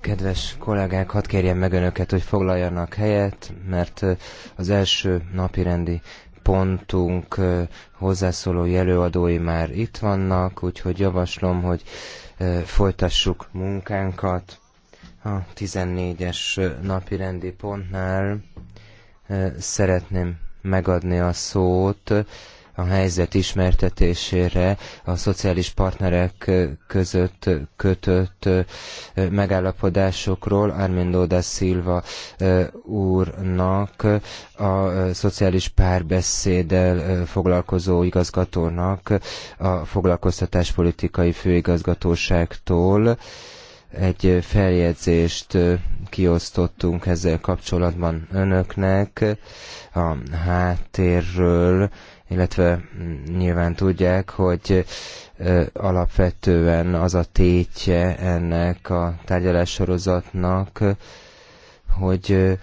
Kedves kollégák, hadd kérjem meg önöket, hogy foglaljanak helyet, mert az első napirendi pontunk hozzászóló előadói már itt vannak, úgyhogy javaslom, hogy folytassuk munkánkat a 14-es napirendi pontnál. Szeretném megadni a szót a helyzet ismertetésére a szociális partnerek között kötött megállapodásokról Armindo da Silva úrnak, a szociális párbeszéddel foglalkozó igazgatónak a foglalkoztatáspolitikai főigazgatóságtól egy feljegyzést kiosztottunk ezzel kapcsolatban önöknek a háttérről, illetve nyilván tudják, hogy alapvetően az a tétje ennek a tárgyalássorozatnak, hogy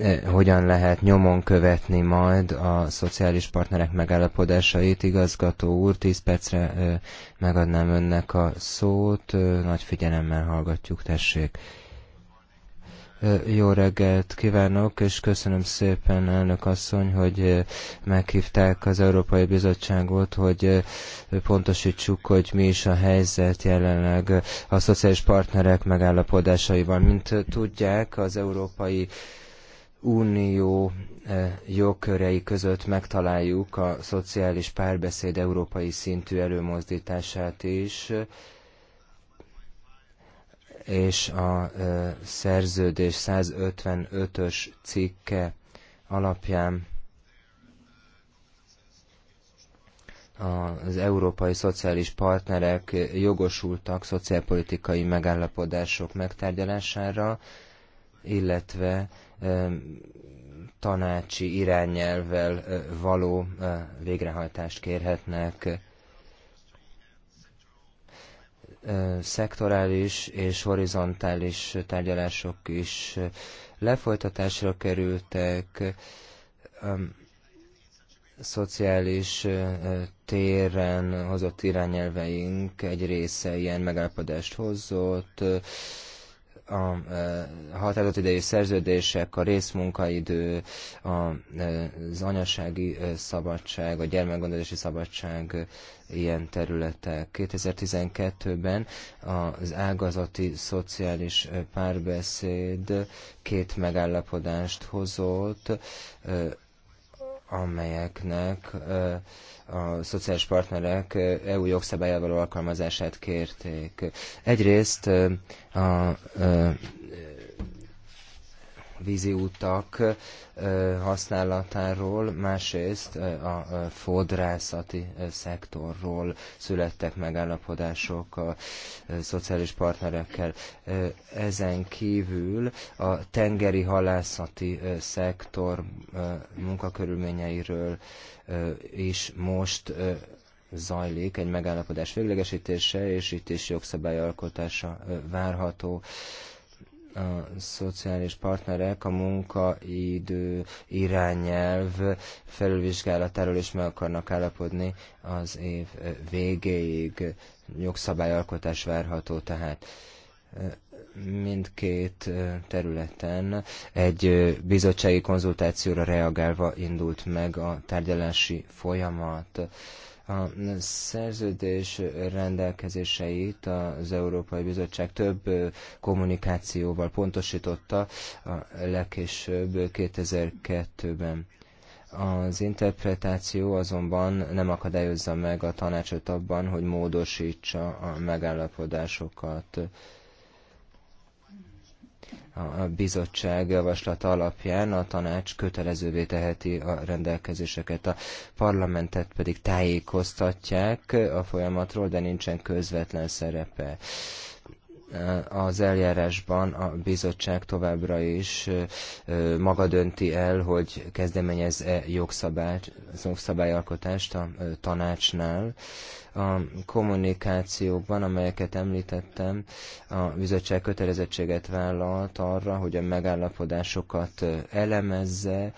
e, hogyan lehet nyomon követni majd a szociális partnerek megállapodásait. Igazgató úr, 10 percre megadnám önnek a szót, nagy figyelemmel hallgatjuk, tessék. Jó reggelt kívánok, és köszönöm szépen, elnök asszony, hogy meghívták az Európai Bizottságot, hogy pontosítsuk, hogy mi is a helyzet jelenleg a szociális partnerek megállapodásaival. Mint tudják, az Európai Unió jogkörei között megtaláljuk a szociális párbeszéd európai szintű előmozdítását is, és a szerződés 155-ös cikke alapján az európai szociális partnerek jogosultak szociálpolitikai megállapodások megtárgyalására, illetve tanácsi irányelvvel való végrehajtást kérhetnek szektorális és horizontális tárgyalások is lefolytatásra kerültek, szociális téren hozott irányelveink egy része ilyen megállapodást hozott, a e, határozott idejű szerződések, a részmunkaidő, e, az anyasági e, szabadság, a gyermekgondozási szabadság ilyen területek. 2012-ben az ágazati szociális párbeszéd két megállapodást hozott, amelyeknek a szociális partnerek EU jogszabályával alkalmazását kérték. Egyrészt a vízi utak használatáról, másrészt a fodrászati szektorról születtek megállapodások a szociális partnerekkel. Ezen kívül a tengeri halászati szektor munkakörülményeiről is most zajlik egy megállapodás véglegesítése, és itt is jogszabályalkotása várható a szociális partnerek a munkaidő irányelv felülvizsgálatáról is meg akarnak állapodni az év végéig. Jogszabályalkotás várható tehát mindkét területen egy bizottsági konzultációra reagálva indult meg a tárgyalási folyamat. A szerződés rendelkezéseit az Európai Bizottság több kommunikációval pontosította legkésőbb 2002-ben. Az interpretáció azonban nem akadályozza meg a tanácsot abban, hogy módosítsa a megállapodásokat a bizottság javaslata alapján a tanács kötelezővé teheti a rendelkezéseket, a parlamentet pedig tájékoztatják a folyamatról, de nincsen közvetlen szerepe. Eh, az eljárásban a bizottság továbbra is eh, eh, maga dönti el, hogy kezdeményez-e jogszabályalkotást a tanácsnál. A kommunikációkban, amelyeket említettem, a bizottság kötelezettséget vállalt arra, hogy a megállapodásokat elemezze,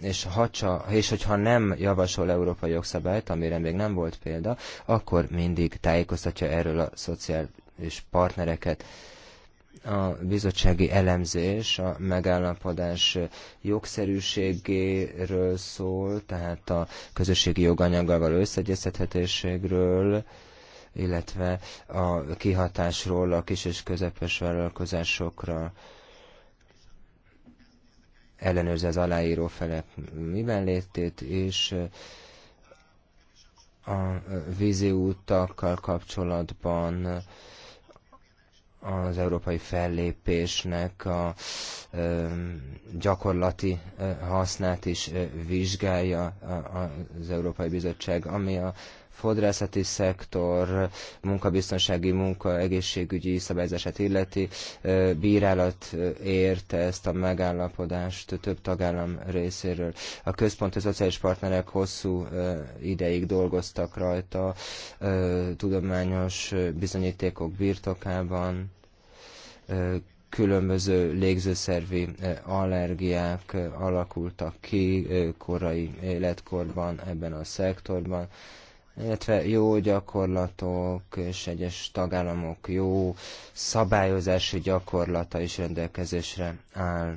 és, hacsa, és hogyha nem javasol európai jogszabályt, amire még nem volt példa, akkor mindig tájékoztatja erről a szociál és partnereket. A bizottsági elemzés a megállapodás jogszerűségéről szól, tehát a közösségi joganyaggal való összegyeztethetőségről, illetve a kihatásról a kis és közepes vállalkozásokra ellenőrzi az aláíró felek miben létét, és a víziútakkal kapcsolatban az európai fellépésnek a gyakorlati hasznát is vizsgálja az Európai Bizottság, ami a fodrászati szektor, munkabiztonsági, munka egészségügyi szabályzását illeti, bírálat érte ezt a megállapodást több tagállam részéről. A központi szociális partnerek hosszú ideig dolgoztak rajta, tudományos bizonyítékok birtokában, különböző légzőszervi allergiák alakultak ki korai életkorban ebben a szektorban illetve jó gyakorlatok és egyes tagállamok jó szabályozási gyakorlata is rendelkezésre áll.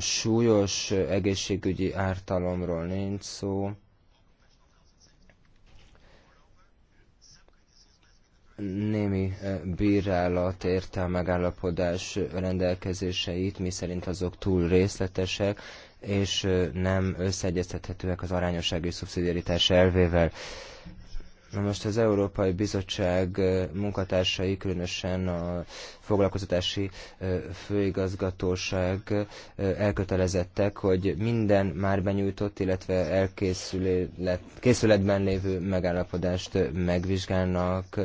Súlyos egészségügyi ártalomról nincs szó. némi eh, bírálat érte a megállapodás rendelkezéseit, miszerint azok túl részletesek, és nem összeegyeztethetőek az arányossági szubszidiaritás elvével. Na most az Európai Bizottság munkatársai, különösen a foglalkoztatási főigazgatóság elkötelezettek, hogy minden már benyújtott, illetve elkészületben lévő megállapodást megvizsgálnak,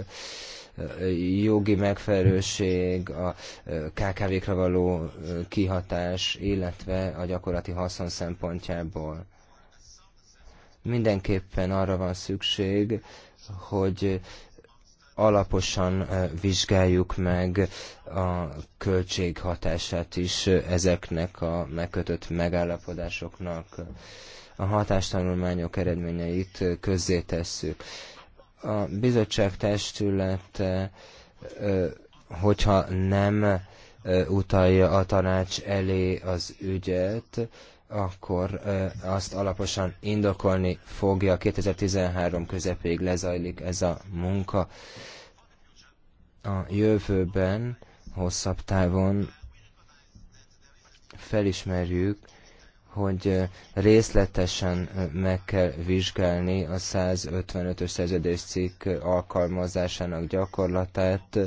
jogi megfelelőség, a KKV-kra való kihatás, illetve a gyakorlati haszon szempontjából. Mindenképpen arra van szükség, hogy alaposan vizsgáljuk meg a költséghatását is ezeknek a megkötött megállapodásoknak. A hatástanulmányok eredményeit közzétesszük a bizottság testület, hogyha nem utalja a tanács elé az ügyet, akkor azt alaposan indokolni fogja. 2013 közepéig lezajlik ez a munka. A jövőben, hosszabb távon felismerjük, hogy részletesen meg kell vizsgálni a 155-ös cikk alkalmazásának gyakorlatát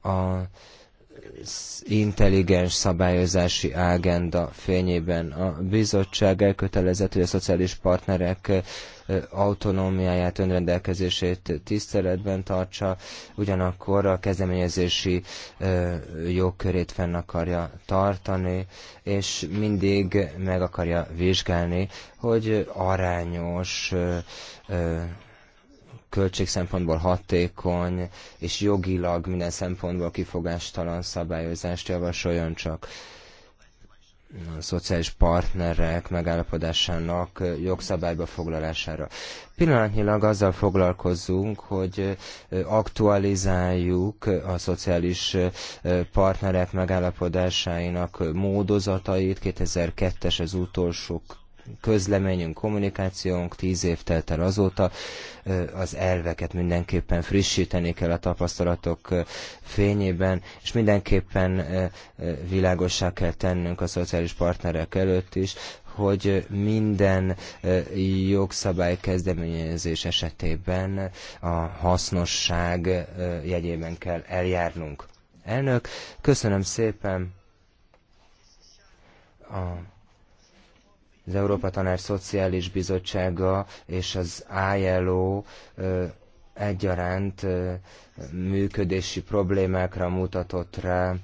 az intelligens szabályozási ágenda fényében. A bizottság elkötelezett, hogy a szociális partnerek autonómiáját, önrendelkezését tiszteletben tartsa, ugyanakkor a kezdeményezési jogkörét fenn akarja tartani, és mindig meg akarja vizsgálni, hogy arányos költség szempontból hatékony, és jogilag minden szempontból kifogástalan szabályozást javasoljon csak a szociális partnerek megállapodásának jogszabályba foglalására. Pillanatnyilag azzal foglalkozunk, hogy aktualizáljuk a szociális partnerek megállapodásainak módozatait. 2002-es az utolsó közleményünk, kommunikációnk, tíz év telt el azóta, az elveket mindenképpen frissíteni kell a tapasztalatok fényében, és mindenképpen világossá kell tennünk a szociális partnerek előtt is, hogy minden jogszabály kezdeményezés esetében a hasznosság jegyében kell eljárnunk. Elnök, köszönöm szépen a az Európa Tanár Szociális Bizottsága és az ILO egyaránt működési problémákra mutatott rá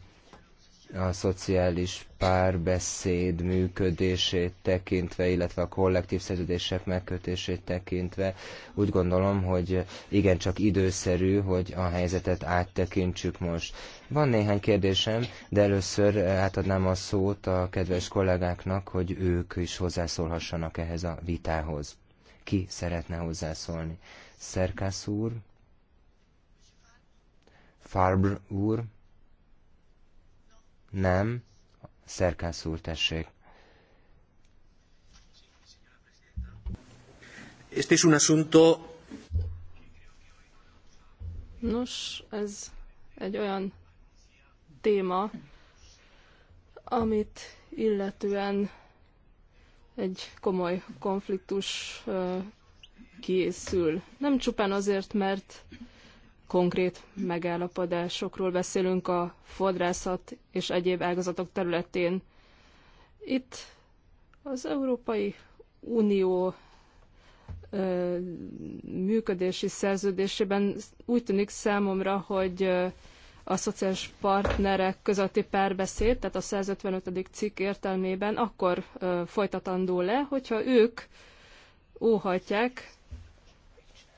a szociális párbeszéd működését tekintve, illetve a kollektív szerződések megkötését tekintve úgy gondolom, hogy igencsak időszerű, hogy a helyzetet áttekintsük most. Van néhány kérdésem, de először eh, átadnám a szót a kedves kollégáknak, hogy ők is hozzászólhassanak ehhez a vitához. Ki szeretne hozzászólni? Szerkász úr? Farbr úr? Nem. Szerkász úr, tessék. Este es un asunto... Nos, ez egy olyan téma, amit illetően egy komoly konfliktus készül. Nem csupán azért, mert konkrét megállapodásokról beszélünk a fodrászat és egyéb ágazatok területén. Itt az Európai Unió működési szerződésében úgy tűnik számomra, hogy a szociális partnerek közötti párbeszéd, tehát a 155. cikk értelmében akkor folytatandó le, hogyha ők óhatják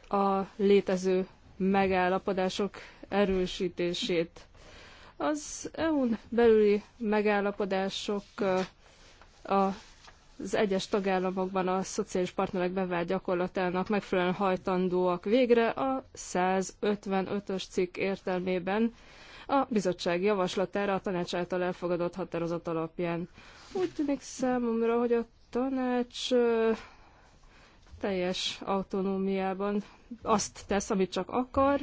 a létező megállapodások erősítését. Az EU-n belüli megállapodások az egyes tagállamokban a szociális partnerek bevált gyakorlatának megfelelően hajtandóak végre a 155-ös cikk értelmében a bizottság javaslatára a tanács által elfogadott határozat alapján. Úgy tűnik számomra, hogy a tanács teljes autonómiában azt tesz, amit csak akar,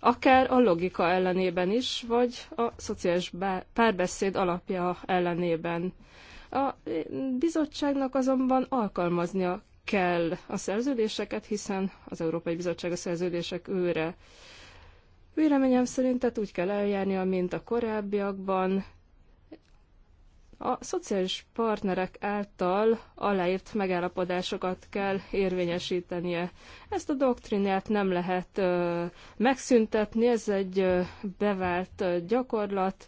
akár a logika ellenében is, vagy a szociális párbeszéd alapja ellenében. A bizottságnak azonban alkalmaznia kell a szerződéseket, hiszen az Európai Bizottság a szerződések őre. Véleményem szerint tehát úgy kell eljárnia, mint a korábbiakban, a szociális partnerek által aláírt megállapodásokat kell érvényesítenie. Ezt a doktrinát nem lehet ö, megszüntetni, ez egy ö, bevált ö, gyakorlat.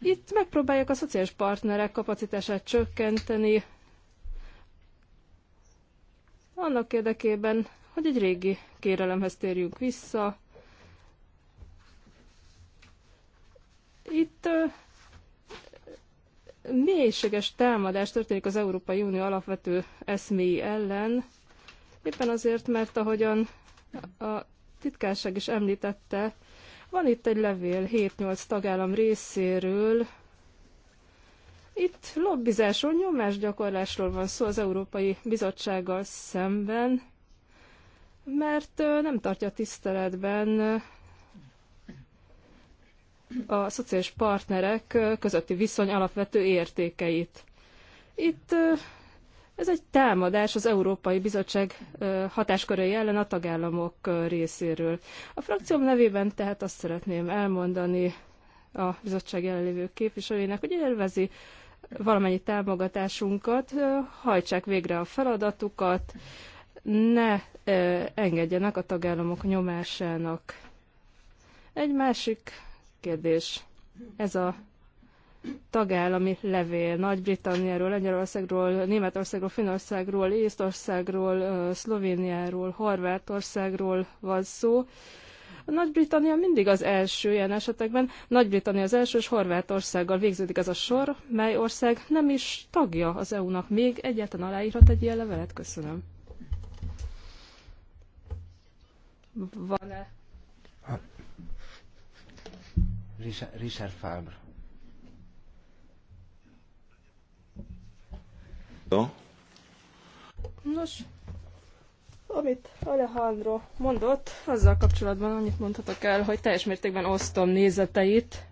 Itt megpróbálják a szociális partnerek kapacitását csökkenteni, annak érdekében, hogy egy régi kérelemhez térjünk vissza. Itt ö, mélységes támadás történik az Európai Unió alapvető eszméi ellen, éppen azért, mert ahogyan a titkárság is említette, van itt egy levél 7-8 tagállam részéről, itt lobbizásról, nyomásgyakorlásról van szó az Európai Bizottsággal szemben, mert nem tartja tiszteletben a szociális partnerek közötti viszony alapvető értékeit. Itt ez egy támadás az Európai Bizottság hatáskörei ellen a tagállamok részéről. A frakcióm nevében tehát azt szeretném elmondani a bizottság jelenlévő képviselőjének, hogy élvezi valamennyi támogatásunkat, hajtsák végre a feladatukat, ne engedjenek a tagállamok nyomásának. Egy másik kérdés. Ez a tagállami levél Nagy-Britanniáról, Lengyelországról, Németországról, Finországról, Észtországról, Szlovéniáról, Horvátországról van szó. Nagy-Britannia mindig az első ilyen esetekben. Nagy-Britannia az első, és Horvátországgal végződik ez a sor, mely ország nem is tagja az EU-nak még. Egyáltalán aláírhat egy ilyen levelet? Köszönöm. Van-e? Richard Fabre. Nos, amit Alejandro mondott, azzal kapcsolatban annyit mondhatok el, hogy teljes mértékben osztom nézeteit,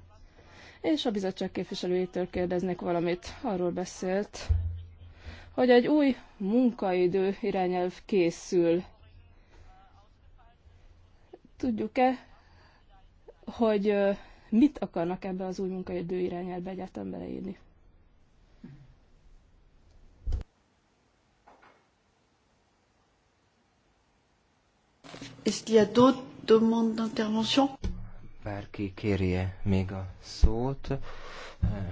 és a bizottság képviselőjétől kérdeznék valamit. Arról beszélt, hogy egy új munkaidő irányelv készül. Tudjuk-e, hogy mit akarnak ebbe az új munkaidő irányelbe egyáltalán beleírni. Est-ce qu'il y a d'autres demandes d'intervention Bárki kérje még a szót.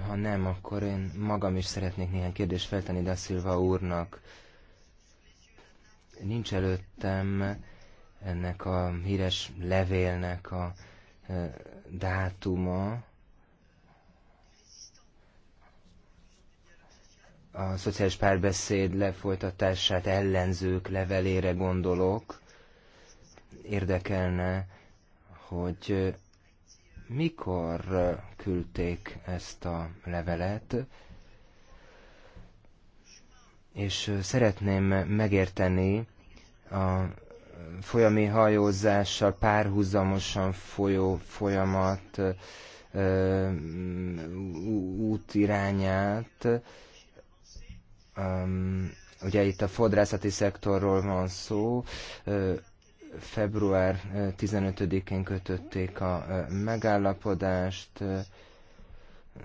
Ha nem, akkor én magam is szeretnék néhány kérdést feltenni Da Silva úrnak. Nincs előttem ennek a híres levélnek a dátuma a szociális párbeszéd lefolytatását ellenzők levelére gondolok. Érdekelne, hogy mikor küldték ezt a levelet, és szeretném megérteni a folyami hajózással párhuzamosan folyó folyamat útirányát. Ugye itt a fodrászati szektorról van szó, február 15-én kötötték a megállapodást,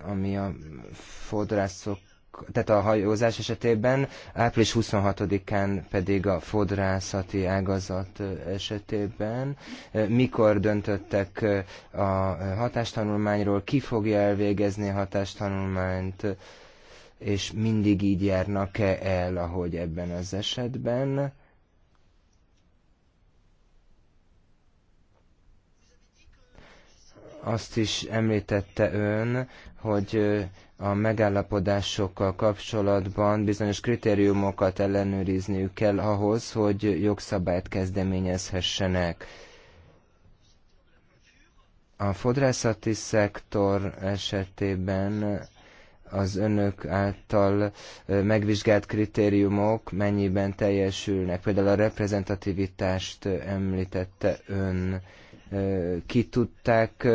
ami a fodrászok tehát a hajózás esetében, április 26-án pedig a fodrászati ágazat esetében. Mikor döntöttek a hatástanulmányról, ki fogja elvégezni a hatástanulmányt, és mindig így járnak-e el, ahogy ebben az esetben? Azt is említette ön, hogy a megállapodásokkal kapcsolatban bizonyos kritériumokat ellenőrizniük kell ahhoz, hogy jogszabályt kezdeményezhessenek. A fodrászati szektor esetében az önök által megvizsgált kritériumok mennyiben teljesülnek? Például a reprezentativitást említette ön ki tudták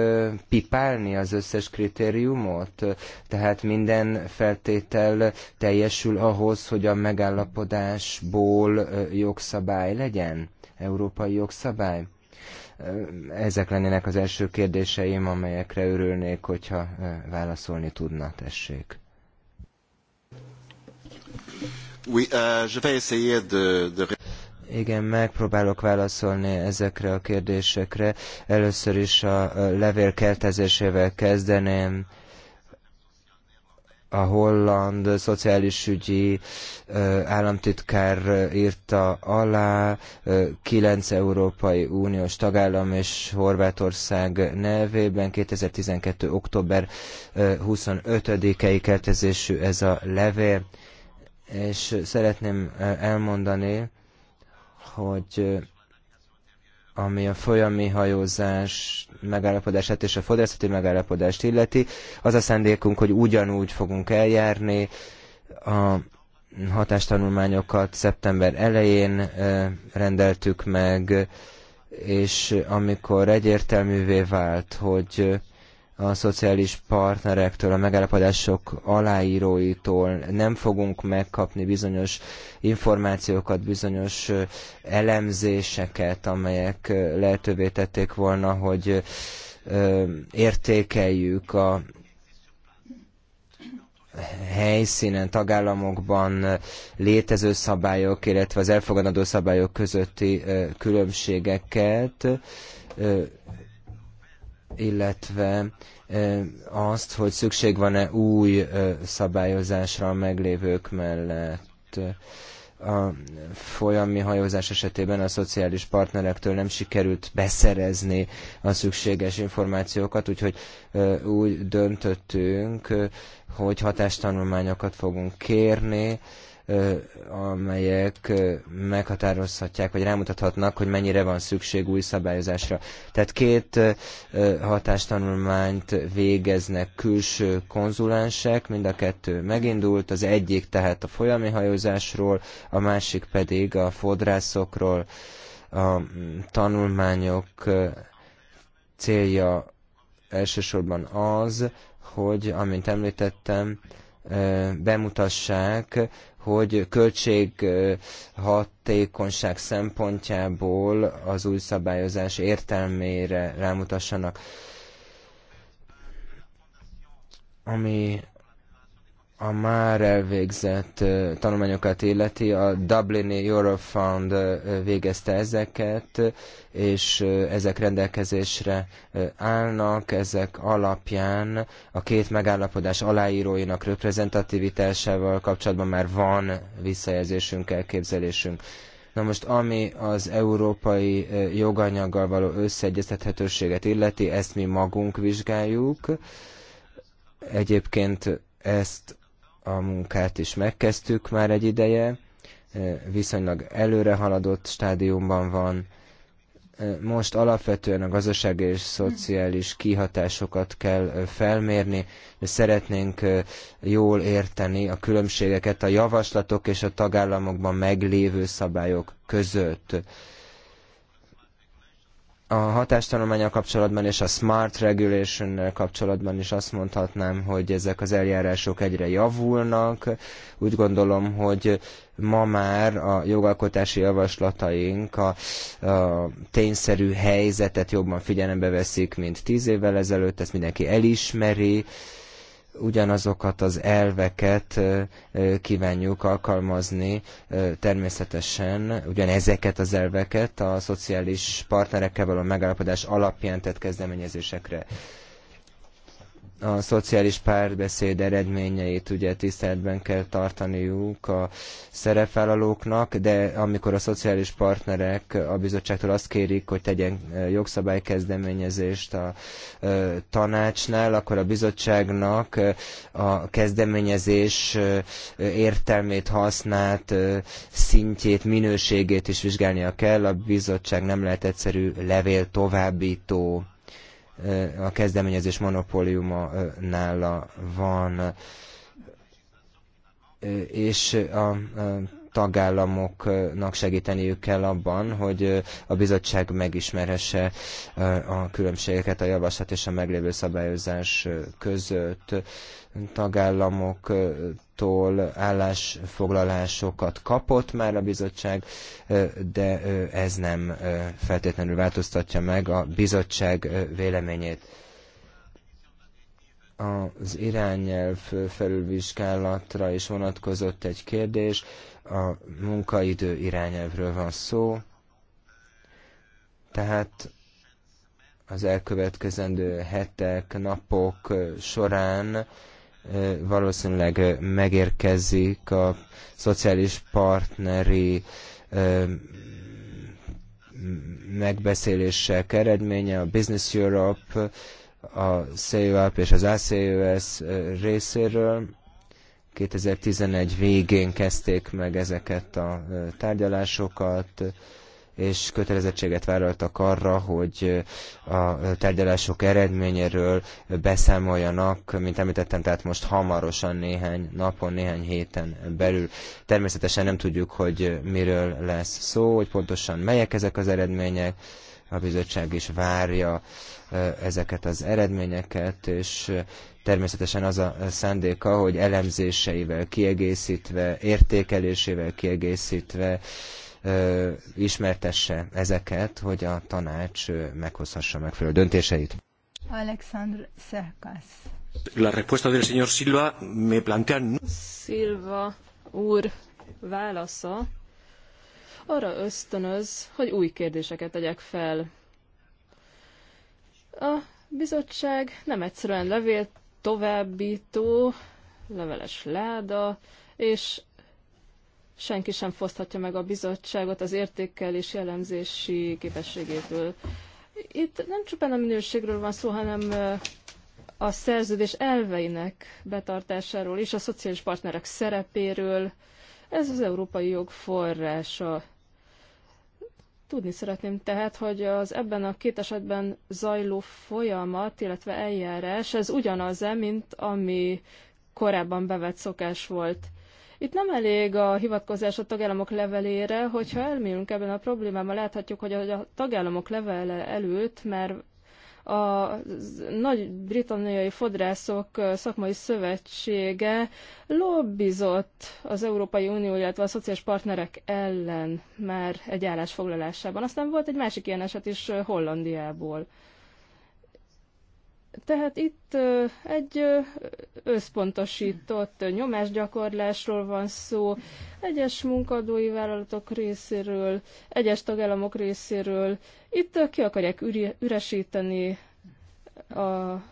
pipálni az összes kritériumot, tehát minden feltétel teljesül ahhoz, hogy a megállapodásból jogszabály legyen, európai jogszabály. Ezek lennének az első kérdéseim, amelyekre örülnék, hogyha válaszolni tudna, tessék. Oui, uh, je vais essayer de, de... Igen, megpróbálok válaszolni ezekre a kérdésekre. Először is a levél keltezésével kezdeném a holland szociális ügyi államtitkár írta alá, kilenc Európai Uniós tagállam és Horvátország nevében 2012. október 25-i keltezésű ez a levél, és szeretném elmondani, hogy ami a folyami hajózás megállapodását és a fodrászati megállapodást illeti. Az a szándékunk, hogy ugyanúgy fogunk eljárni. A hatástanulmányokat szeptember elején rendeltük meg, és amikor egyértelművé vált, hogy a szociális partnerektől, a megállapodások aláíróitól nem fogunk megkapni bizonyos információkat, bizonyos elemzéseket, amelyek lehetővé tették volna, hogy értékeljük a helyszínen, tagállamokban létező szabályok, illetve az elfogadandó szabályok közötti különbségeket illetve e, azt, hogy szükség van-e új e, szabályozásra a meglévők mellett. A folyami hajózás esetében a szociális partnerektől nem sikerült beszerezni a szükséges információkat, úgyhogy e, úgy döntöttünk, hogy hatástanulmányokat fogunk kérni, amelyek meghatározhatják, vagy rámutathatnak, hogy mennyire van szükség új szabályozásra. Tehát két hatástanulmányt végeznek külső konzulensek, mind a kettő megindult, az egyik tehát a folyami hajózásról, a másik pedig a fodrászokról. A tanulmányok célja elsősorban az, hogy, amint említettem, bemutassák, hogy költséghatékonyság szempontjából az új szabályozás értelmére rámutassanak. Ami a már elvégzett tanulmányokat illeti, a Dublini Eurofund végezte ezeket, és ezek rendelkezésre állnak, ezek alapján a két megállapodás aláíróinak reprezentativitásával kapcsolatban már van visszajelzésünk, elképzelésünk. Na most, ami az európai joganyaggal való összeegyeztethetőséget illeti, ezt mi magunk vizsgáljuk. Egyébként ezt a munkát is megkezdtük már egy ideje, viszonylag előre haladott stádiumban van. Most alapvetően a gazdasági és szociális kihatásokat kell felmérni, de szeretnénk jól érteni a különbségeket a javaslatok és a tagállamokban meglévő szabályok között a hatástanulmányal kapcsolatban és a smart regulation kapcsolatban is azt mondhatnám, hogy ezek az eljárások egyre javulnak. Úgy gondolom, hogy ma már a jogalkotási javaslataink a, a tényszerű helyzetet jobban figyelembe veszik, mint tíz évvel ezelőtt, ezt mindenki elismeri, ugyanazokat az elveket kívánjuk alkalmazni természetesen, ugyanezeket az elveket a szociális partnerekkel való megállapodás alapján tett kezdeményezésekre a szociális párbeszéd eredményeit ugye tiszteletben kell tartaniuk a szerepvállalóknak, de amikor a szociális partnerek a bizottságtól azt kérik, hogy tegyen jogszabálykezdeményezést a tanácsnál, akkor a bizottságnak a kezdeményezés értelmét használt szintjét, minőségét is vizsgálnia kell. A bizottság nem lehet egyszerű levél továbbító a kezdeményezés monopóliuma nála van, és a tagállamoknak segíteniük kell abban, hogy a bizottság megismerhesse a különbségeket a javaslat és a meglévő szabályozás között tagállamoktól állásfoglalásokat kapott már a bizottság, de ez nem feltétlenül változtatja meg a bizottság véleményét. Az irányelv felülvizsgálatra is vonatkozott egy kérdés, a munkaidő irányelvről van szó, tehát az elkövetkezendő hetek, napok során valószínűleg megérkezik a szociális partneri megbeszélések eredménye, a Business Europe, a CUAP e és az ACUS e részéről. 2011 végén kezdték meg ezeket a tárgyalásokat, és kötelezettséget vállaltak arra, hogy a tárgyalások eredményéről beszámoljanak, mint említettem, tehát most hamarosan néhány napon, néhány héten belül. Természetesen nem tudjuk, hogy miről lesz szó, hogy pontosan melyek ezek az eredmények, a bizottság is várja ezeket az eredményeket, és természetesen az a szándéka, hogy elemzéseivel kiegészítve, értékelésével kiegészítve, ismertesse ezeket, hogy a tanács meghozhassa megfelelő döntéseit. Alexandr Szerkasz. La respuesta del señor Silva me plantea... Silva úr válasza arra ösztönöz, hogy új kérdéseket tegyek fel. A bizottság nem egyszerűen levél továbbító, leveles láda, és senki sem foszthatja meg a bizottságot az és jellemzési képességétől. Itt nem csupán a minőségről van szó, hanem a szerződés elveinek betartásáról és a szociális partnerek szerepéről. Ez az európai jog forrása. Tudni szeretném tehát, hogy az ebben a két esetben zajló folyamat, illetve eljárás, ez ugyanaz-e, mint ami korábban bevett szokás volt. Itt nem elég a hivatkozás a tagállamok levelére, hogyha elmélünk ebben a problémában, láthatjuk, hogy a tagállamok levele előtt mert a nagy-britanniai fodrászok szakmai szövetsége lobbizott az Európai Unió, illetve a szociális partnerek ellen már egy állásfoglalásában. Aztán volt egy másik ilyen eset is Hollandiából. Tehát itt egy összpontosított nyomásgyakorlásról van szó, egyes munkadói vállalatok részéről, egyes tagállamok részéről. Itt ki akarják üresíteni a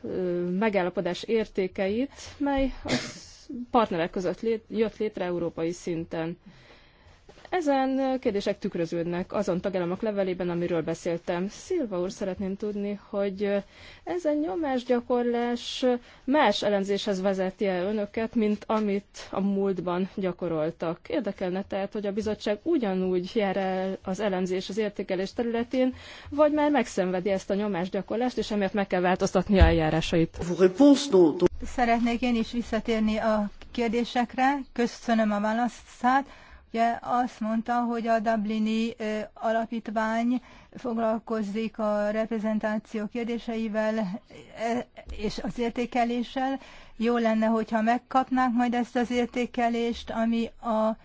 megállapodás értékeit, mely a partnerek között jött létre európai szinten. Ezen kérdések tükröződnek azon tagállamok levelében, amiről beszéltem. Szilva úr, szeretném tudni, hogy ezen nyomásgyakorlás más elemzéshez vezeti el önöket, mint amit a múltban gyakoroltak. Érdekelne tehát, hogy a bizottság ugyanúgy jár el az elemzés az értékelés területén, vagy már megszenvedi ezt a nyomásgyakorlást, és emiatt meg kell változtatni a eljárásait. Szeretnék én is visszatérni a kérdésekre. Köszönöm a választát. Ugye azt mondta, hogy a Dublini alapítvány foglalkozik a reprezentáció kérdéseivel e, és az értékeléssel. Jó lenne, hogyha megkapnák majd ezt az értékelést, ami a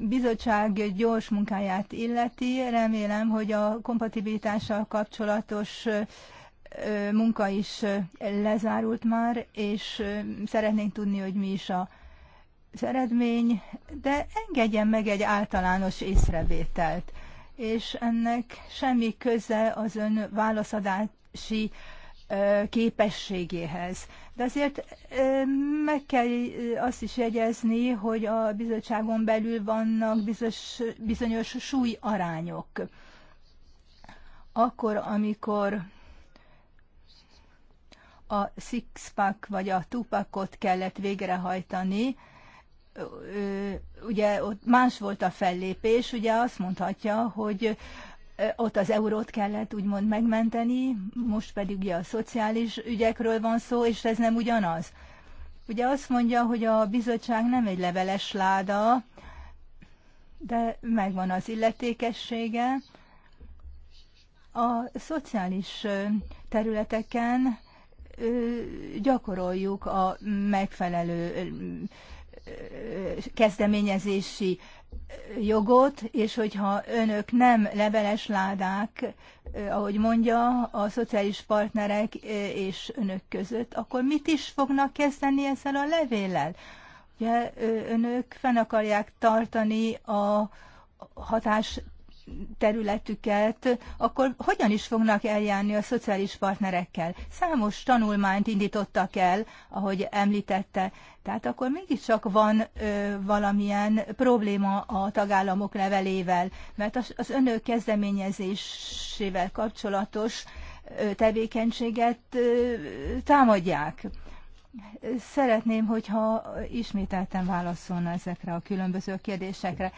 bizottság gyors munkáját illeti. Remélem, hogy a kompatibilitással kapcsolatos munka is lezárult már, és szeretnénk tudni, hogy mi is a az eredmény, de engedjen meg egy általános észrevételt, és ennek semmi köze az ön válaszadási képességéhez. De azért meg kell azt is jegyezni, hogy a bizottságon belül vannak bizonyos, bizonyos súlyarányok. Akkor, amikor a six-pack vagy a tupakot kellett végrehajtani, ugye ott más volt a fellépés, ugye azt mondhatja, hogy ott az eurót kellett úgymond megmenteni, most pedig ugye a szociális ügyekről van szó, és ez nem ugyanaz. Ugye azt mondja, hogy a bizottság nem egy leveles láda, de megvan az illetékessége. A szociális területeken gyakoroljuk a megfelelő kezdeményezési jogot, és hogyha önök nem leveles ládák, ahogy mondja, a szociális partnerek és önök között, akkor mit is fognak kezdeni ezzel a levéllel? Ugye önök fenn akarják tartani a hatás területüket, akkor hogyan is fognak eljárni a szociális partnerekkel? Számos tanulmányt indítottak el, ahogy említette, tehát akkor mégiscsak van ö, valamilyen probléma a tagállamok levelével, mert az, az önök kezdeményezésével kapcsolatos ö, tevékenységet ö, támadják. Szeretném, hogyha ismételten válaszolna ezekre a különböző kérdésekre.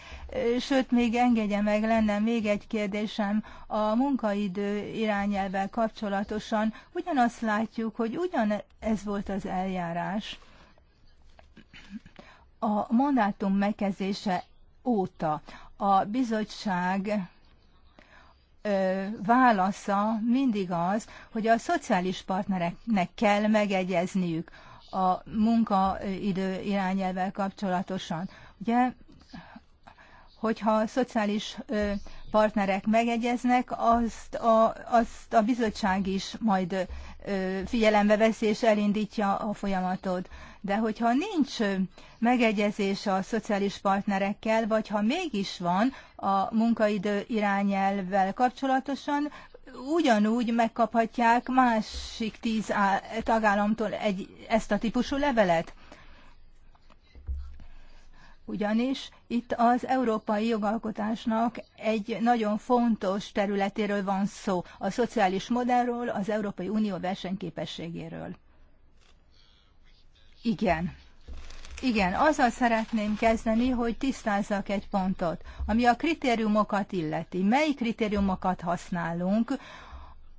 Sőt, még engedje meg, lenne még egy kérdésem a munkaidő irányelvel kapcsolatosan. Ugyanazt látjuk, hogy ugyanez volt az eljárás a mandátum megkezdése óta. A bizottság válasza mindig az, hogy a szociális partnereknek kell megegyezniük a munkaidő irányelvel kapcsolatosan. Ugye, hogyha a szociális partnerek megegyeznek, azt a, azt a bizottság is majd figyelembe veszi és elindítja a folyamatot. De hogyha nincs megegyezés a szociális partnerekkel, vagy ha mégis van a munkaidő irányelvvel kapcsolatosan, ugyanúgy megkaphatják másik tíz tagállamtól egy, ezt a típusú levelet? Ugyanis itt az európai jogalkotásnak egy nagyon fontos területéről van szó, a szociális modellről, az Európai Unió versenyképességéről. Igen. Igen, azzal szeretném kezdeni, hogy tisztázzak egy pontot, ami a kritériumokat illeti. Mely kritériumokat használunk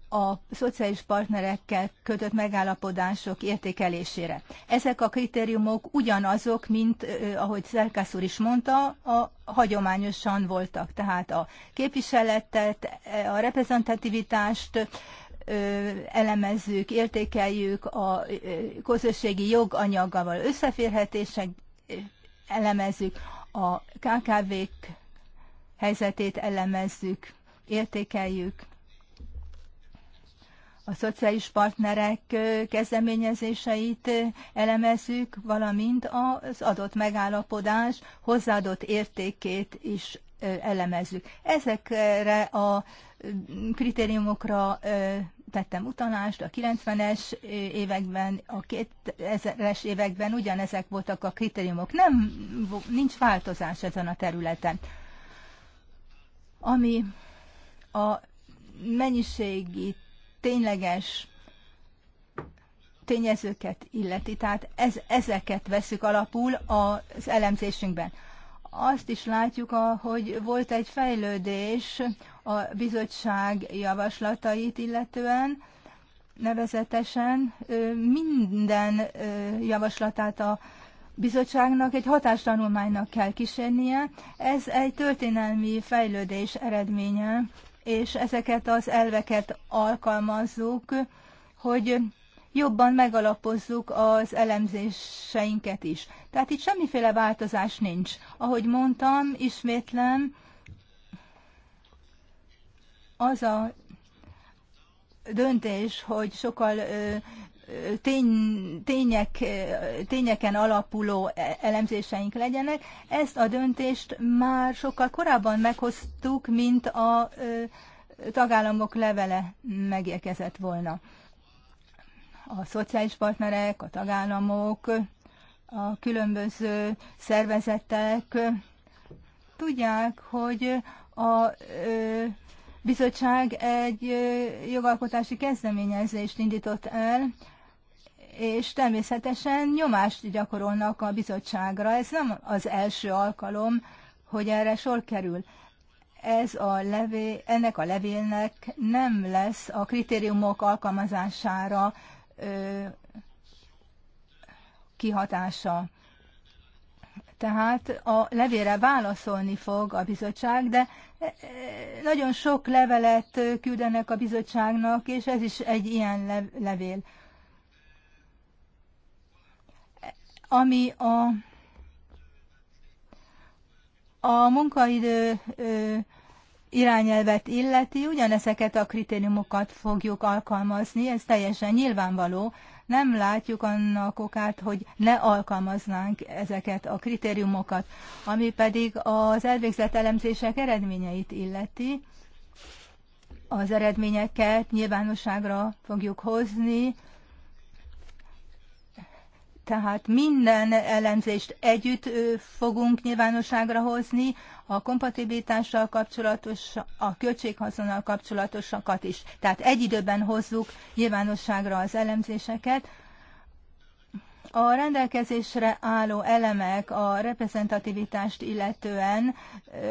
a szociális partnerekkel kötött megállapodások értékelésére? Ezek a kritériumok ugyanazok, mint ahogy Szerkász úr is mondta, a hagyományosan voltak. Tehát a képviseletet, e, a reprezentativitást, elemezzük, értékeljük a közösségi joganyaggal összeférhetések, elemezzük a KKV-k helyzetét, elemezzük, értékeljük a szociális partnerek kezdeményezéseit elemezzük, valamint az adott megállapodás hozzáadott értékét is elemezzük. Ezekre a kritériumokra tettem utalást, a 90-es években, a 2000-es években ugyanezek voltak a kritériumok. Nem, nincs változás ezen a területen. Ami a mennyiségi tényleges tényezőket illeti, tehát ez, ezeket veszük alapul az elemzésünkben azt is látjuk, hogy volt egy fejlődés a bizottság javaslatait illetően, nevezetesen minden javaslatát a bizottságnak egy hatástanulmánynak kell kísérnie. Ez egy történelmi fejlődés eredménye, és ezeket az elveket alkalmazzuk, hogy jobban megalapozzuk az elemzéseinket is. Tehát itt semmiféle változás nincs. Ahogy mondtam, ismétlem, az a döntés, hogy sokkal tény, tények, tényeken alapuló e, elemzéseink legyenek. Ezt a döntést már sokkal korábban meghoztuk, mint a tagállamok levele megérkezett volna a szociális partnerek, a tagállamok, a különböző szervezetek tudják, hogy a bizottság egy jogalkotási kezdeményezést indított el, és természetesen nyomást gyakorolnak a bizottságra. Ez nem az első alkalom, hogy erre sor kerül. Ez a levé, ennek a levélnek nem lesz a kritériumok alkalmazására kihatása. Tehát a levélre válaszolni fog a bizottság, de nagyon sok levelet küldenek a bizottságnak, és ez is egy ilyen levél. Ami a, a munkaidő irányelvet illeti, ugyanezeket a kritériumokat fogjuk alkalmazni, ez teljesen nyilvánvaló. Nem látjuk annak okát, hogy ne alkalmaznánk ezeket a kritériumokat, ami pedig az elvégzett elemzések eredményeit illeti. Az eredményeket nyilvánosságra fogjuk hozni, tehát minden elemzést együtt fogunk nyilvánosságra hozni, a kompatibilitással kapcsolatos, a költséghaszonnal kapcsolatosakat is. Tehát egy időben hozzuk nyilvánosságra az elemzéseket. A rendelkezésre álló elemek a reprezentativitást illetően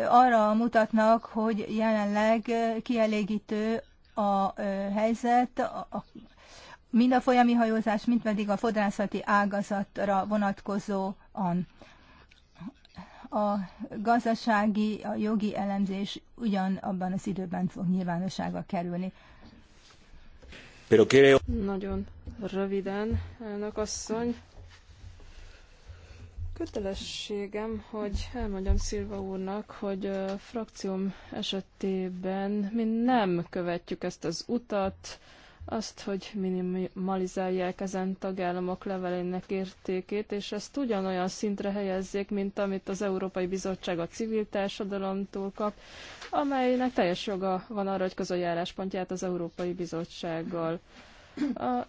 arra mutatnak, hogy jelenleg kielégítő a helyzet, a mind a folyami hajózás, mind pedig a fodrászati ágazatra vonatkozóan. A gazdasági, a jogi elemzés ugyanabban az időben fog nyilvánossága kerülni. Nagyon röviden, elnök asszony. Kötelességem, hogy elmondjam Szilva úrnak, hogy a frakcióm esetében mi nem követjük ezt az utat, azt, hogy minimalizálják ezen tagállamok levelének értékét, és ezt ugyanolyan szintre helyezzék, mint amit az Európai Bizottság a civil társadalomtól kap, amelynek teljes joga van arra, hogy közöljáráspontját az Európai Bizottsággal. A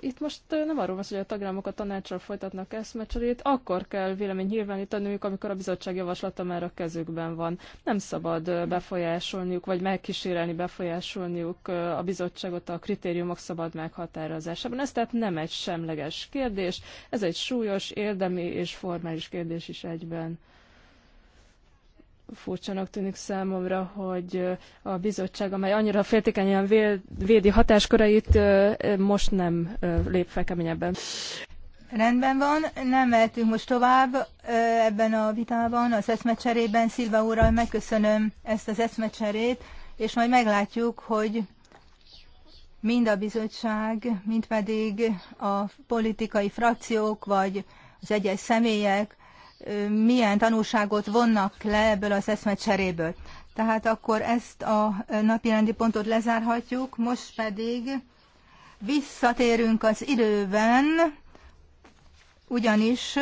itt most nem arról van szó, hogy a tagállamok a tanácsról folytatnak eszmecserét, akkor kell vélemény nyilvánítaniuk, amikor a bizottság javaslata már a kezükben van. Nem szabad befolyásolniuk, vagy megkísérelni befolyásolniuk a bizottságot a kritériumok szabad meghatározásában. Ez tehát nem egy semleges kérdés, ez egy súlyos, érdemi és formális kérdés is egyben furcsanak tűnik számomra, hogy a bizottság, amely annyira féltékenyen védi hatáskorait, most nem lép fel keményebben. Rendben van, nem mehetünk most tovább ebben a vitában, az eszmecserében. Szilva úrral megköszönöm ezt az eszmecserét, és majd meglátjuk, hogy mind a bizottság, mind pedig a politikai frakciók, vagy az egyes személyek milyen tanulságot vonnak le ebből az eszmecseréből. Tehát akkor ezt a napirendi pontot lezárhatjuk, most pedig visszatérünk az időben, ugyanis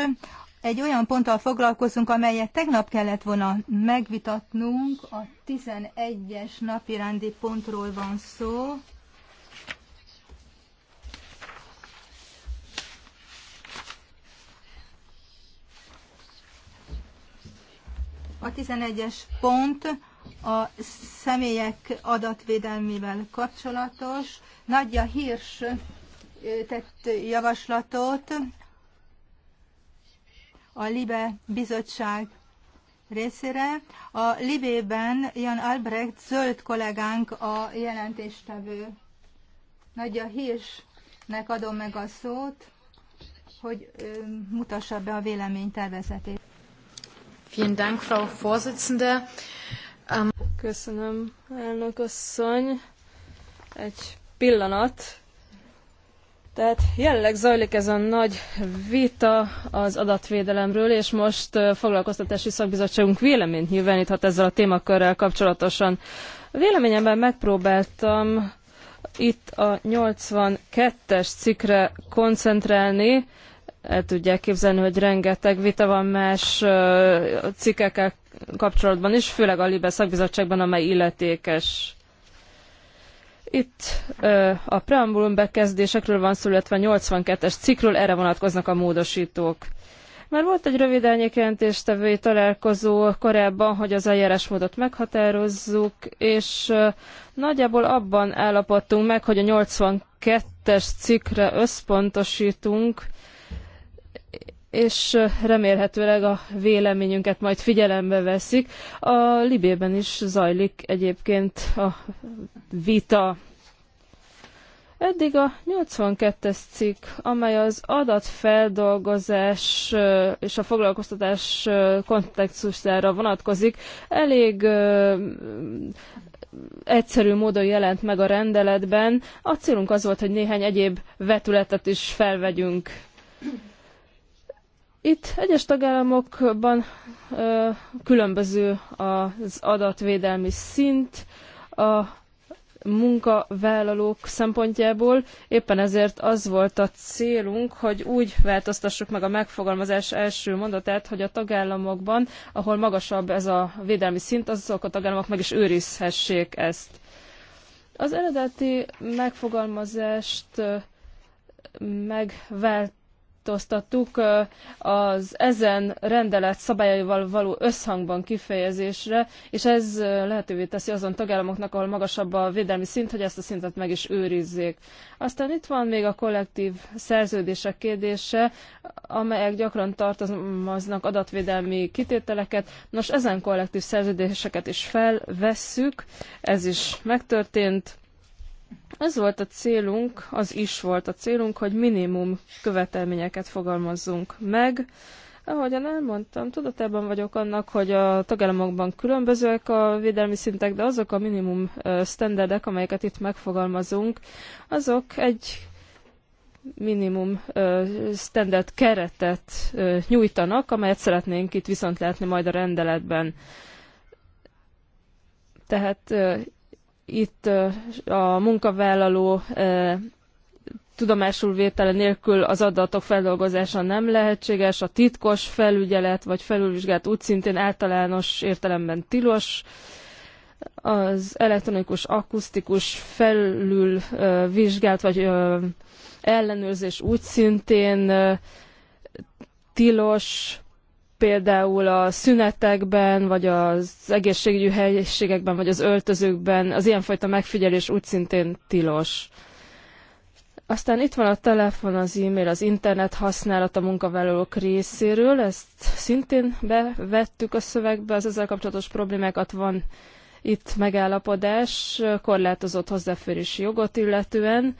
egy olyan ponttal foglalkozunk, amelyet tegnap kellett volna megvitatnunk, a 11-es napirendi pontról van szó. A 11-es pont a személyek adatvédelmével kapcsolatos. Nagyja hírs tett javaslatot a Libe bizottság részére. A Libében Jan Albrecht zöld kollégánk a jelentéstevő. Nagyja Hirschnek adom meg a szót, hogy mutassa be a véleménytervezetét. Vielen Dank, Frau Vorsitzende. Um... Köszönöm, elnök asszony. Egy pillanat. Tehát jelenleg zajlik ez a nagy vita az adatvédelemről, és most foglalkoztatási szakbizottságunk véleményt nyilváníthat ezzel a témakörrel kapcsolatosan. véleményemben megpróbáltam itt a 82-es cikre koncentrálni, el tudják képzelni, hogy rengeteg vita van más cikkekkel kapcsolatban is, főleg a Libe szakbizottságban, amely illetékes. Itt a preambulum bekezdésekről van szó, illetve 82-es cikkről, erre vonatkoznak a módosítók. Már volt egy rövid elnyékjelentéstevői találkozó korábban, hogy az eljárásmódot meghatározzuk, és nagyjából abban állapodtunk meg, hogy a 82-es cikkre összpontosítunk, és remélhetőleg a véleményünket majd figyelembe veszik. A Libében is zajlik egyébként a vita. Eddig a 82-es cikk, amely az adatfeldolgozás és a foglalkoztatás kontextusára vonatkozik, elég egyszerű módon jelent meg a rendeletben. A célunk az volt, hogy néhány egyéb vetületet is felvegyünk. Itt egyes tagállamokban ö, különböző az adatvédelmi szint a munkavállalók szempontjából. Éppen ezért az volt a célunk, hogy úgy változtassuk meg a megfogalmazás első mondatát, hogy a tagállamokban, ahol magasabb ez a védelmi szint, azok a tagállamok meg is őrizhessék ezt. Az eredeti megfogalmazást megvált megváltoztattuk az ezen rendelet szabályaival való összhangban kifejezésre, és ez lehetővé teszi azon tagállamoknak, ahol magasabb a védelmi szint, hogy ezt a szintet meg is őrizzék. Aztán itt van még a kollektív szerződések kérdése, amelyek gyakran tartalmaznak adatvédelmi kitételeket. Nos, ezen kollektív szerződéseket is felvesszük, ez is megtörtént ez volt a célunk, az is volt a célunk, hogy minimum követelményeket fogalmazzunk meg. Ahogyan elmondtam, tudatában vagyok annak, hogy a tagállamokban különbözőek a védelmi szintek, de azok a minimum standardek, amelyeket itt megfogalmazunk, azok egy minimum standard keretet nyújtanak, amelyet szeretnénk itt viszont látni majd a rendeletben. Tehát itt a munkavállaló tudomásul vétele nélkül az adatok feldolgozása nem lehetséges, a titkos felügyelet vagy felülvizsgált úgy szintén általános értelemben tilos, az elektronikus, akusztikus felülvizsgált vagy ellenőrzés úgy szintén tilos, például a szünetekben, vagy az egészségügyi helyiségekben, vagy az öltözőkben, az ilyenfajta megfigyelés úgy szintén tilos. Aztán itt van a telefon, az e-mail, az internet használat a munkavállalók részéről, ezt szintén bevettük a szövegbe, az ezzel kapcsolatos problémákat van itt megállapodás, korlátozott hozzáférési jogot illetően,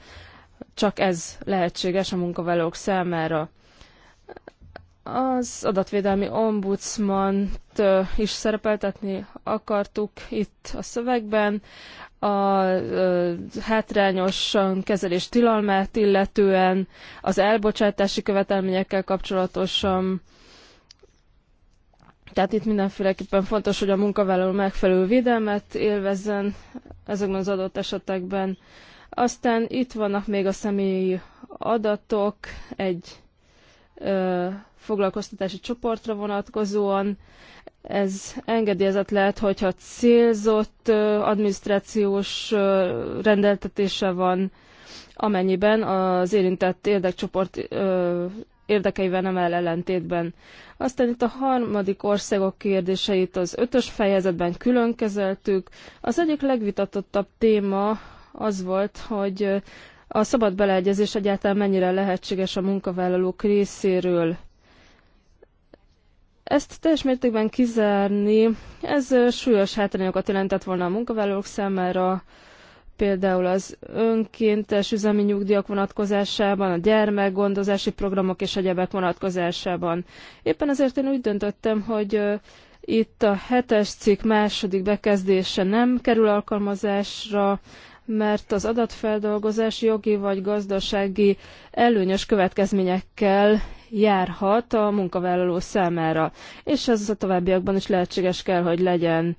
csak ez lehetséges a munkavállalók számára. Az adatvédelmi ombudsmant is szerepeltetni akartuk itt a szövegben. A hátrányos kezelés tilalmát illetően, az elbocsátási követelményekkel kapcsolatosan, tehát itt mindenféleképpen fontos, hogy a munkavállaló megfelelő védelmet élvezzen ezekben az adott esetekben. Aztán itt vannak még a személyi adatok, egy ö, foglalkoztatási csoportra vonatkozóan. Ez engedélyezett lehet, hogyha célzott adminisztrációs rendeltetése van, amennyiben az érintett érdekcsoport érdekeivel nem el ellentétben. Aztán itt a harmadik országok kérdéseit az ötös fejezetben külön kezeltük. Az egyik legvitatottabb téma az volt, hogy a szabad beleegyezés egyáltalán mennyire lehetséges a munkavállalók részéről. Ezt teljes mértékben kizárni, ez súlyos hátrányokat jelentett volna a munkavállalók számára, például az önkéntes üzemi nyugdíjak vonatkozásában, a gyermekgondozási programok és egyebek vonatkozásában. Éppen ezért én úgy döntöttem, hogy itt a hetes cikk második bekezdése nem kerül alkalmazásra, mert az adatfeldolgozás jogi vagy gazdasági előnyös következményekkel járhat a munkavállaló számára, és ez a továbbiakban is lehetséges kell, hogy legyen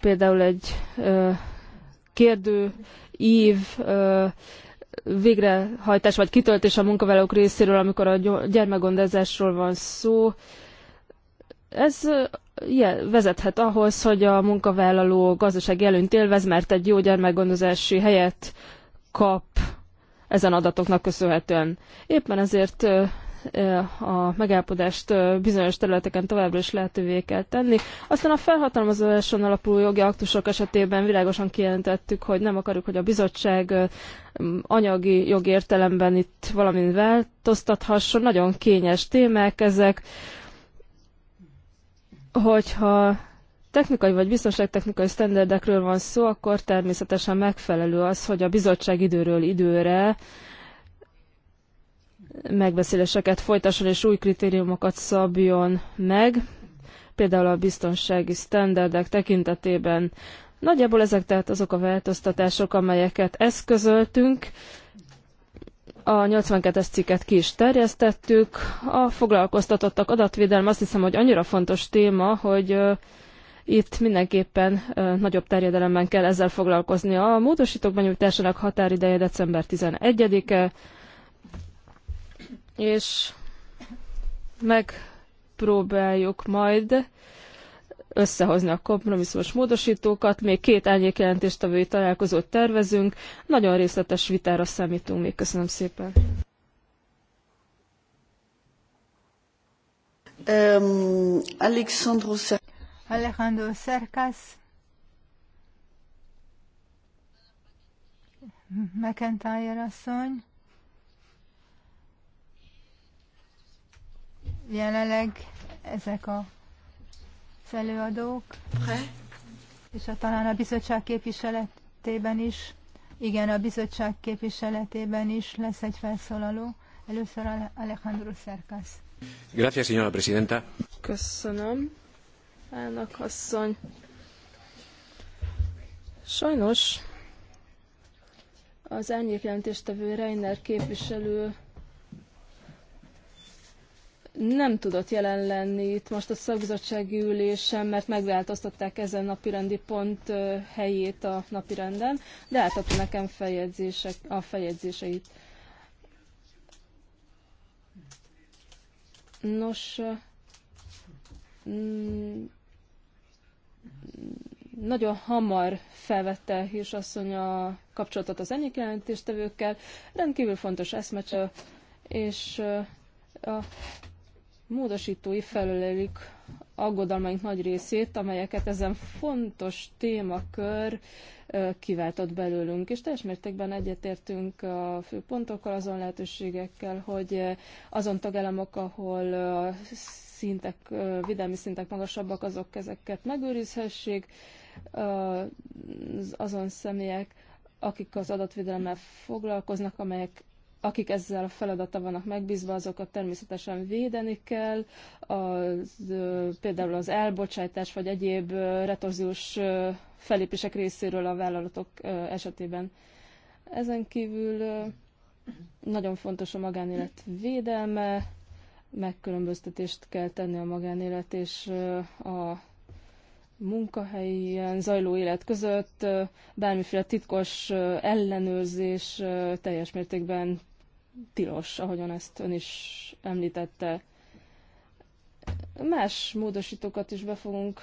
például egy ö, kérdő ív ö, végrehajtás vagy kitöltés a munkavállalók részéről, amikor a gyermekgondozásról van szó. Ez vezethet ahhoz, hogy a munkavállaló gazdasági előnyt élvez, mert egy jó gyermekgondozási helyet kap ezen adatoknak köszönhetően. Éppen ezért a megállapodást bizonyos területeken továbbra is lehetővé kell tenni. Aztán a felhatalmazáson alapuló jogi aktusok esetében világosan kijelentettük, hogy nem akarjuk, hogy a bizottság anyagi jogi értelemben itt valamint változtathasson. Nagyon kényes témák ezek. Hogyha technikai vagy biztonságtechnikai sztenderdekről van szó, akkor természetesen megfelelő az, hogy a bizottság időről időre megbeszéléseket folytasson és új kritériumokat szabjon meg, például a biztonsági sztenderdek tekintetében. Nagyjából ezek tehát azok a változtatások, amelyeket eszközöltünk. A 82-es cikket ki is terjesztettük. A foglalkoztatottak adatvédelme azt hiszem, hogy annyira fontos téma, hogy itt mindenképpen nagyobb terjedelemben kell ezzel foglalkozni. A módosítók benyújtásának határideje december 11-e, és megpróbáljuk majd összehozni a kompromisszumos módosítókat. Még két a találkozót tervezünk. Nagyon részletes vitára számítunk még. Köszönöm szépen. Um, Alexandro Alejandro Cercas, McIntyre asszony, jelenleg ezek a előadók, és a, talán a bizottság képviseletében is, igen, a bizottság képviseletében is lesz egy felszólaló. Először Alejandro Cercas. Gracias, señora presidenta. Köszönöm elnök asszony. Sajnos az elnyék jelentéstevő Reiner képviselő nem tudott jelen lenni itt most a szakbizottsági ülésen, mert megváltoztatták ezen napirendi pont helyét a napirenden, de átadta nekem feljegyzések, a feljegyzéseit. Nos, mm, nagyon hamar felvette Hirs asszony a kapcsolatot az enyik jelentéstevőkkel. Rendkívül fontos eszmecse, és a módosítói felölelik aggodalmaink nagy részét, amelyeket ezen fontos témakör kiváltott belőlünk, és teljes mértékben egyetértünk a fő pontokkal, azon lehetőségekkel, hogy azon tagállamok, ahol a szintek, védelmi szintek magasabbak, azok ezeket megőrizhessék. Azon személyek, akik az adatvédelemmel foglalkoznak, amelyek akik ezzel a feladata vannak megbízva, azokat természetesen védeni kell. Az, például az elbocsátás vagy egyéb retorziós felépések részéről a vállalatok esetében. Ezen kívül nagyon fontos a magánélet védelme, megkülönböztetést kell tenni a magánélet és a munkahelyen zajló élet között bármiféle titkos ellenőrzés teljes mértékben tilos, ahogyan ezt ön is említette. Más módosítókat is be fogunk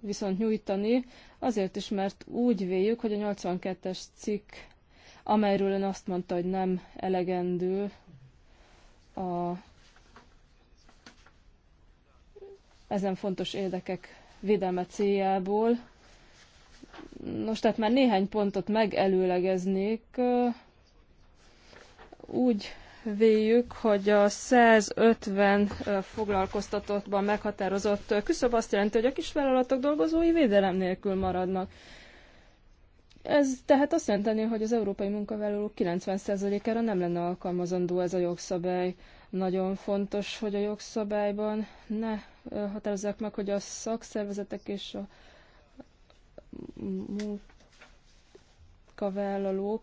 viszont nyújtani, azért is, mert úgy véljük, hogy a 82-es cikk, amelyről ön azt mondta, hogy nem elegendő a ezen fontos érdekek védelme céljából. Nos, tehát már néhány pontot megelőlegeznék. Úgy véljük, hogy a 150 foglalkoztatottban meghatározott küszöb azt jelenti, hogy a kisvállalatok dolgozói védelem nélkül maradnak. Ez tehát azt jelenteni, hogy az európai munkavállalók 90%-ára nem lenne alkalmazandó ez a jogszabály. Nagyon fontos, hogy a jogszabályban ne határozzák meg, hogy a szakszervezetek és a munkavállalók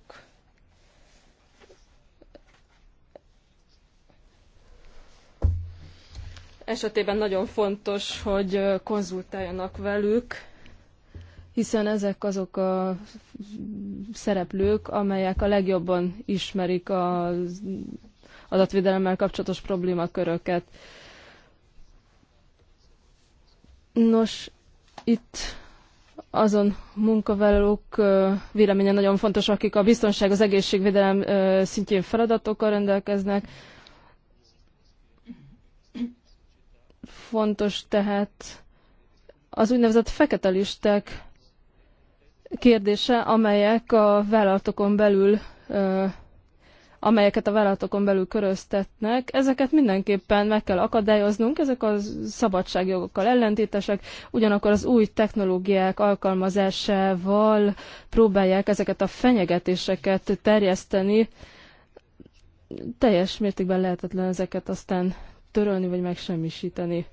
esetében nagyon fontos, hogy konzultáljanak velük, hiszen ezek azok a szereplők, amelyek a legjobban ismerik az adatvédelemmel kapcsolatos problémaköröket. Nos, itt azon munkavállalók véleménye nagyon fontos, akik a biztonság, az egészségvédelem szintjén feladatokkal rendelkeznek. Fontos tehát az úgynevezett fekete listek kérdése, amelyek a vállalatokon belül amelyeket a vállalatokon belül köröztetnek, ezeket mindenképpen meg kell akadályoznunk, ezek a szabadságjogokkal ellentétesek, ugyanakkor az új technológiák alkalmazásával próbálják ezeket a fenyegetéseket terjeszteni. Teljes mértékben lehetetlen ezeket aztán törölni vagy megsemmisíteni.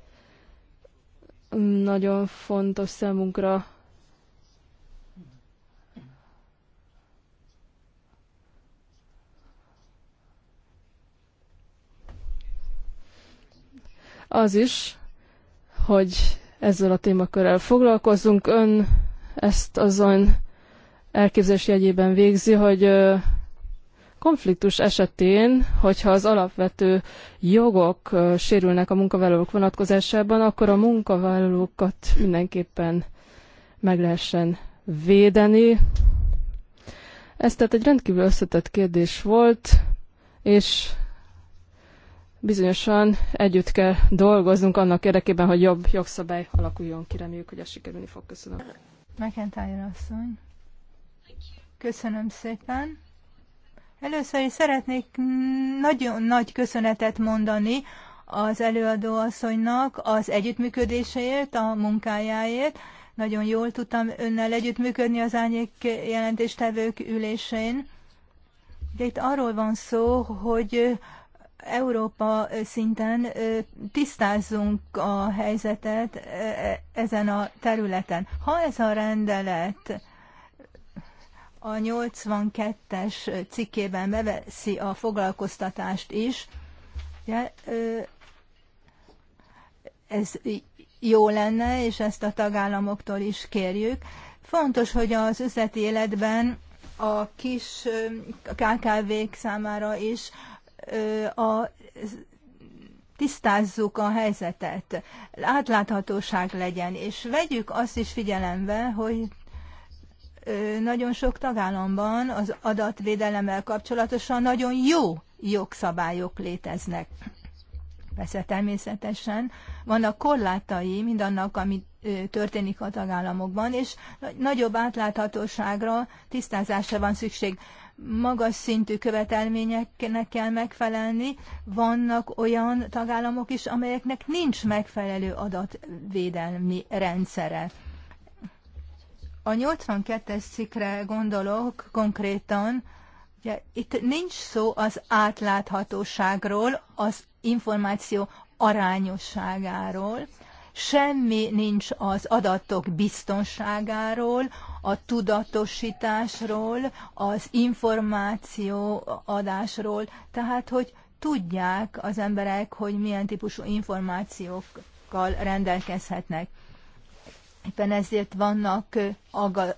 Nagyon fontos számunkra az is, hogy ezzel a témakörrel foglalkozzunk. Ön ezt azon elképzelés jegyében végzi, hogy konfliktus esetén, hogyha az alapvető jogok sérülnek a munkavállalók vonatkozásában, akkor a munkavállalókat mindenképpen meg lehessen védeni. Ez tehát egy rendkívül összetett kérdés volt, és Bizonyosan együtt kell dolgoznunk annak érdekében, hogy jobb jogszabály alakuljon ki. Reméljük, hogy ez sikerülni fog. Köszönöm. McIntyre asszony. Köszönöm szépen. Először is szeretnék nagyon nagy köszönetet mondani az előadó asszonynak az együttműködéséért, a munkájáért. Nagyon jól tudtam önnel együttműködni az ányék jelentéstevők ülésén. De itt arról van szó, hogy Európa szinten tisztázzunk a helyzetet e, ezen a területen. Ha ez a rendelet a 82-es cikkében beveszi a foglalkoztatást is, ugye, ez jó lenne, és ezt a tagállamoktól is kérjük. Fontos, hogy az üzleti életben a kis KKV-k számára is a tisztázzuk a helyzetet, átláthatóság legyen, és vegyük azt is figyelembe, hogy nagyon sok tagállamban az adatvédelemmel kapcsolatosan nagyon jó jogszabályok léteznek. Persze természetesen vannak korlátai mindannak, ami történik a tagállamokban, és nagyobb átláthatóságra, tisztázásra van szükség magas szintű követelményeknek kell megfelelni. Vannak olyan tagállamok is, amelyeknek nincs megfelelő adatvédelmi rendszere. A 82-es cikkre gondolok konkrétan, ugye itt nincs szó az átláthatóságról, az információ arányosságáról, semmi nincs az adatok biztonságáról, a tudatosításról, az információ adásról, tehát hogy tudják az emberek, hogy milyen típusú információkkal rendelkezhetnek. Éppen ezért vannak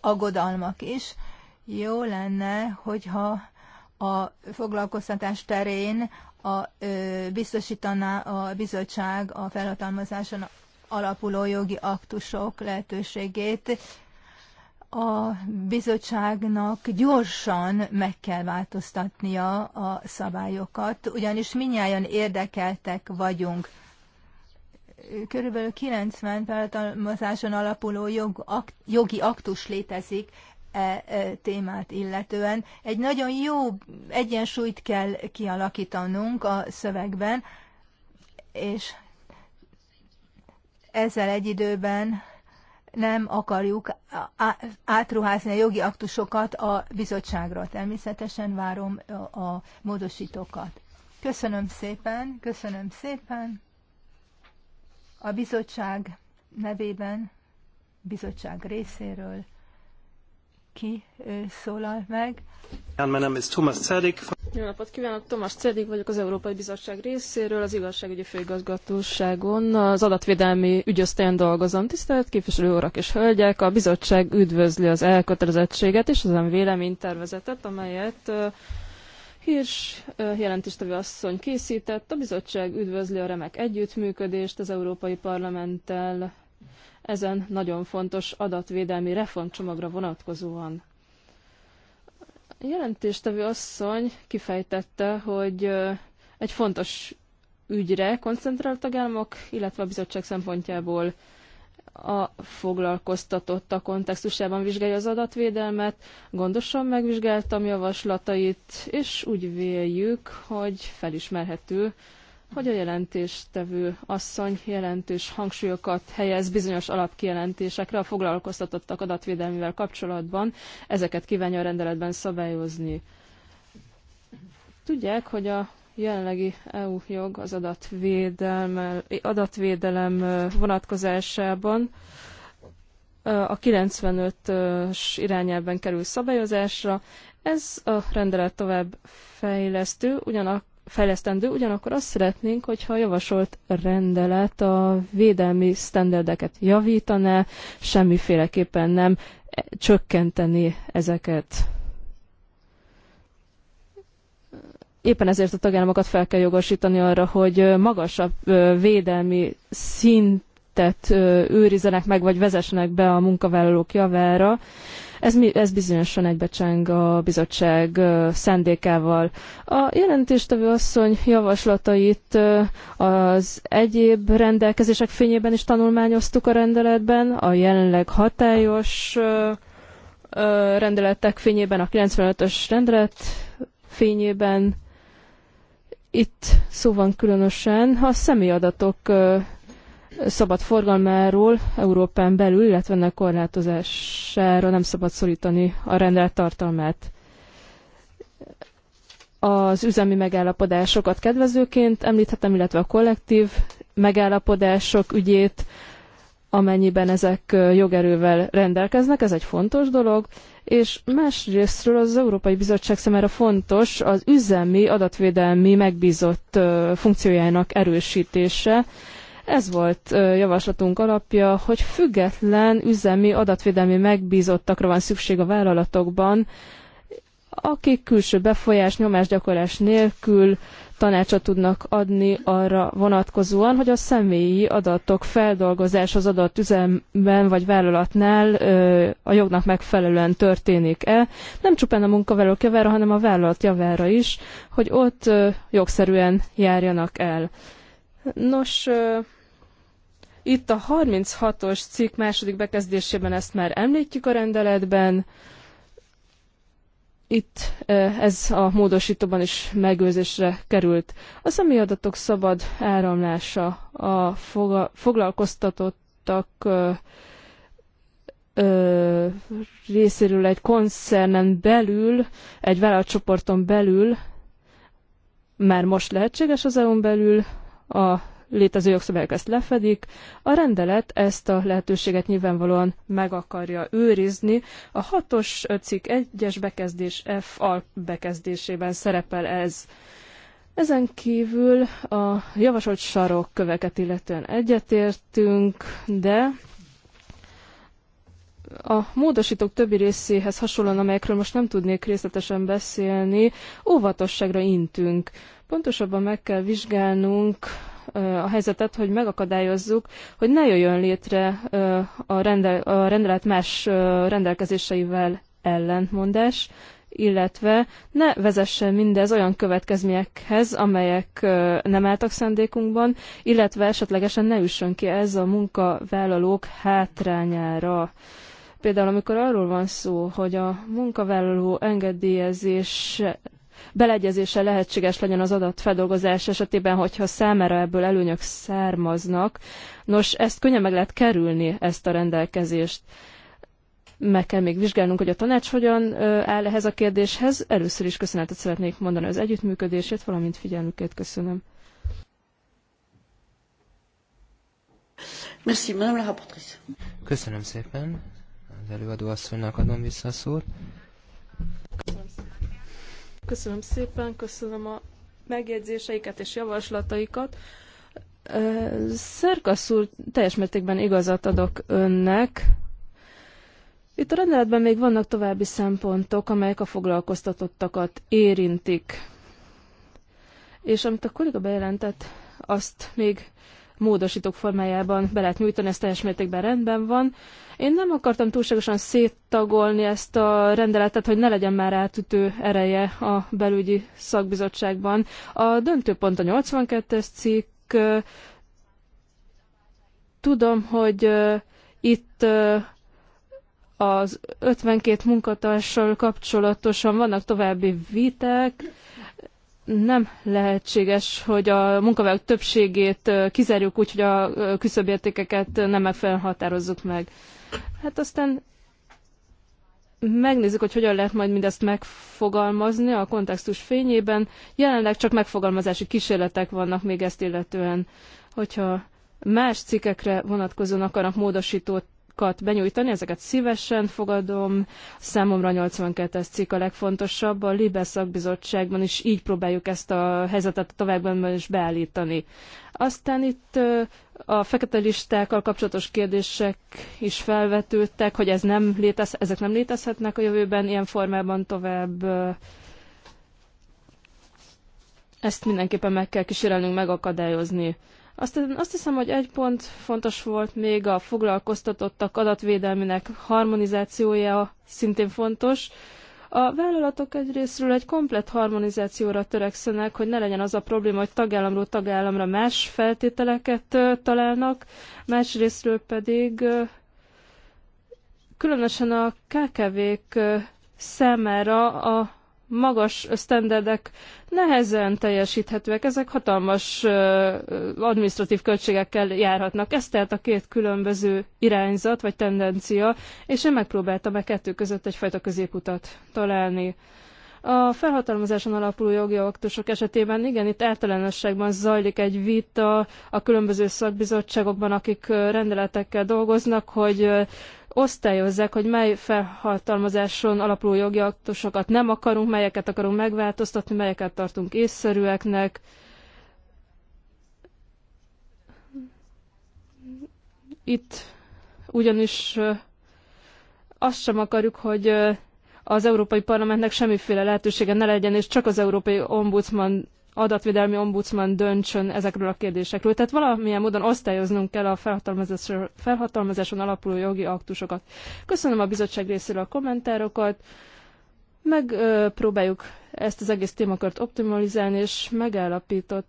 agodalmak is. Jó lenne, hogyha a foglalkoztatás terén a, ö, biztosítaná a bizottság a felhatalmazáson alapuló jogi aktusok lehetőségét, a bizottságnak gyorsan meg kell változtatnia a szabályokat, ugyanis minnyáján érdekeltek vagyunk. Körülbelül 90 feltalmazáson alapuló jog, ak, jogi aktus létezik e, e témát illetően. Egy nagyon jó egyensúlyt kell kialakítanunk a szövegben, és ezzel egy időben nem akarjuk átruházni a jogi aktusokat a bizottságra. Természetesen várom a módosítókat. Köszönöm szépen, köszönöm szépen. A bizottság nevében, bizottság részéről aki szólal meg. Jó napot kívánok, Tomás Cedik vagyok az Európai Bizottság részéről, az igazságügyi főigazgatóságon, az adatvédelmi ügyosztályon dolgozom. Tisztelt képviselő urak és hölgyek, a bizottság üdvözli az elkötelezettséget és az véleménytervezetet, amelyet Hirsch jelentéstevő asszony készített. A bizottság üdvözli a remek együttműködést az Európai Parlamenttel ezen nagyon fontos adatvédelmi reformcsomagra vonatkozóan. A jelentéstevő asszony kifejtette, hogy egy fontos ügyre koncentrált a tagállamok, illetve a bizottság szempontjából a foglalkoztatott a kontextusában vizsgálja az adatvédelmet, gondosan megvizsgáltam javaslatait, és úgy véljük, hogy felismerhető, hogy a jelentéstevő asszony jelentős hangsúlyokat helyez bizonyos alapkijelentésekre a foglalkoztatottak adatvédelmével kapcsolatban, ezeket kívánja a rendeletben szabályozni. Tudják, hogy a jelenlegi EU jog az adatvédelem vonatkozásában a 95-ös irányelven kerül szabályozásra. Ez a rendelet tovább fejlesztő, ugyanak fejlesztendő, ugyanakkor azt szeretnénk, hogyha a javasolt rendelet a védelmi sztenderdeket javítaná, semmiféleképpen nem e, csökkenteni ezeket. Éppen ezért a tagállamokat fel kell jogosítani arra, hogy magasabb védelmi szintet őrizenek meg, vagy vezessenek be a munkavállalók javára, ez, ez bizonyosan egybecseng a bizottság szándékával. A jelentéstevő asszony javaslatait az egyéb rendelkezések fényében is tanulmányoztuk a rendeletben, a jelenleg hatályos rendeletek fényében, a 95-ös rendelet fényében. Itt szó van különösen a személyadatok szabad forgalmáról Európán belül, illetve ennek korlátozására nem szabad szorítani a rendelt tartalmát. Az üzemi megállapodásokat kedvezőként említhetem, illetve a kollektív megállapodások ügyét, amennyiben ezek jogerővel rendelkeznek, ez egy fontos dolog, és másrésztről az Európai Bizottság szemére fontos az üzemi adatvédelmi megbízott funkciójának erősítése, ez volt javaslatunk alapja, hogy független üzemi adatvédelmi megbízottakra van szükség a vállalatokban, akik külső befolyás, nyomásgyakorlás nélkül tanácsot tudnak adni arra vonatkozóan, hogy a személyi adatok feldolgozás az adott üzemben vagy vállalatnál ö, a jognak megfelelően történik-e, nem csupán a munkavállalók javára, hanem a vállalat javára is, hogy ott ö, jogszerűen járjanak el. Nos, ö, itt a 36-os cikk második bekezdésében ezt már említjük a rendeletben. Itt ez a módosítóban is megőrzésre került. A adatok szabad áramlása a foglalkoztatottak részéről egy koncernen belül, egy vállalatcsoporton belül már most lehetséges az EU-n belül a létező jogszabályok ezt lefedik. A rendelet ezt a lehetőséget nyilvánvalóan meg akarja őrizni. A hatos cikk egyes bekezdés F al bekezdésében szerepel ez. Ezen kívül a javasolt sarokköveket illetően egyetértünk, de a módosítók többi részéhez hasonlóan, amelyekről most nem tudnék részletesen beszélni, óvatosságra intünk. Pontosabban meg kell vizsgálnunk a helyzetet, hogy megakadályozzuk, hogy ne jöjjön létre a, rendel, a rendelet más rendelkezéseivel ellentmondás, illetve ne vezessen mindez olyan következményekhez, amelyek nem álltak szándékunkban, illetve esetlegesen ne üssön ki ez a munkavállalók hátrányára. Például amikor arról van szó, hogy a munkavállaló engedélyezés beleegyezése lehetséges legyen az feldolgozás esetében, hogyha számára ebből előnyök származnak. Nos, ezt könnyen meg lehet kerülni, ezt a rendelkezést. Meg kell még vizsgálnunk, hogy a tanács hogyan áll ehhez a kérdéshez. Először is köszönetet szeretnék mondani az együttműködését, valamint figyelmüket köszönöm. Merci, Madame la rapportrice. Köszönöm szépen. Az előadó asszonynak adom vissza a szót. Köszönöm szépen. Köszönöm szépen, köszönöm a megjegyzéseiket és javaslataikat. Szerkasz úr, teljes mértékben igazat adok önnek. Itt a rendeletben még vannak további szempontok, amelyek a foglalkoztatottakat érintik. És amit a kolléga bejelentett, azt még módosítók formájában be lehet nyújtani, ez teljes mértékben rendben van. Én nem akartam túlságosan széttagolni ezt a rendeletet, hogy ne legyen már átütő ereje a belügyi szakbizottságban. A döntőpont a 82-es cikk. Tudom, hogy itt az 52 munkatársal kapcsolatosan vannak további viták, nem lehetséges, hogy a munkavállalók többségét kizárjuk úgy, hogy a küszöbértékeket nem megfelelően határozzuk meg. Hát aztán megnézzük, hogy hogyan lehet majd mindezt megfogalmazni a kontextus fényében. Jelenleg csak megfogalmazási kísérletek vannak még ezt illetően. Hogyha más cikkekre vonatkozóan akarnak módosított módosítókat benyújtani, ezeket szívesen fogadom. Számomra 82-es cikk a legfontosabb, a Libe szakbizottságban is így próbáljuk ezt a helyzetet továbbban is beállítani. Aztán itt a fekete listákkal kapcsolatos kérdések is felvetődtek, hogy ez nem létez, ezek nem létezhetnek a jövőben ilyen formában tovább. Ezt mindenképpen meg kell kísérelnünk megakadályozni. Aztán azt hiszem, hogy egy pont fontos volt még a foglalkoztatottak adatvédelmének harmonizációja, szintén fontos. A vállalatok egyrésztről egy komplett harmonizációra törekszenek, hogy ne legyen az a probléma, hogy tagállamról tagállamra más feltételeket találnak, másrésztről pedig különösen a KKV-k számára a magas sztenderdek nehezen teljesíthetőek, ezek hatalmas administratív költségekkel járhatnak. Ez tehát a két különböző irányzat vagy tendencia, és én megpróbáltam a e kettő között egyfajta középutat találni. A felhatalmazáson alapuló jogi aktusok esetében igen, itt általánosságban zajlik egy vita a különböző szakbizottságokban, akik rendeletekkel dolgoznak, hogy osztályozzák, hogy mely felhatalmazáson alapuló jogi aktusokat nem akarunk, melyeket akarunk megváltoztatni, melyeket tartunk észszerűeknek. Itt ugyanis azt sem akarjuk, hogy az Európai Parlamentnek semmiféle lehetősége ne legyen, és csak az Európai Ombudsman adatvédelmi ombudsman döntsön ezekről a kérdésekről. Tehát valamilyen módon osztályoznunk kell a felhatalmazáson, felhatalmazáson alapuló jogi aktusokat. Köszönöm a bizottság részéről a kommentárokat, megpróbáljuk ezt az egész témakört optimalizálni, és megállapított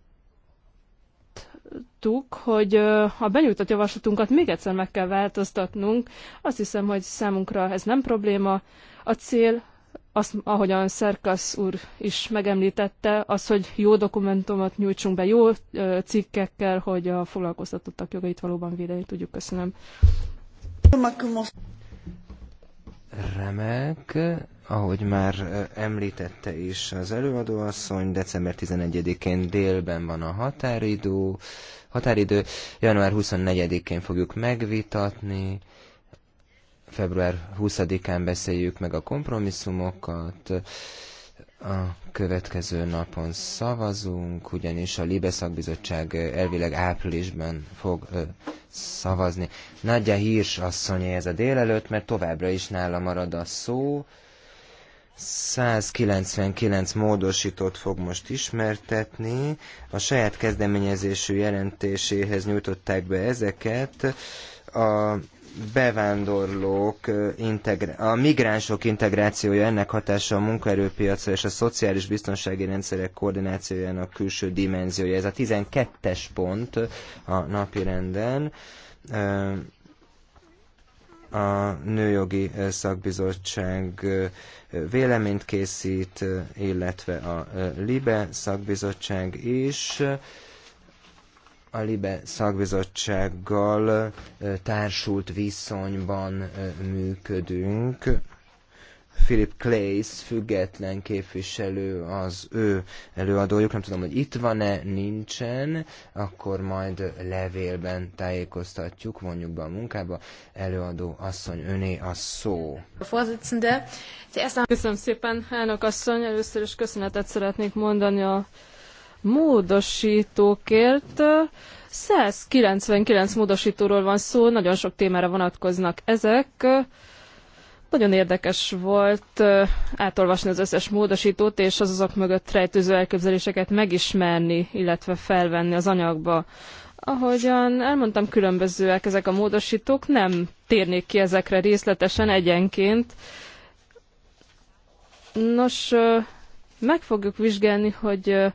hogy a benyújtott javaslatunkat még egyszer meg kell változtatnunk. Azt hiszem, hogy számunkra ez nem probléma. A cél azt, ahogyan Szerkasz úr is megemlítette, az, hogy jó dokumentumot nyújtsunk be jó cikkekkel, hogy a foglalkoztatottak jogait valóban védeni tudjuk. Köszönöm. Remek, ahogy már említette is az előadóasszony, december 11-én délben van a határidő, határidő január 24-én fogjuk megvitatni, február 20-án beszéljük meg a kompromisszumokat, a következő napon szavazunk, ugyanis a Libe szakbizottság elvileg áprilisban fog ö, szavazni. Nagyja Hírs asszony ez a délelőtt, mert továbbra is nála marad a szó. 199 módosítót fog most ismertetni. A saját kezdeményezésű jelentéséhez nyújtották be ezeket. A bevándorlók, a migránsok integrációja, ennek hatása a munkaerőpiacra és a szociális biztonsági rendszerek koordinációjának külső dimenziója. Ez a 12-es pont a napirenden. A Nőjogi Szakbizottság véleményt készít, illetve a LIBE szakbizottság is a LIBE szakbizottsággal társult viszonyban működünk. Philip Clays független képviselő az ő előadójuk, nem tudom, hogy itt van-e, nincsen, akkor majd levélben tájékoztatjuk, vonjuk be a munkába. Előadó asszony, öné a szó. Köszönöm szépen, elnök asszony, először is köszönetet szeretnék mondani a módosítókért 199 módosítóról van szó, nagyon sok témára vonatkoznak ezek. Nagyon érdekes volt átolvasni az összes módosítót, és az azok mögött rejtőző elképzeléseket megismerni, illetve felvenni az anyagba. Ahogyan elmondtam, különbözőek ezek a módosítók, nem térnék ki ezekre részletesen egyenként. Nos, meg fogjuk vizsgálni, hogy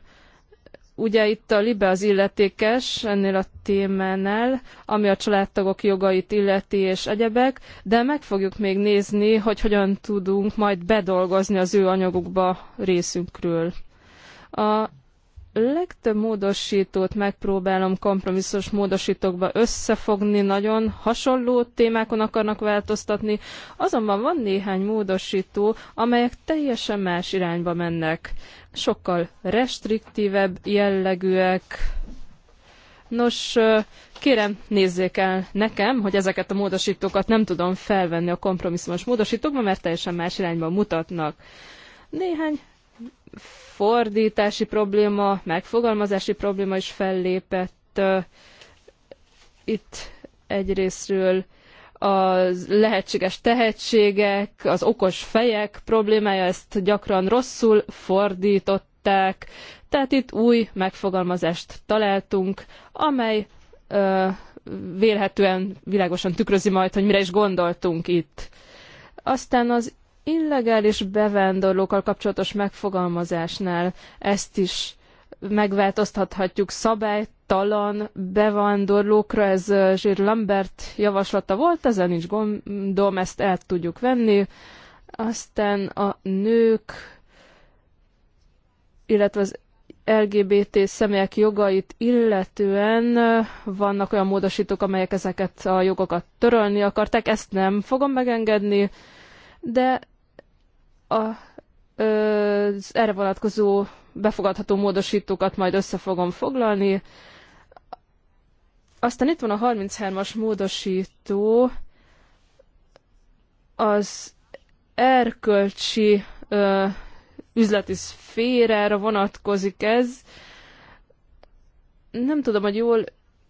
Ugye itt a LIBE az illetékes ennél a témánál, ami a családtagok jogait illeti és egyebek, de meg fogjuk még nézni, hogy hogyan tudunk majd bedolgozni az ő anyagukba részünkről. A legtöbb módosítót megpróbálom kompromisszus módosítókba összefogni, nagyon hasonló témákon akarnak változtatni, azonban van néhány módosító, amelyek teljesen más irányba mennek. Sokkal restriktívebb jellegűek. Nos, kérem nézzék el nekem, hogy ezeket a módosítókat nem tudom felvenni a kompromisszumos módosítókba, mert teljesen más irányba mutatnak. Néhány fordítási probléma, megfogalmazási probléma is fellépett itt egyrésztről a lehetséges tehetségek, az okos fejek problémája, ezt gyakran rosszul fordították. Tehát itt új megfogalmazást találtunk, amely ö, vélhetően világosan tükrözi majd, hogy mire is gondoltunk itt. Aztán az illegális bevándorlókkal kapcsolatos megfogalmazásnál ezt is megváltoztathatjuk szabálytalan bevándorlókra, ez Zsír Lambert javaslata volt, ezen nincs gondom, ezt el tudjuk venni. Aztán a nők, illetve az LGBT személyek jogait illetően vannak olyan módosítók, amelyek ezeket a jogokat törölni akarták, ezt nem fogom megengedni, de a, az erre vonatkozó befogadható módosítókat majd össze fogom foglalni. Aztán itt van a 33-as módosító, az erkölcsi ö, üzleti szférára vonatkozik ez. Nem tudom, hogy jól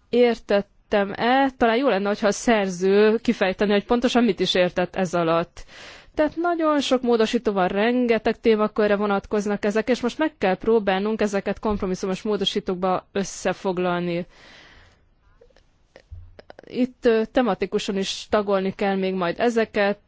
értettem-e, talán jó lenne, hogyha a szerző kifejteni, hogy pontosan mit is értett ez alatt. Tehát nagyon sok módosító van, rengeteg témakörre vonatkoznak ezek, és most meg kell próbálnunk ezeket kompromisszumos módosítókba összefoglalni. Itt tematikusan is tagolni kell még majd ezeket,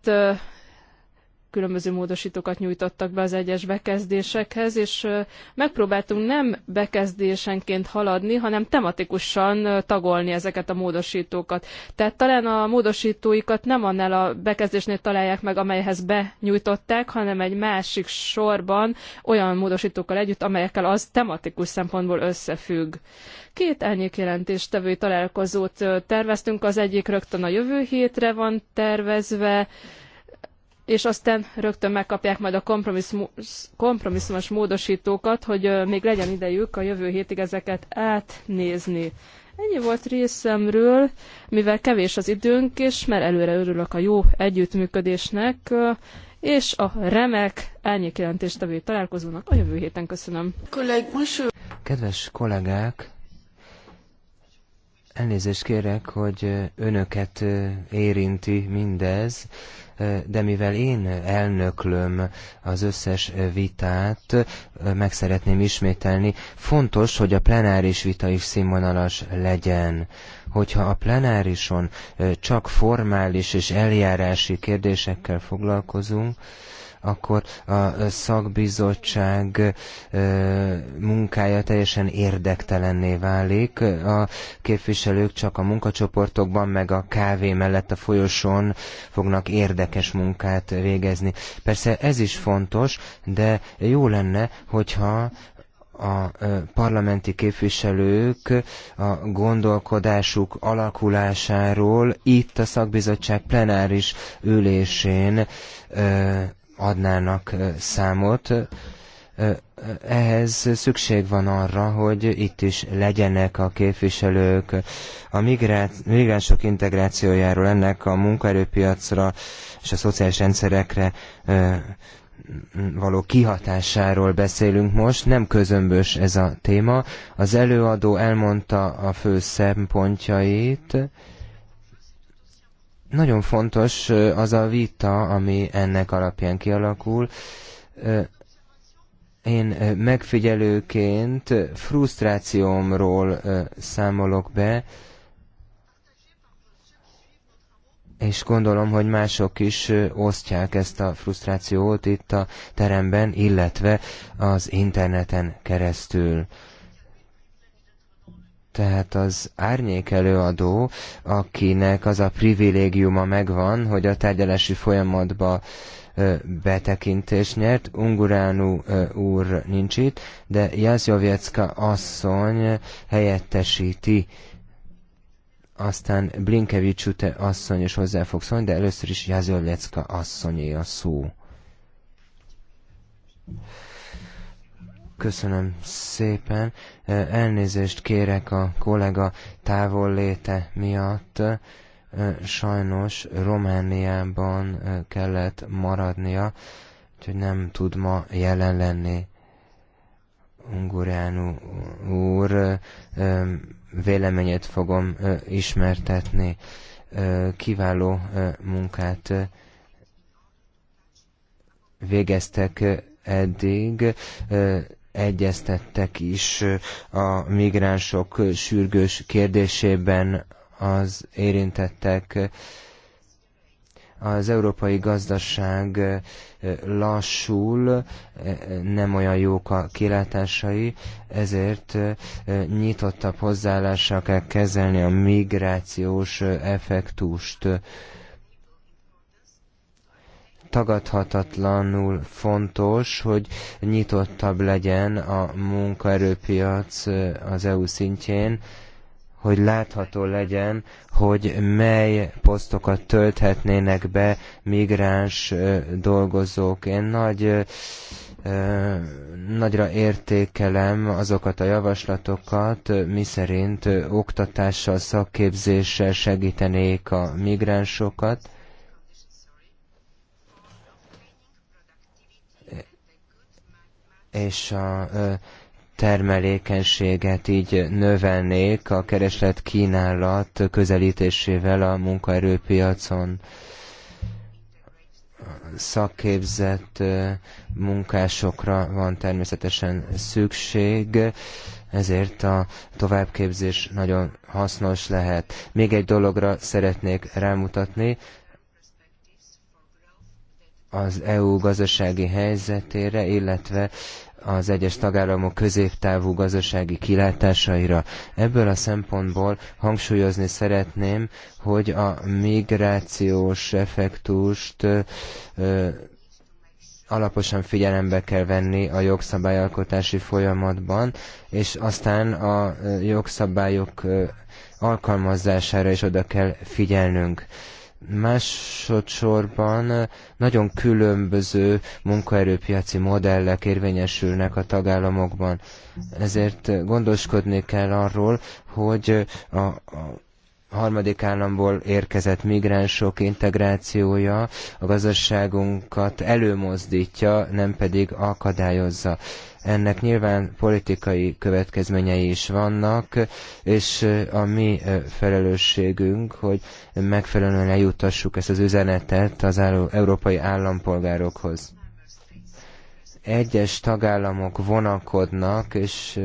különböző módosítókat nyújtottak be az egyes bekezdésekhez, és megpróbáltunk nem bekezdésenként haladni, hanem tematikusan tagolni ezeket a módosítókat. Tehát talán a módosítóikat nem annál a bekezdésnél találják meg, amelyhez benyújtották, hanem egy másik sorban olyan módosítókkal együtt, amelyekkel az tematikus szempontból összefügg. Két elnyékjelentéstevői találkozót terveztünk, az egyik rögtön a jövő hétre van tervezve, és aztán rögtön megkapják majd a kompromisszumos módosítókat, hogy még legyen idejük a jövő hétig ezeket átnézni. Ennyi volt részemről, mivel kevés az időnk, és mert előre örülök a jó együttműködésnek, és a remek árnyékjelentéstevői találkozónak a jövő héten köszönöm. Kedves kollégák, elnézést kérek, hogy önöket érinti mindez, de mivel én elnöklöm az összes vitát, meg szeretném ismételni, fontos, hogy a plenáris vita is színvonalas legyen hogyha a plenárison csak formális és eljárási kérdésekkel foglalkozunk, akkor a szakbizottság munkája teljesen érdektelenné válik. A képviselők csak a munkacsoportokban, meg a kávé mellett a folyosón fognak érdekes munkát végezni. Persze ez is fontos, de jó lenne, hogyha a parlamenti képviselők a gondolkodásuk alakulásáról itt a szakbizottság plenáris ülésén adnának számot. Ehhez szükség van arra, hogy itt is legyenek a képviselők. A migránsok integrációjáról ennek a munkaerőpiacra és a szociális rendszerekre való kihatásáról beszélünk most, nem közömbös ez a téma. Az előadó elmondta a fő szempontjait. Nagyon fontos az a vita, ami ennek alapján kialakul. Én megfigyelőként frusztrációmról számolok be, és gondolom, hogy mások is osztják ezt a frusztrációt itt a teremben, illetve az interneten keresztül. Tehát az árnyék előadó, akinek az a privilégiuma megvan, hogy a tárgyalási folyamatba betekintést nyert. Unguránu úr nincs itt, de Jazjovjecka asszony helyettesíti aztán Blinkevics Ute asszony is hozzá fog szólni, de először is Jazölecka asszonyé a szó. Köszönöm szépen. Elnézést kérek a kollega távolléte miatt. Sajnos Romániában kellett maradnia, úgyhogy nem tud ma jelen lenni. Unguránu úr véleményét fogom ismertetni. Kiváló munkát végeztek eddig, egyeztettek is a migránsok sürgős kérdésében az érintettek az európai gazdaság lassul, nem olyan jók a kilátásai, ezért nyitottabb hozzáállással kell kezelni a migrációs effektust. Tagadhatatlanul fontos, hogy nyitottabb legyen a munkaerőpiac az EU szintjén, hogy látható legyen, hogy mely posztokat tölthetnének be migráns dolgozók. Én nagy, nagyra értékelem azokat a javaslatokat, miszerint oktatással, szakképzéssel segítenék a migránsokat, és a termelékenységet így növelnék a kereslet kínálat közelítésével a munkaerőpiacon szakképzett munkásokra van természetesen szükség, ezért a továbbképzés nagyon hasznos lehet. Még egy dologra szeretnék rámutatni, az EU gazdasági helyzetére, illetve az egyes tagállamok középtávú gazdasági kilátásaira. Ebből a szempontból hangsúlyozni szeretném, hogy a migrációs effektust alaposan figyelembe kell venni a jogszabályalkotási folyamatban, és aztán a jogszabályok alkalmazására is oda kell figyelnünk. Másodszorban nagyon különböző munkaerőpiaci modellek érvényesülnek a tagállamokban. Ezért gondoskodni kell arról, hogy a, a harmadik államból érkezett migránsok integrációja a gazdaságunkat előmozdítja, nem pedig akadályozza. Ennek nyilván politikai következményei is vannak, és a mi felelősségünk, hogy megfelelően eljutassuk ezt az üzenetet az európai állampolgárokhoz. Egyes tagállamok vonakodnak, és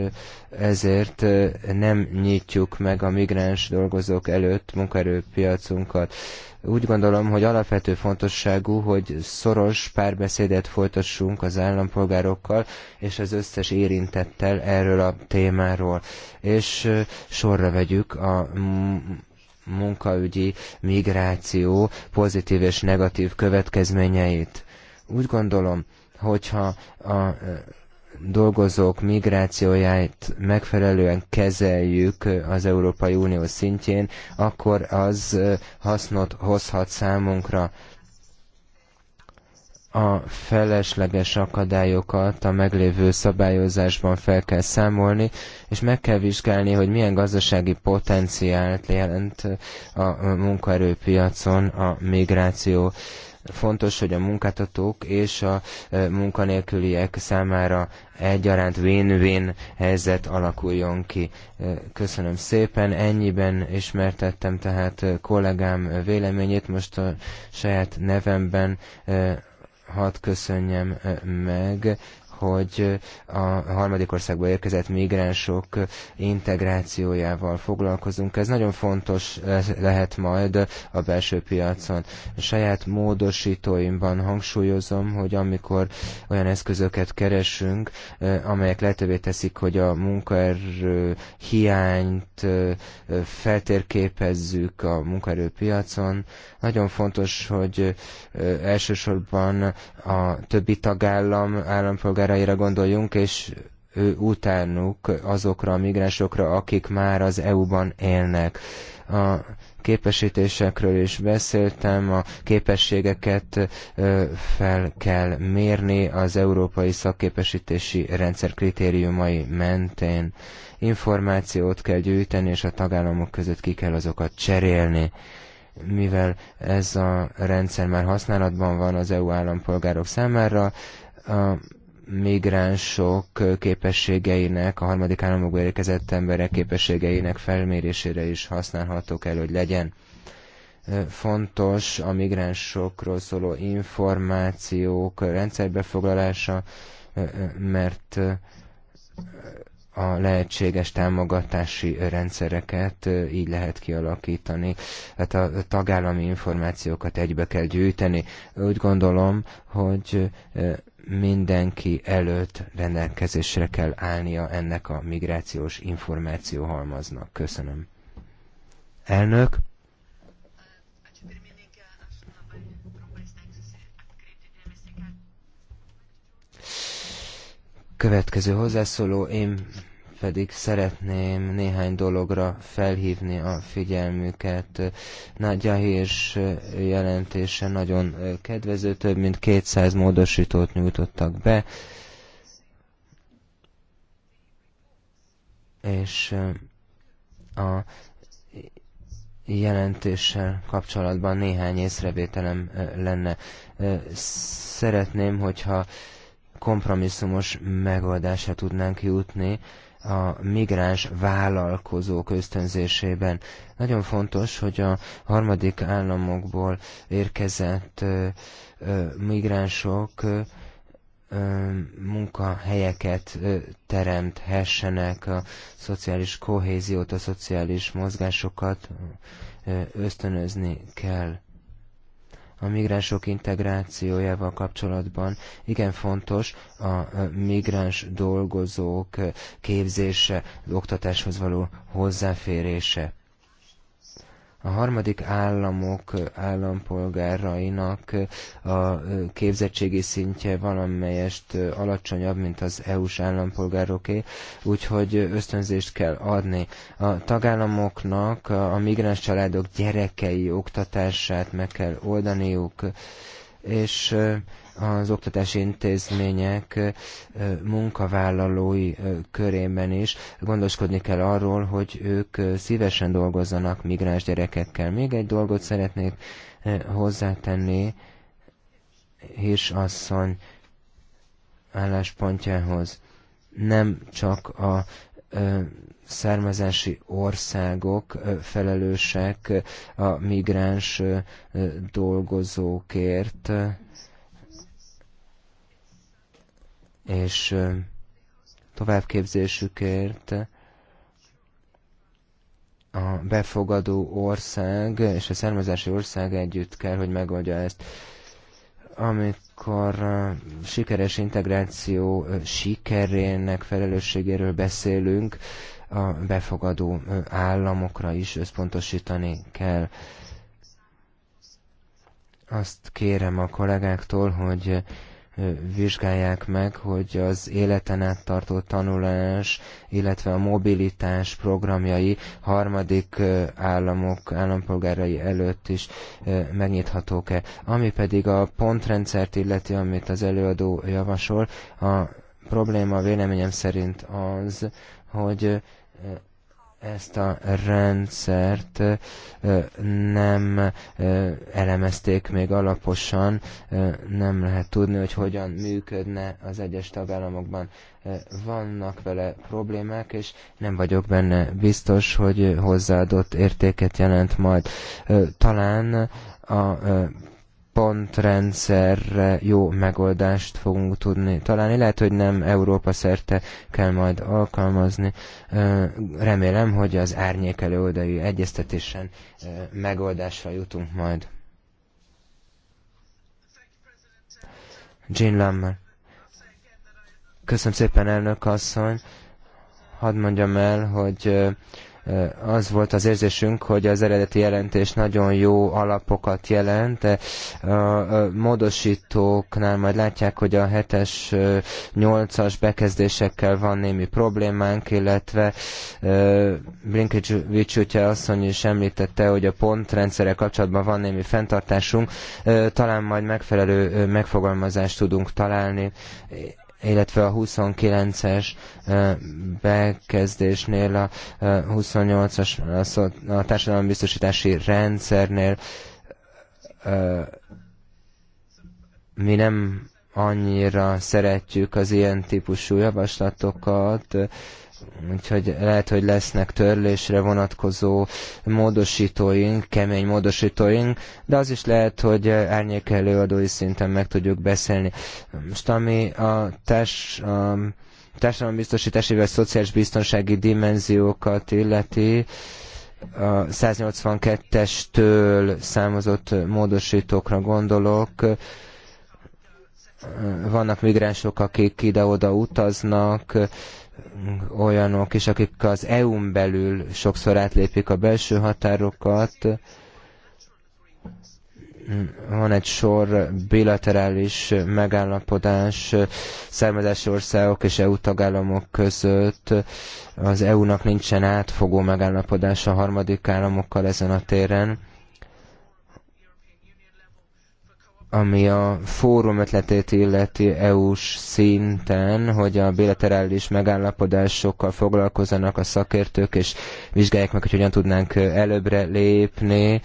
ezért nem nyitjuk meg a migráns dolgozók előtt munkaerőpiacunkat. Úgy gondolom, hogy alapvető fontosságú, hogy szoros párbeszédet folytassunk az állampolgárokkal és az összes érintettel erről a témáról, és sorra vegyük a munkaügyi migráció pozitív és negatív következményeit. Úgy gondolom, hogyha a dolgozók migrációját megfelelően kezeljük az Európai Unió szintjén, akkor az hasznot hozhat számunkra a felesleges akadályokat a meglévő szabályozásban fel kell számolni, és meg kell vizsgálni, hogy milyen gazdasági potenciált jelent a munkaerőpiacon a migráció Fontos, hogy a munkáltatók és a e, munkanélküliek számára egyaránt win-win helyzet alakuljon ki. E, köszönöm szépen, ennyiben ismertettem tehát e, kollégám véleményét, most a saját nevemben hadd köszönjem meg hogy a harmadik országból érkezett migránsok integrációjával foglalkozunk. Ez nagyon fontos lehet majd a belső piacon. A saját módosítóimban hangsúlyozom, hogy amikor olyan eszközöket keresünk, amelyek lehetővé teszik, hogy a munkaerő hiányt feltérképezzük a munkaerőpiacon. Nagyon fontos, hogy elsősorban a többi tagállam állampolgára polgáraira gondoljunk, és ő utánuk azokra a migránsokra, akik már az EU-ban élnek. A képesítésekről is beszéltem, a képességeket fel kell mérni az európai szakképesítési rendszer kritériumai mentén. Információt kell gyűjteni, és a tagállamok között ki kell azokat cserélni mivel ez a rendszer már használatban van az EU állampolgárok számára, migránsok képességeinek, a harmadik államokból érkezett emberek képességeinek felmérésére is használható kell, hogy legyen. Fontos a migránsokról szóló információk foglalása, mert a lehetséges támogatási rendszereket így lehet kialakítani. Hát a tagállami információkat egybe kell gyűjteni. Úgy gondolom, hogy mindenki előtt rendelkezésre kell állnia ennek a migrációs információhalmaznak. Köszönöm. Elnök. Következő hozzászóló, én pedig szeretném néhány dologra felhívni a figyelmüket. Nadja Hirsch jelentése nagyon kedvező, több mint 200 módosítót nyújtottak be, és a jelentéssel kapcsolatban néhány észrevételem lenne. Szeretném, hogyha kompromisszumos megoldásra tudnánk jutni a migráns vállalkozók ösztönzésében. Nagyon fontos, hogy a harmadik államokból érkezett migránsok munkahelyeket teremthessenek, a szociális kohéziót, a szociális mozgásokat ösztönözni kell a migránsok integrációjával kapcsolatban igen fontos a migráns dolgozók képzése, az oktatáshoz való hozzáférése a harmadik államok állampolgárainak a képzettségi szintje valamelyest alacsonyabb, mint az EU-s állampolgároké, úgyhogy ösztönzést kell adni. A tagállamoknak a migráns családok gyerekei oktatását meg kell oldaniuk, és az oktatási intézmények munkavállalói körében is gondoskodni kell arról, hogy ők szívesen dolgozzanak migráns gyerekekkel. Még egy dolgot szeretnék hozzátenni Hirs asszony álláspontjához. Nem csak a származási országok felelősek a migráns dolgozókért, és továbbképzésükért a befogadó ország és a származási ország együtt kell, hogy megoldja ezt. Amikor sikeres integráció sikerének felelősségéről beszélünk, a befogadó államokra is összpontosítani kell. Azt kérem a kollégáktól, hogy vizsgálják meg, hogy az életen át tartó tanulás, illetve a mobilitás programjai harmadik államok állampolgárai előtt is megnyithatók-e. Ami pedig a pontrendszert illeti, amit az előadó javasol, a probléma véleményem szerint az, hogy ezt a rendszert nem elemezték még alaposan, nem lehet tudni, hogy hogyan működne az egyes tagállamokban. Vannak vele problémák, és nem vagyok benne biztos, hogy hozzáadott értéket jelent majd. Talán a pontrendszerre jó megoldást fogunk tudni találni. Lehet, hogy nem Európa szerte kell majd alkalmazni. Remélem, hogy az árnyékelő oldalú egyeztetésen megoldásra jutunk majd. Jean Lammer. Köszönöm szépen, elnök asszony. Hadd mondjam el, hogy az volt az érzésünk, hogy az eredeti jelentés nagyon jó alapokat jelent, de a módosítóknál majd látják, hogy a 7-es, 8-as bekezdésekkel van némi problémánk, illetve Blinkovics útja asszony is említette, hogy a pontrendszerrel kapcsolatban van némi fenntartásunk, talán majd megfelelő megfogalmazást tudunk találni illetve a 29-es bekezdésnél, a 28-as a társadalombiztosítási rendszernél mi nem annyira szeretjük az ilyen típusú javaslatokat, Úgyhogy lehet, hogy lesznek törlésre vonatkozó módosítóink, kemény módosítóink, de az is lehet, hogy árnyék előadói szinten meg tudjuk beszélni. Most ami a társ... A, társadalombiztosítási vagy szociális biztonsági dimenziókat illeti, a 182-estől számozott módosítókra gondolok. Vannak migránsok, akik ide-oda utaznak, olyanok is, akik az EU-n belül sokszor átlépik a belső határokat. Van egy sor bilaterális megállapodás származási országok és EU tagállamok között. Az EU-nak nincsen átfogó megállapodás a harmadik államokkal ezen a téren ami a fórum ötletét illeti EU-s szinten, hogy a bilaterális megállapodásokkal foglalkozzanak a szakértők, és vizsgálják meg, hogy hogyan tudnánk előbbre lépni.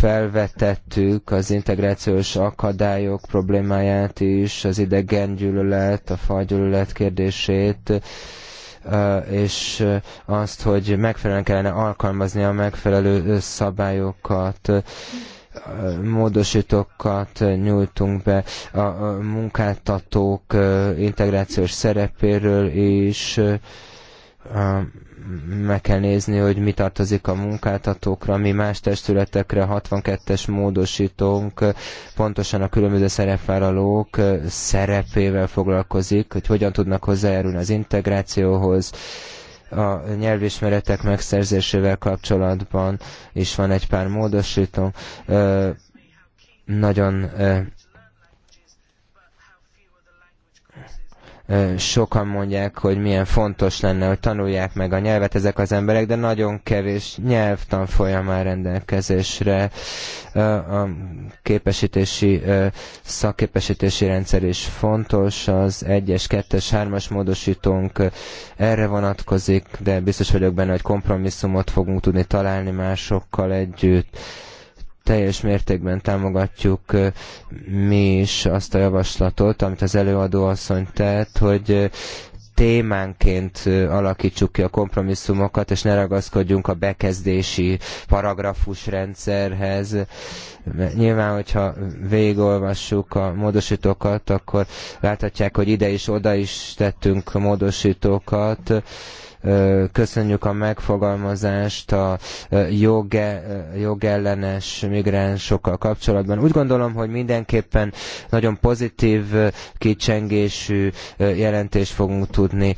Felvetettük az integrációs akadályok problémáját is, az idegengyűlölet, a fajgyűlölet kérdését, és azt, hogy megfelelően kellene alkalmazni a megfelelő szabályokat, módosítókat nyújtunk be a munkáltatók integrációs szerepéről is, meg kell nézni, hogy mi tartozik a munkáltatókra, mi más testületekre, 62-es módosítónk, pontosan a különböző szerepvállalók szerepével foglalkozik, hogy hogyan tudnak hozzájárulni az integrációhoz, a nyelvismeretek megszerzésével kapcsolatban is van egy pár módosítónk. Nagyon Sokan mondják, hogy milyen fontos lenne, hogy tanulják meg a nyelvet ezek az emberek, de nagyon kevés nyelvtan folyamán rendelkezésre. A képesítési, szakképesítési rendszer is fontos, az 1-es, 2-es, 3-as módosítónk erre vonatkozik, de biztos vagyok benne, hogy kompromisszumot fogunk tudni találni másokkal együtt teljes mértékben támogatjuk mi is azt a javaslatot, amit az előadó asszony tett, hogy témánként alakítsuk ki a kompromisszumokat, és ne ragaszkodjunk a bekezdési paragrafus rendszerhez. Nyilván, hogyha végigolvassuk a módosítókat, akkor láthatják, hogy ide is, oda is tettünk módosítókat Köszönjük a megfogalmazást a joge, jogellenes migránsokkal kapcsolatban. Úgy gondolom, hogy mindenképpen nagyon pozitív kicsengésű jelentést fogunk tudni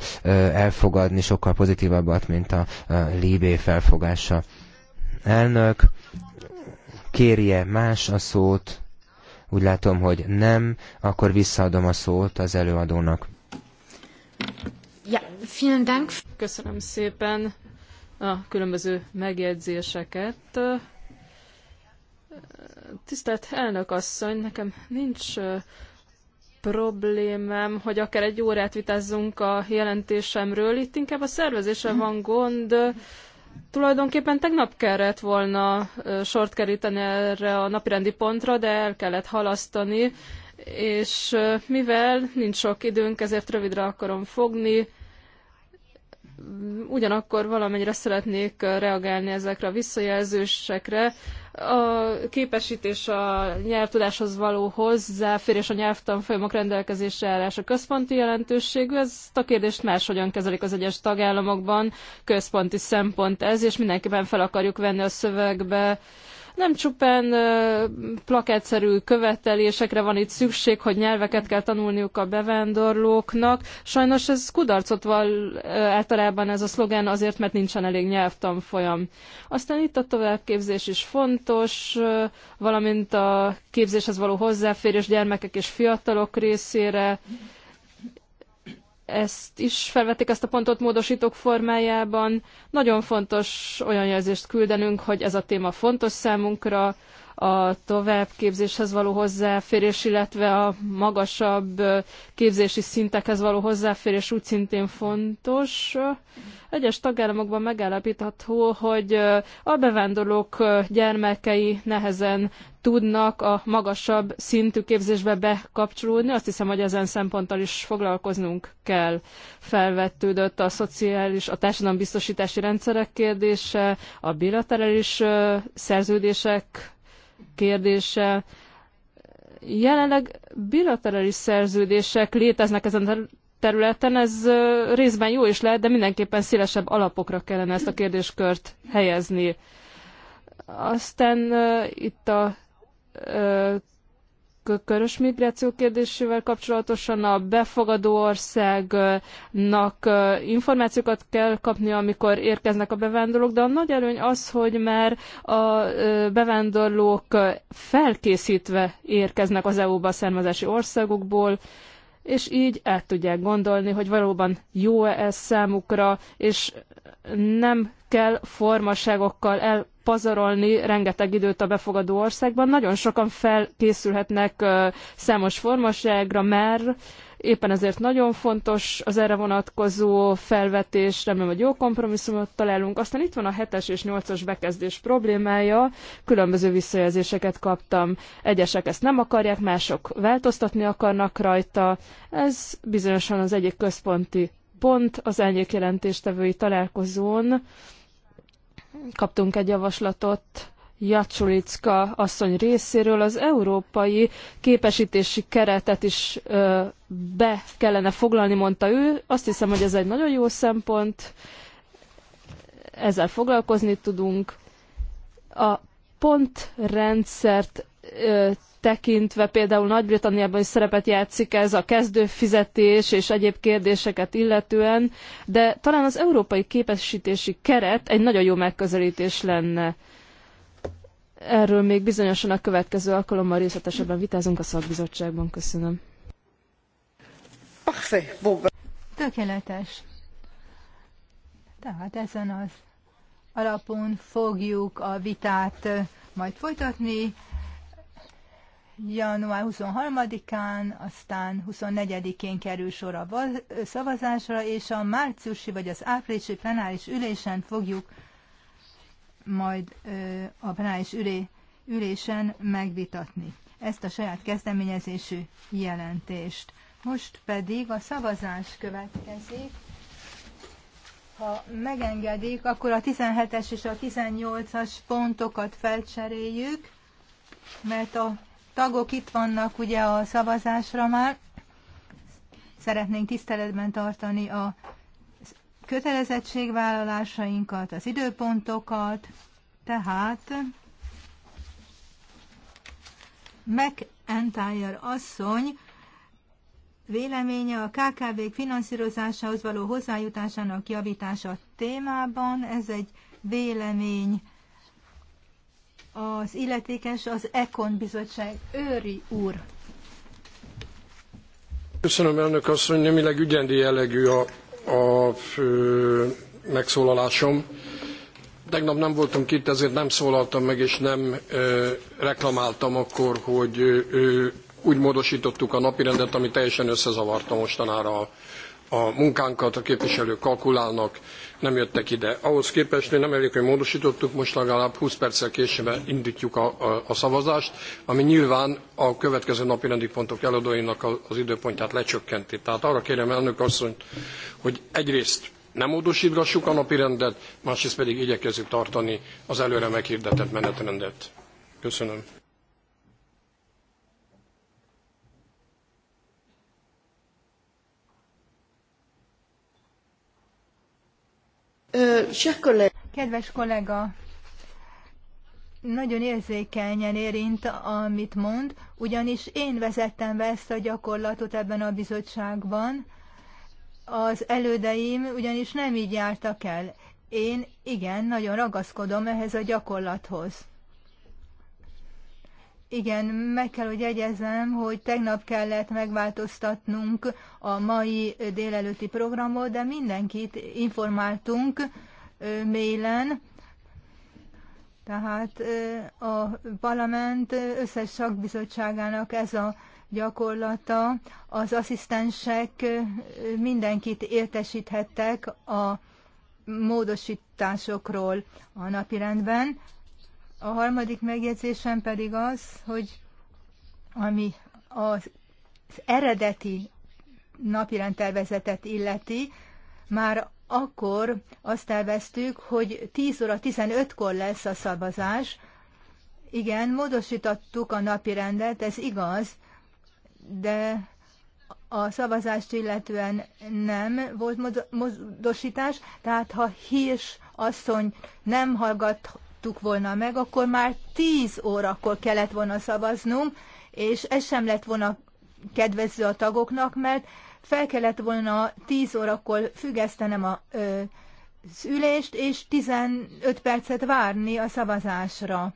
elfogadni, sokkal pozitívabbat, mint a Libé felfogása. Elnök, kérje más a szót, úgy látom, hogy nem, akkor visszaadom a szót az előadónak. Ja, vielen Dank. Köszönöm szépen a különböző megjegyzéseket. Tisztelt elnök asszony, nekem nincs problémám, hogy akár egy órát vitázzunk a jelentésemről. Itt inkább a szervezésre mhm. van gond. Tulajdonképpen tegnap kellett volna sort keríteni erre a napirendi pontra, de el kellett halasztani, és mivel nincs sok időnk, ezért rövidre akarom fogni, ugyanakkor valamennyire szeretnék reagálni ezekre a visszajelzősekre. A képesítés a nyelvtudáshoz való hozzáférés a nyelvtanfolyamok rendelkezésre állása központi jelentőségű. Ezt a kérdést máshogyan kezelik az egyes tagállamokban. Központi szempont ez, és mindenképpen fel akarjuk venni a szövegbe nem csupán plakátszerű követelésekre van itt szükség, hogy nyelveket kell tanulniuk a bevándorlóknak. Sajnos ez kudarcot val általában ez a szlogán azért, mert nincsen elég nyelvtanfolyam. Aztán itt a továbbképzés is fontos, valamint a képzéshez való hozzáférés gyermekek és fiatalok részére ezt is felvették ezt a pontot módosítók formájában. Nagyon fontos olyan jelzést küldenünk, hogy ez a téma fontos számunkra, a továbbképzéshez való hozzáférés, illetve a magasabb képzési szintekhez való hozzáférés úgy szintén fontos. Egyes tagállamokban megállapítható, hogy a bevándorlók gyermekei nehezen tudnak a magasabb szintű képzésbe bekapcsolódni. Azt hiszem, hogy ezen szemponttal is foglalkoznunk kell. felvetődött a szociális, a társadalombiztosítási rendszerek kérdése, a bilaterális szerződések kérdése. Jelenleg bilaterális szerződések léteznek ezen a területen, ez részben jó is lehet, de mindenképpen szélesebb alapokra kellene ezt a kérdéskört helyezni. Aztán uh, itt a körös migráció kérdésével kapcsolatosan a befogadó országnak információkat kell kapni, amikor érkeznek a bevándorlók, de a nagy előny az, hogy már a bevándorlók felkészítve érkeznek az EU-ba származási országokból, és így el tudják gondolni, hogy valóban jó-e ez számukra, és nem kell formaságokkal el pazarolni rengeteg időt a befogadó országban. Nagyon sokan felkészülhetnek számos formaságra, mert éppen ezért nagyon fontos az erre vonatkozó felvetés, remélem, hogy jó kompromisszumot találunk. Aztán itt van a 7-es és 8-as bekezdés problémája, különböző visszajelzéseket kaptam. Egyesek ezt nem akarják, mások változtatni akarnak rajta. Ez bizonyosan az egyik központi pont az elnyék jelentéstevői találkozón, kaptunk egy javaslatot Jacsulicka asszony részéről az európai képesítési keretet is ö, be kellene foglalni, mondta ő. Azt hiszem, hogy ez egy nagyon jó szempont, ezzel foglalkozni tudunk. A pontrendszert ö, tekintve például Nagy-Britanniában is szerepet játszik ez a kezdőfizetés és egyéb kérdéseket illetően, de talán az európai képesítési keret egy nagyon jó megközelítés lenne. Erről még bizonyosan a következő alkalommal részletesebben vitázunk a szakbizottságban. Köszönöm. Tökéletes. Tehát ezen az alapon fogjuk a vitát majd folytatni január 23-án, aztán 24-én kerül sor a szavazásra, és a márciusi vagy az áprilisi plenáris ülésen fogjuk majd a plenáris ülé, ülésen megvitatni ezt a saját kezdeményezésű jelentést. Most pedig a szavazás következik. Ha megengedik, akkor a 17-es és a 18-as pontokat felcseréljük, mert a tagok itt vannak ugye a szavazásra már. Szeretnénk tiszteletben tartani a kötelezettségvállalásainkat, az időpontokat, tehát McEntire asszony véleménye a kkv finanszírozásához való hozzájutásának javítása témában. Ez egy vélemény az illetékes az Ekon bizottság. Őri úr. Köszönöm, elnök asszony. Némileg ügyendi jellegű a, a fő megszólalásom. Tegnap nem voltam itt, ezért nem szólaltam meg, és nem ö, reklamáltam akkor, hogy ö, úgy módosítottuk a napirendet, ami teljesen összezavarta mostanára a a munkánkat a képviselők kalkulálnak, nem jöttek ide. Ahhoz képest, hogy nem elég, hogy módosítottuk, most legalább 20 perccel később indítjuk a, a, a szavazást, ami nyilván a következő napi rendi pontok előadóinak az időpontját lecsökkenti. Tehát arra kérem elnök asszonyt, hogy egyrészt nem módosítgassuk a napirendet, másrészt pedig igyekezzük tartani az előre meghirdetett menetrendet. Köszönöm. Kedves kollega, nagyon érzékenyen érint, amit mond, ugyanis én vezettem be ezt a gyakorlatot ebben a bizottságban. Az elődeim ugyanis nem így jártak el. Én igen, nagyon ragaszkodom ehhez a gyakorlathoz. Igen, meg kell, hogy jegyezem, hogy tegnap kellett megváltoztatnunk a mai délelőtti programot, de mindenkit informáltunk mailen, tehát a parlament összes szakbizottságának ez a gyakorlata, az asszisztensek mindenkit értesíthettek a módosításokról a napirendben. A harmadik megjegyzésem pedig az, hogy ami az eredeti napirendtervezetet illeti, már akkor azt terveztük, hogy 10 óra 15-kor lesz a szavazás. Igen, módosítottuk a napirendet, ez igaz, de a szavazást illetően nem volt módosítás, tehát ha Hírs asszony nem hallgat vitattuk volna meg, akkor már 10 órakor kellett volna szavaznunk, és ez sem lett volna kedvező a tagoknak, mert fel kellett volna 10 órakor függesztenem a, ö, az ülést, és 15 percet várni a szavazásra.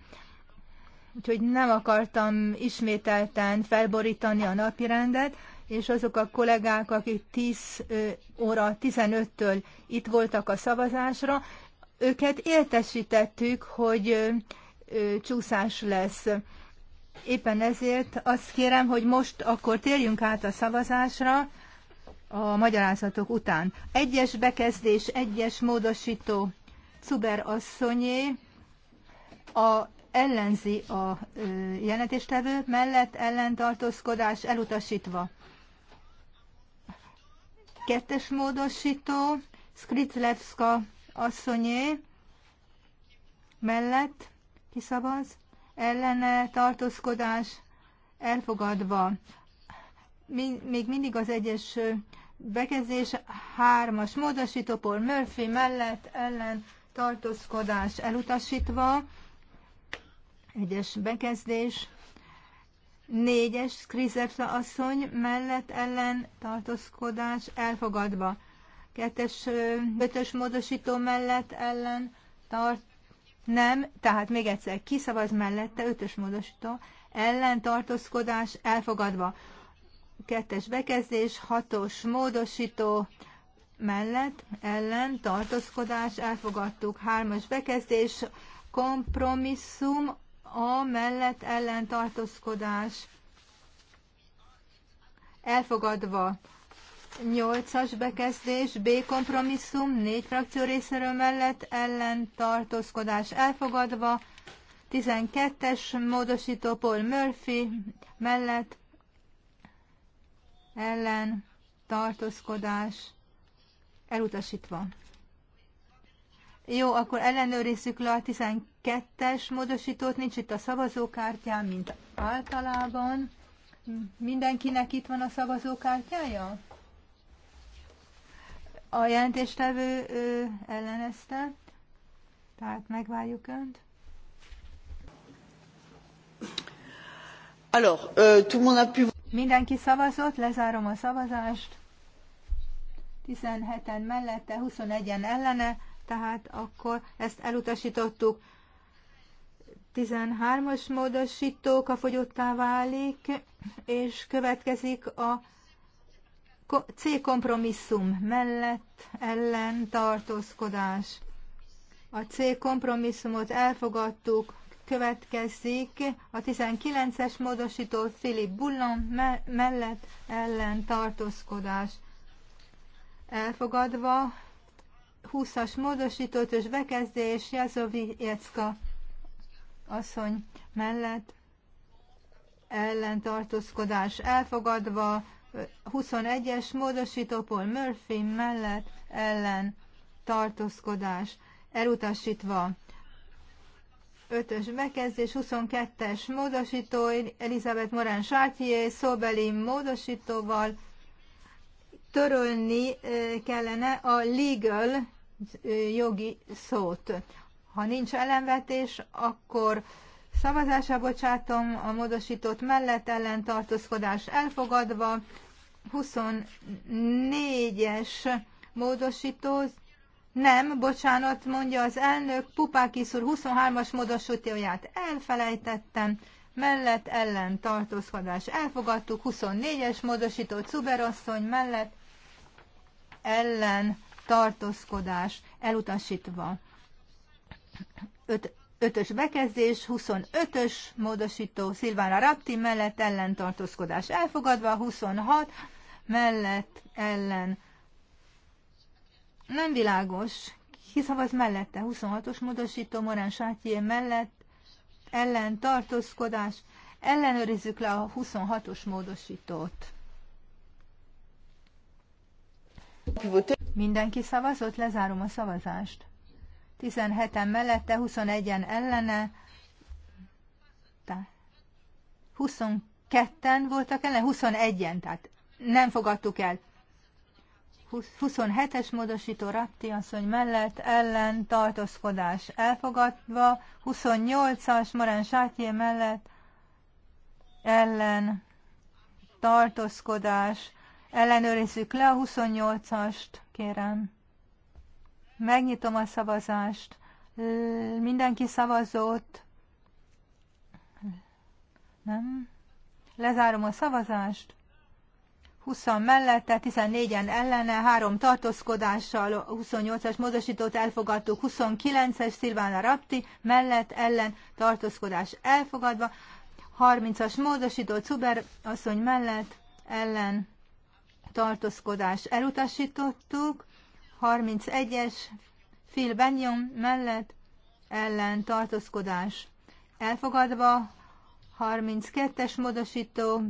Úgyhogy nem akartam ismételten felborítani a napirendet, és azok a kollégák, akik 10 óra 15-től itt voltak a szavazásra, őket értesítettük, hogy csúszás lesz. Éppen ezért azt kérem, hogy most akkor térjünk át a szavazásra a magyarázatok után. Egyes bekezdés, egyes módosító Cuber asszonyé, a ellenzi a jelentéstevő, mellett ellentartózkodás elutasítva. Kettes módosító, Skritlevska asszonyé mellett kiszavaz, ellene tartózkodás elfogadva. Még mindig az egyes bekezdés hármas módosító Murphy mellett ellen tartózkodás elutasítva, egyes bekezdés, négyes Krizepsa asszony mellett ellen tartózkodás elfogadva kettes, ötös módosító mellett ellen tart, nem, tehát még egyszer, kiszavaz mellette, ötös módosító, ellen tartózkodás elfogadva. Kettes bekezdés, hatos módosító mellett, ellen tartózkodás elfogadtuk. Hármas bekezdés, kompromisszum, a mellett ellen tartózkodás elfogadva. 8-as bekezdés, B kompromisszum, négy frakció részéről mellett ellen tartózkodás elfogadva, 12-es módosító Paul Murphy mellett ellen tartózkodás elutasítva. Jó, akkor ellenőrizzük le a 12-es módosítót, nincs itt a szavazókártyán, mint általában. Mindenkinek itt van a szavazókártyája? A jelentéstevő ő ellenezte, tehát megvárjuk Önt. Alors, euh, tout monde a pu... Mindenki szavazott, lezárom a szavazást. 17-en mellette, 21-en ellene, tehát akkor ezt elutasítottuk. 13-as módosítók a fogyottá válik, és következik a C kompromisszum mellett ellen tartózkodás. A C kompromisszumot elfogadtuk, következik a 19-es módosító Philip Bullon mellett ellen tartózkodás. Elfogadva 20-as módosítót és bekezdés Jazovjecka asszony mellett ellentartózkodás elfogadva, 21-es módosító Paul Murphy mellett ellen tartózkodás elutasítva. 5-ös bekezdés, 22-es módosító Elizabeth Morán Chartier szóbeli módosítóval törölni eh, kellene a legal eh, jogi szót. Ha nincs ellenvetés, akkor Szavazásra bocsátom a módosított mellett ellen tartózkodás elfogadva. 24-es módosító, nem, bocsánat, mondja az elnök, Pupákis úr 23-as módosítóját elfelejtettem, mellett ellen tartózkodás elfogadtuk, 24-es módosító Cuberasszony mellett ellen tartózkodás elutasítva. 5, ötös bekezdés, 25-ös módosító Szilvára Rapti mellett ellentartózkodás elfogadva, 26 mellett ellen nem világos, kiszavaz mellette, 26-os módosító Morán Sátyé mellett ellen tartózkodás, ellenőrizzük le a 26-os módosítót. Mindenki szavazott, lezárom a szavazást. 17-en mellette, 21-en ellene, 22-en voltak ellen, 21-en, tehát nem fogadtuk el. 27-es módosító Rapti asszony mellett ellen tartózkodás elfogadva, 28-as Morán Sátyé mellett ellen tartózkodás ellenőrizzük le a 28-ast, kérem. Megnyitom a szavazást. Mindenki szavazott. Nem? Lezárom a szavazást. 20 mellette, 14-en ellene, 3 tartózkodással, 28-as módosítót elfogadtuk, 29-es Szilvána Rapti mellett ellen tartózkodás elfogadva, 30-as módosító Cuber asszony mellett ellen tartózkodás elutasítottuk, 31-es Phil Benyon mellett ellen tartózkodás elfogadva, 32-es módosító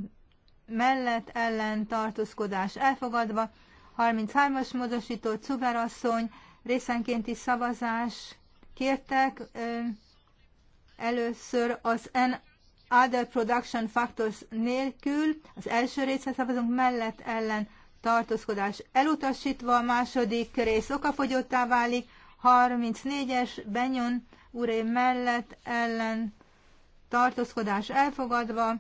mellett ellen tartózkodás elfogadva, 33-as módosító Cugarasszony részenkénti szavazás kértek. Először az N Other Production Factors nélkül az első része szavazunk mellett ellen tartózkodás elutasítva, a második rész okafogyottá válik, 34-es Benyon úré mellett ellen tartózkodás elfogadva,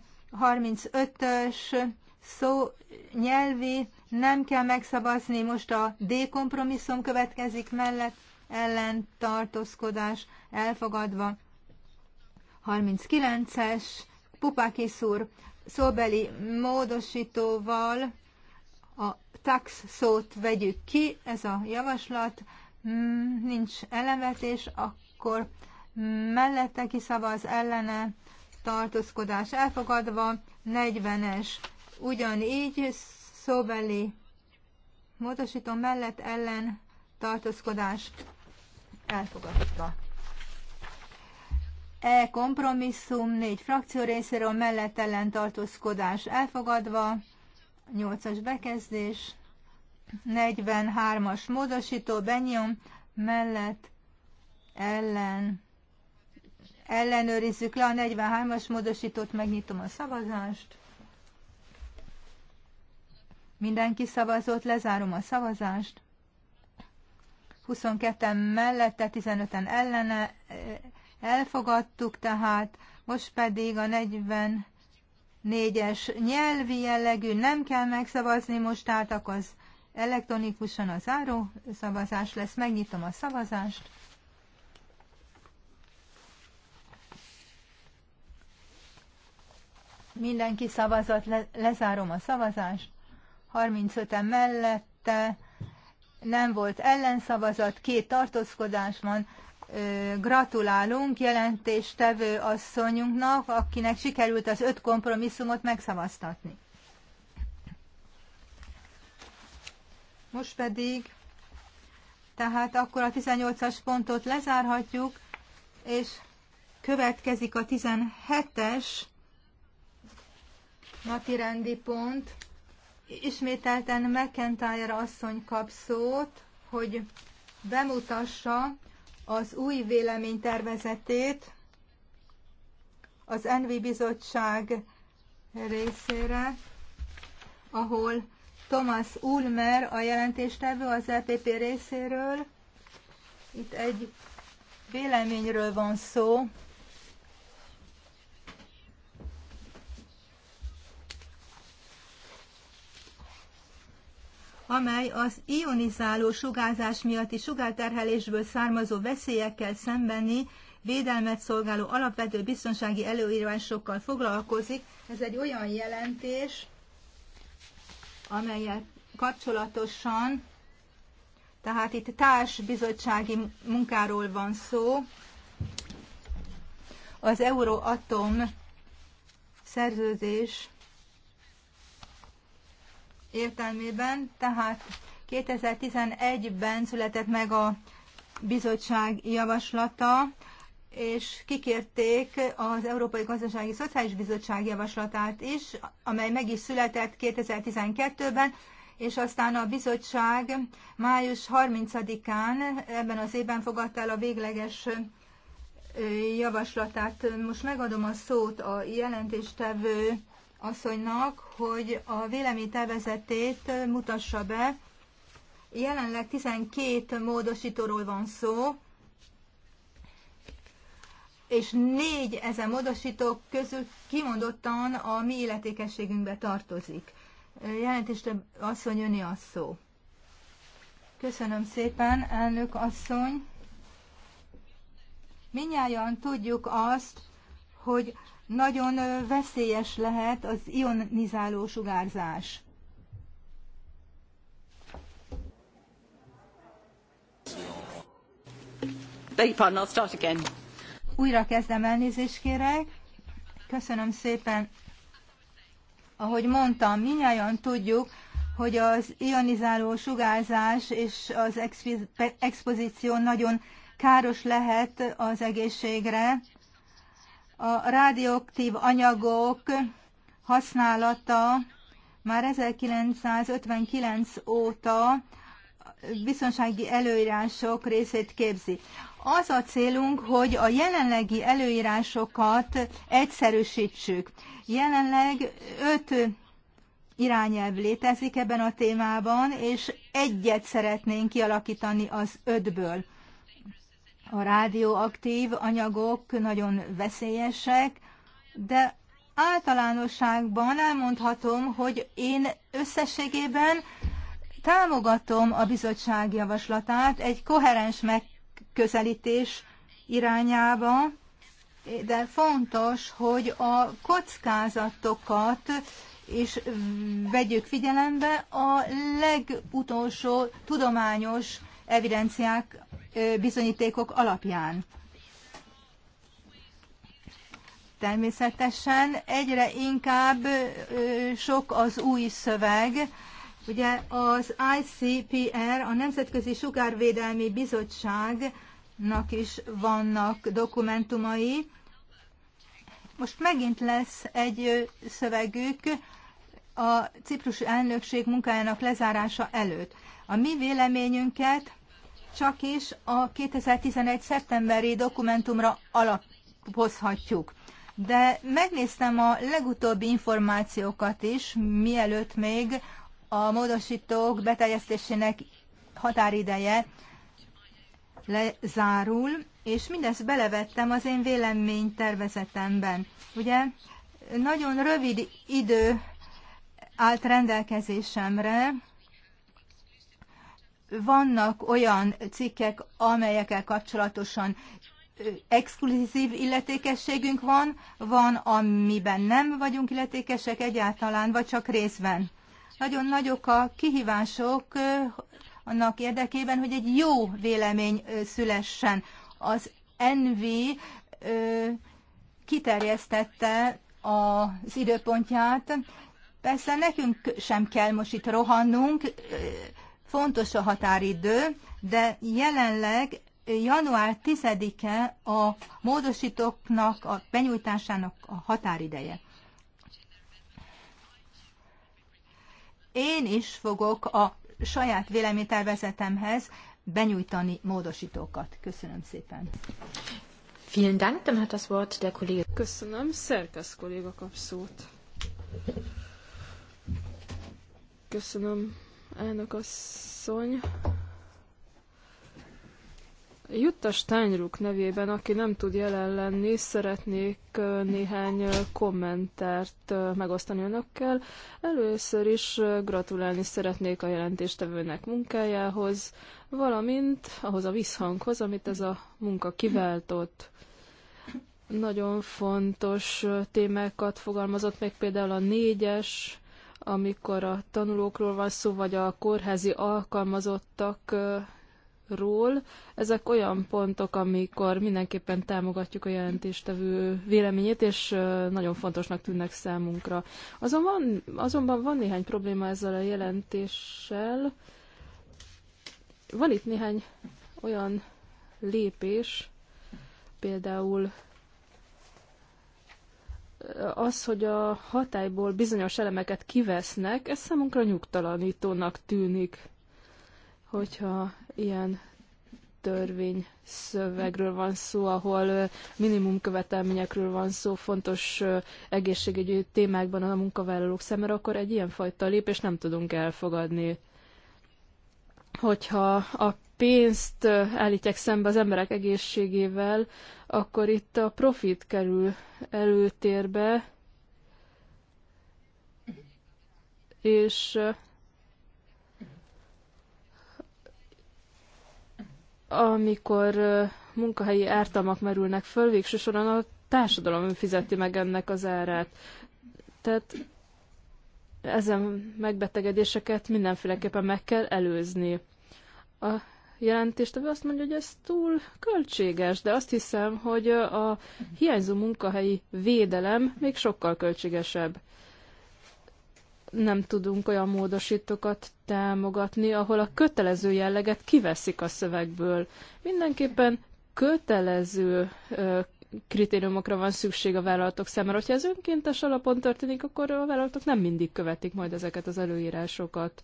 35-ös szó nyelvi, nem kell megszavazni, most a D kompromisszum következik mellett, ellen tartózkodás elfogadva. 39-es Pupáki szóbeli módosítóval a tax szót vegyük ki, ez a javaslat, mm, nincs elemetés akkor mellette kiszavaz ellene tartózkodás elfogadva, 40-es ugyanígy szóbeli módosító mellett ellen tartózkodás elfogadva. E kompromisszum négy frakció részéről mellett ellen tartózkodás elfogadva, 8-as bekezdés, 43-as módosító, benyom, mellett, ellen, ellenőrizzük le a 43-as módosítót, megnyitom a szavazást. Mindenki szavazott, lezárom a szavazást. 22-en mellette, 15-en ellene eh, elfogadtuk, tehát most pedig a 40 négyes nyelvi jellegű, nem kell megszavazni most, tehát akkor az elektronikusan a záró szavazás lesz. Megnyitom a szavazást. Mindenki szavazat, le, lezárom a szavazást. 35 -e mellette nem volt ellenszavazat, két tartózkodás van gratulálunk jelentéstevő asszonyunknak, akinek sikerült az öt kompromisszumot megszavaztatni. Most pedig, tehát akkor a 18-as pontot lezárhatjuk, és következik a 17-es rendi pont. Ismételten McIntyre asszony kap szót, hogy bemutassa az új véleménytervezetét az Envi Bizottság részére, ahol Thomas Ulmer a jelentéstevő az EPP részéről. Itt egy véleményről van szó, amely az ionizáló sugárzás miatti sugárterhelésből származó veszélyekkel szembeni védelmet szolgáló alapvető biztonsági előírásokkal foglalkozik. Ez egy olyan jelentés, amelyet kapcsolatosan, tehát itt társbizottsági munkáról van szó, az Euroatom szerződés értelmében, tehát 2011-ben született meg a bizottság javaslata, és kikérték az Európai Gazdasági Szociális Bizottság javaslatát is, amely meg is született 2012-ben, és aztán a bizottság május 30-án ebben az évben fogadta el a végleges javaslatát. Most megadom a szót a jelentéstevő asszonynak, hogy a véleménytervezetét mutassa be. Jelenleg 12 módosítóról van szó, és négy ezen módosítók közül kimondottan a mi illetékességünkbe tartozik. Jelentést asszony, öni a szó. Köszönöm szépen, elnök asszony. Minnyáján tudjuk azt, hogy nagyon veszélyes lehet az ionizáló sugárzás. Újra kezdem, elnézést kérek. Köszönöm szépen. Ahogy mondtam, minnyáján tudjuk, hogy az ionizáló sugárzás és az expozíció nagyon káros lehet az egészségre, a rádióaktív anyagok használata már 1959 óta biztonsági előírások részét képzi. Az a célunk, hogy a jelenlegi előírásokat egyszerűsítsük. Jelenleg öt irányelv létezik ebben a témában, és egyet szeretnénk kialakítani az ötből a rádióaktív anyagok nagyon veszélyesek, de általánosságban elmondhatom, hogy én összességében támogatom a bizottság javaslatát egy koherens megközelítés irányába, de fontos, hogy a kockázatokat és vegyük figyelembe a legutolsó tudományos evidenciák bizonyítékok alapján. Természetesen egyre inkább sok az új szöveg. Ugye az ICPR, a Nemzetközi Sugárvédelmi Bizottságnak is vannak dokumentumai. Most megint lesz egy szövegük a ciprusi elnökség munkájának lezárása előtt. A mi véleményünket csak is a 2011. szeptemberi dokumentumra alapozhatjuk. De megnéztem a legutóbbi információkat is, mielőtt még a módosítók beteljesztésének határideje lezárul, és mindezt belevettem az én véleménytervezetemben. Ugye nagyon rövid idő állt rendelkezésemre, vannak olyan cikkek, amelyekkel kapcsolatosan exkluzív illetékességünk van, van, amiben nem vagyunk illetékesek egyáltalán, vagy csak részben. Nagyon nagyok a kihívások annak érdekében, hogy egy jó vélemény szülessen. Az NV kiterjesztette az időpontját. Persze nekünk sem kell most itt rohannunk, Fontos a határidő, de jelenleg január 10-e a módosítóknak a benyújtásának a határideje. Én is fogok a saját véleménytervezetemhez benyújtani módosítókat. Köszönöm szépen. Vielen Dank, dann hat das Wort der Kollege. Köszönöm, Szerkesz kolléga kap szót. Köszönöm, elnök asszony. Jutta Steinruck nevében, aki nem tud jelen lenni, szeretnék néhány kommentert megosztani önökkel. Először is gratulálni szeretnék a jelentéstevőnek munkájához, valamint ahhoz a visszhanghoz, amit ez a munka kiváltott. Nagyon fontos témákat fogalmazott meg például a négyes, amikor a tanulókról van szó, vagy a kórházi alkalmazottakról. Ezek olyan pontok, amikor mindenképpen támogatjuk a jelentéstevő véleményét, és nagyon fontosnak tűnnek számunkra. Azonban, azonban van néhány probléma ezzel a jelentéssel. Van itt néhány olyan lépés, például az, hogy a hatályból bizonyos elemeket kivesznek, ez számunkra nyugtalanítónak tűnik, hogyha ilyen törvény szövegről van szó, ahol minimum követelményekről van szó fontos egészségügyi témákban a munkavállalók szemére, akkor egy ilyenfajta lépést nem tudunk elfogadni. Hogyha a pénzt állítják szembe az emberek egészségével, akkor itt a profit kerül előtérbe, és amikor munkahelyi ártalmak merülnek föl, végső soron a társadalom fizeti meg ennek az árát. Tehát ezen megbetegedéseket mindenféleképpen meg kell előzni. A de azt mondja, hogy ez túl költséges, de azt hiszem, hogy a hiányzó munkahelyi védelem még sokkal költségesebb. Nem tudunk olyan módosítókat támogatni, ahol a kötelező jelleget kiveszik a szövegből. Mindenképpen kötelező kritériumokra van szükség a vállalatok számára. Hogyha ez önkéntes alapon történik, akkor a vállalatok nem mindig követik majd ezeket az előírásokat.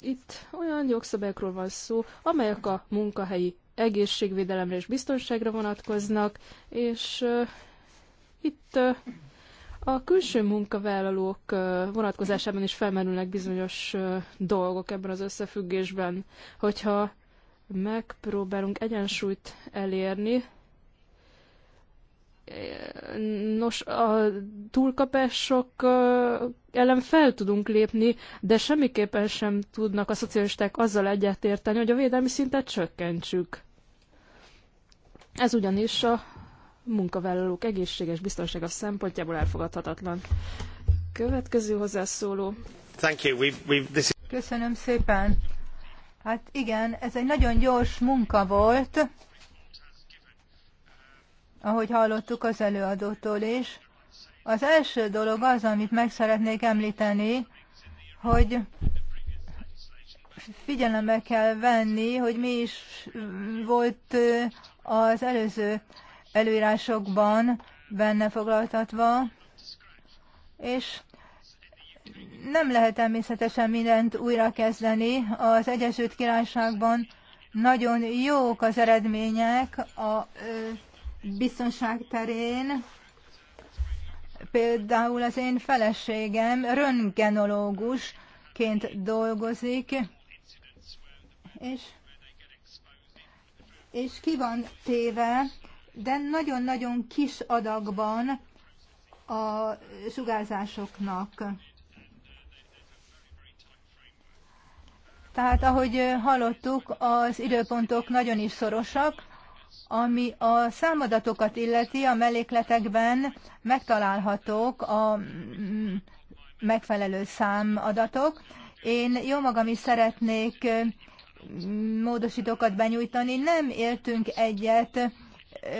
Itt olyan jogszabályokról van szó, amelyek a munkahelyi egészségvédelemre és biztonságra vonatkoznak, és uh, itt uh, a külső munkavállalók uh, vonatkozásában is felmerülnek bizonyos uh, dolgok ebben az összefüggésben, hogyha megpróbálunk egyensúlyt elérni, Nos, a túlkapások ellen fel tudunk lépni, de semmiképpen sem tudnak a szocialisták azzal egyetérteni, hogy a védelmi szintet csökkentsük. Ez ugyanis a munkavállalók egészséges biztonsága szempontjából elfogadhatatlan. Következő hozzászóló. Thank you. We've, we've, this... Köszönöm szépen. Hát igen, ez egy nagyon gyors munka volt ahogy hallottuk az előadótól is. Az első dolog az, amit meg szeretnék említeni, hogy figyelembe kell venni, hogy mi is volt az előző előírásokban benne foglaltatva, és nem lehet természetesen mindent újrakezdeni. Az Egyesült Királyságban nagyon jók az eredmények a biztonság terén. Például az én feleségem röntgenológusként dolgozik, és, és ki van téve, de nagyon-nagyon kis adagban a sugárzásoknak. Tehát, ahogy hallottuk, az időpontok nagyon is szorosak, ami a számadatokat illeti, a mellékletekben megtalálhatók a mm, megfelelő számadatok. Én jó magam is szeretnék módosítókat benyújtani. Nem éltünk egyet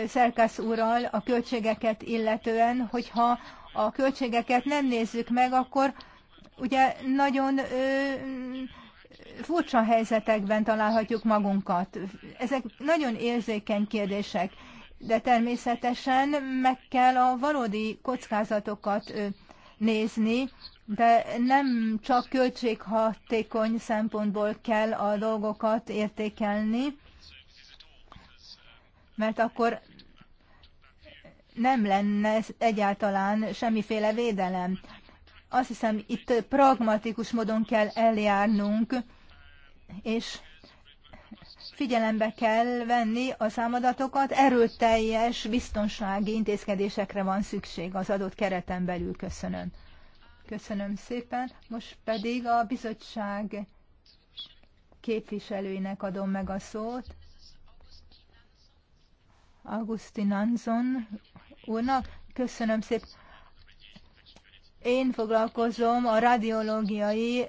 Szerkász úrral a költségeket illetően, hogyha a költségeket nem nézzük meg, akkor ugye nagyon furcsa helyzetekben találhatjuk magunkat. Ezek nagyon érzékeny kérdések, de természetesen meg kell a valódi kockázatokat nézni, de nem csak költséghatékony szempontból kell a dolgokat értékelni, mert akkor nem lenne egyáltalán semmiféle védelem. Azt hiszem, itt pragmatikus módon kell eljárnunk, és figyelembe kell venni a számadatokat, erőteljes biztonsági intézkedésekre van szükség az adott kereten belül. Köszönöm. Köszönöm szépen. Most pedig a bizottság képviselőinek adom meg a szót. Augustin Anzon úrnak. Köszönöm szépen. Én foglalkozom a radiológiai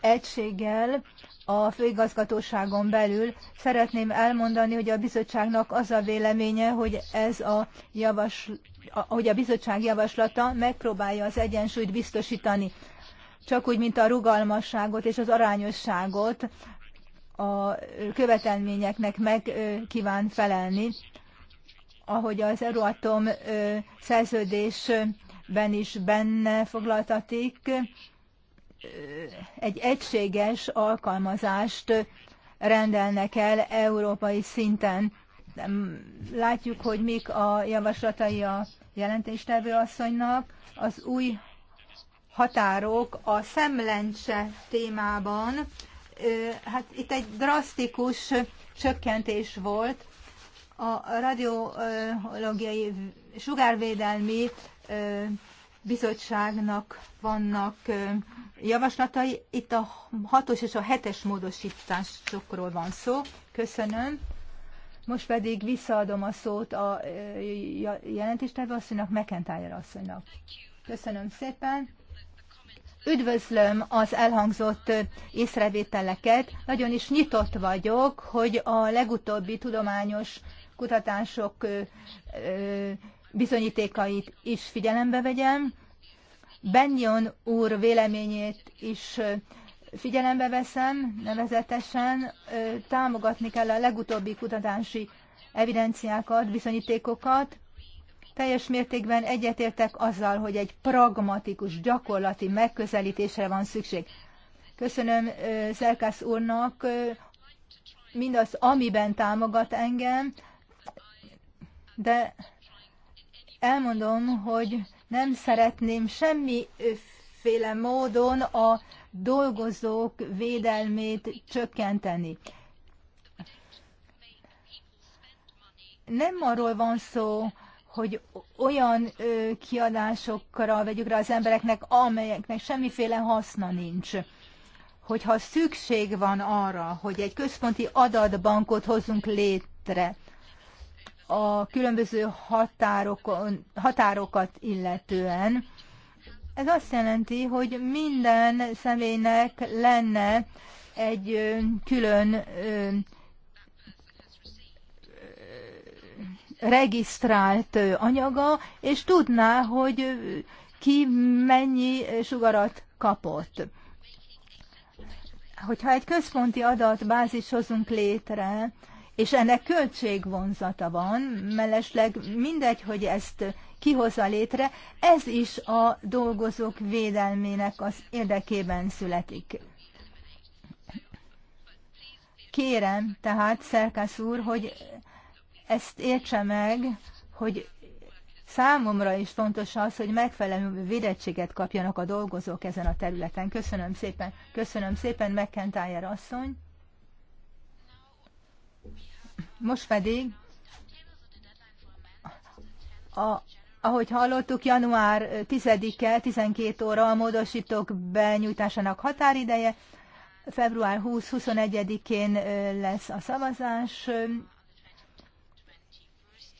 egységgel a főigazgatóságon belül. Szeretném elmondani, hogy a bizottságnak az a véleménye, hogy ez a javas, hogy a bizottság javaslata megpróbálja az egyensúlyt biztosítani. Csak úgy, mint a rugalmasságot és az arányosságot a követelményeknek meg kíván felelni, ahogy az Euratom szerződés ben is benne foglaltatik, egy egységes alkalmazást rendelnek el európai szinten. Látjuk, hogy mik a javaslatai a jelentéstevő asszonynak. Az új határok a szemlencse témában, hát itt egy drasztikus csökkentés volt, a radiológiai sugárvédelmi bizottságnak vannak javaslatai. Itt a hatos és a hetes módosításokról van szó. Köszönöm. Most pedig visszaadom a szót a jelentéstevő asszonynak, McIntyre asszonynak. Köszönöm szépen. Üdvözlöm az elhangzott észrevételeket. Nagyon is nyitott vagyok, hogy a legutóbbi tudományos kutatások bizonyítékait is figyelembe vegyem. Benyon úr véleményét is figyelembe veszem, nevezetesen támogatni kell a legutóbbi kutatási evidenciákat, bizonyítékokat. Teljes mértékben egyetértek azzal, hogy egy pragmatikus, gyakorlati megközelítésre van szükség. Köszönöm Szerkász úrnak mindaz, amiben támogat engem, de elmondom, hogy nem szeretném semmiféle módon a dolgozók védelmét csökkenteni. Nem arról van szó, hogy olyan ö, kiadásokra vegyük rá az embereknek, amelyeknek semmiféle haszna nincs. Hogyha szükség van arra, hogy egy központi adatbankot hozzunk létre, a különböző határokon, határokat illetően. Ez azt jelenti, hogy minden személynek lenne egy külön regisztrált anyaga, és tudná, hogy ki mennyi sugarat kapott. Hogyha egy központi adatbázis hozunk létre, és ennek költségvonzata van, mellesleg mindegy, hogy ezt kihozza létre, ez is a dolgozók védelmének az érdekében születik. Kérem tehát, Szerkász úr, hogy ezt értse meg, hogy számomra is fontos az, hogy megfelelő védettséget kapjanak a dolgozók ezen a területen. Köszönöm szépen, köszönöm szépen, McIntyre asszony. Most pedig, a, ahogy hallottuk, január 10-e, 12 óra a módosítók benyújtásának határideje, február 20-21-én lesz a szavazás,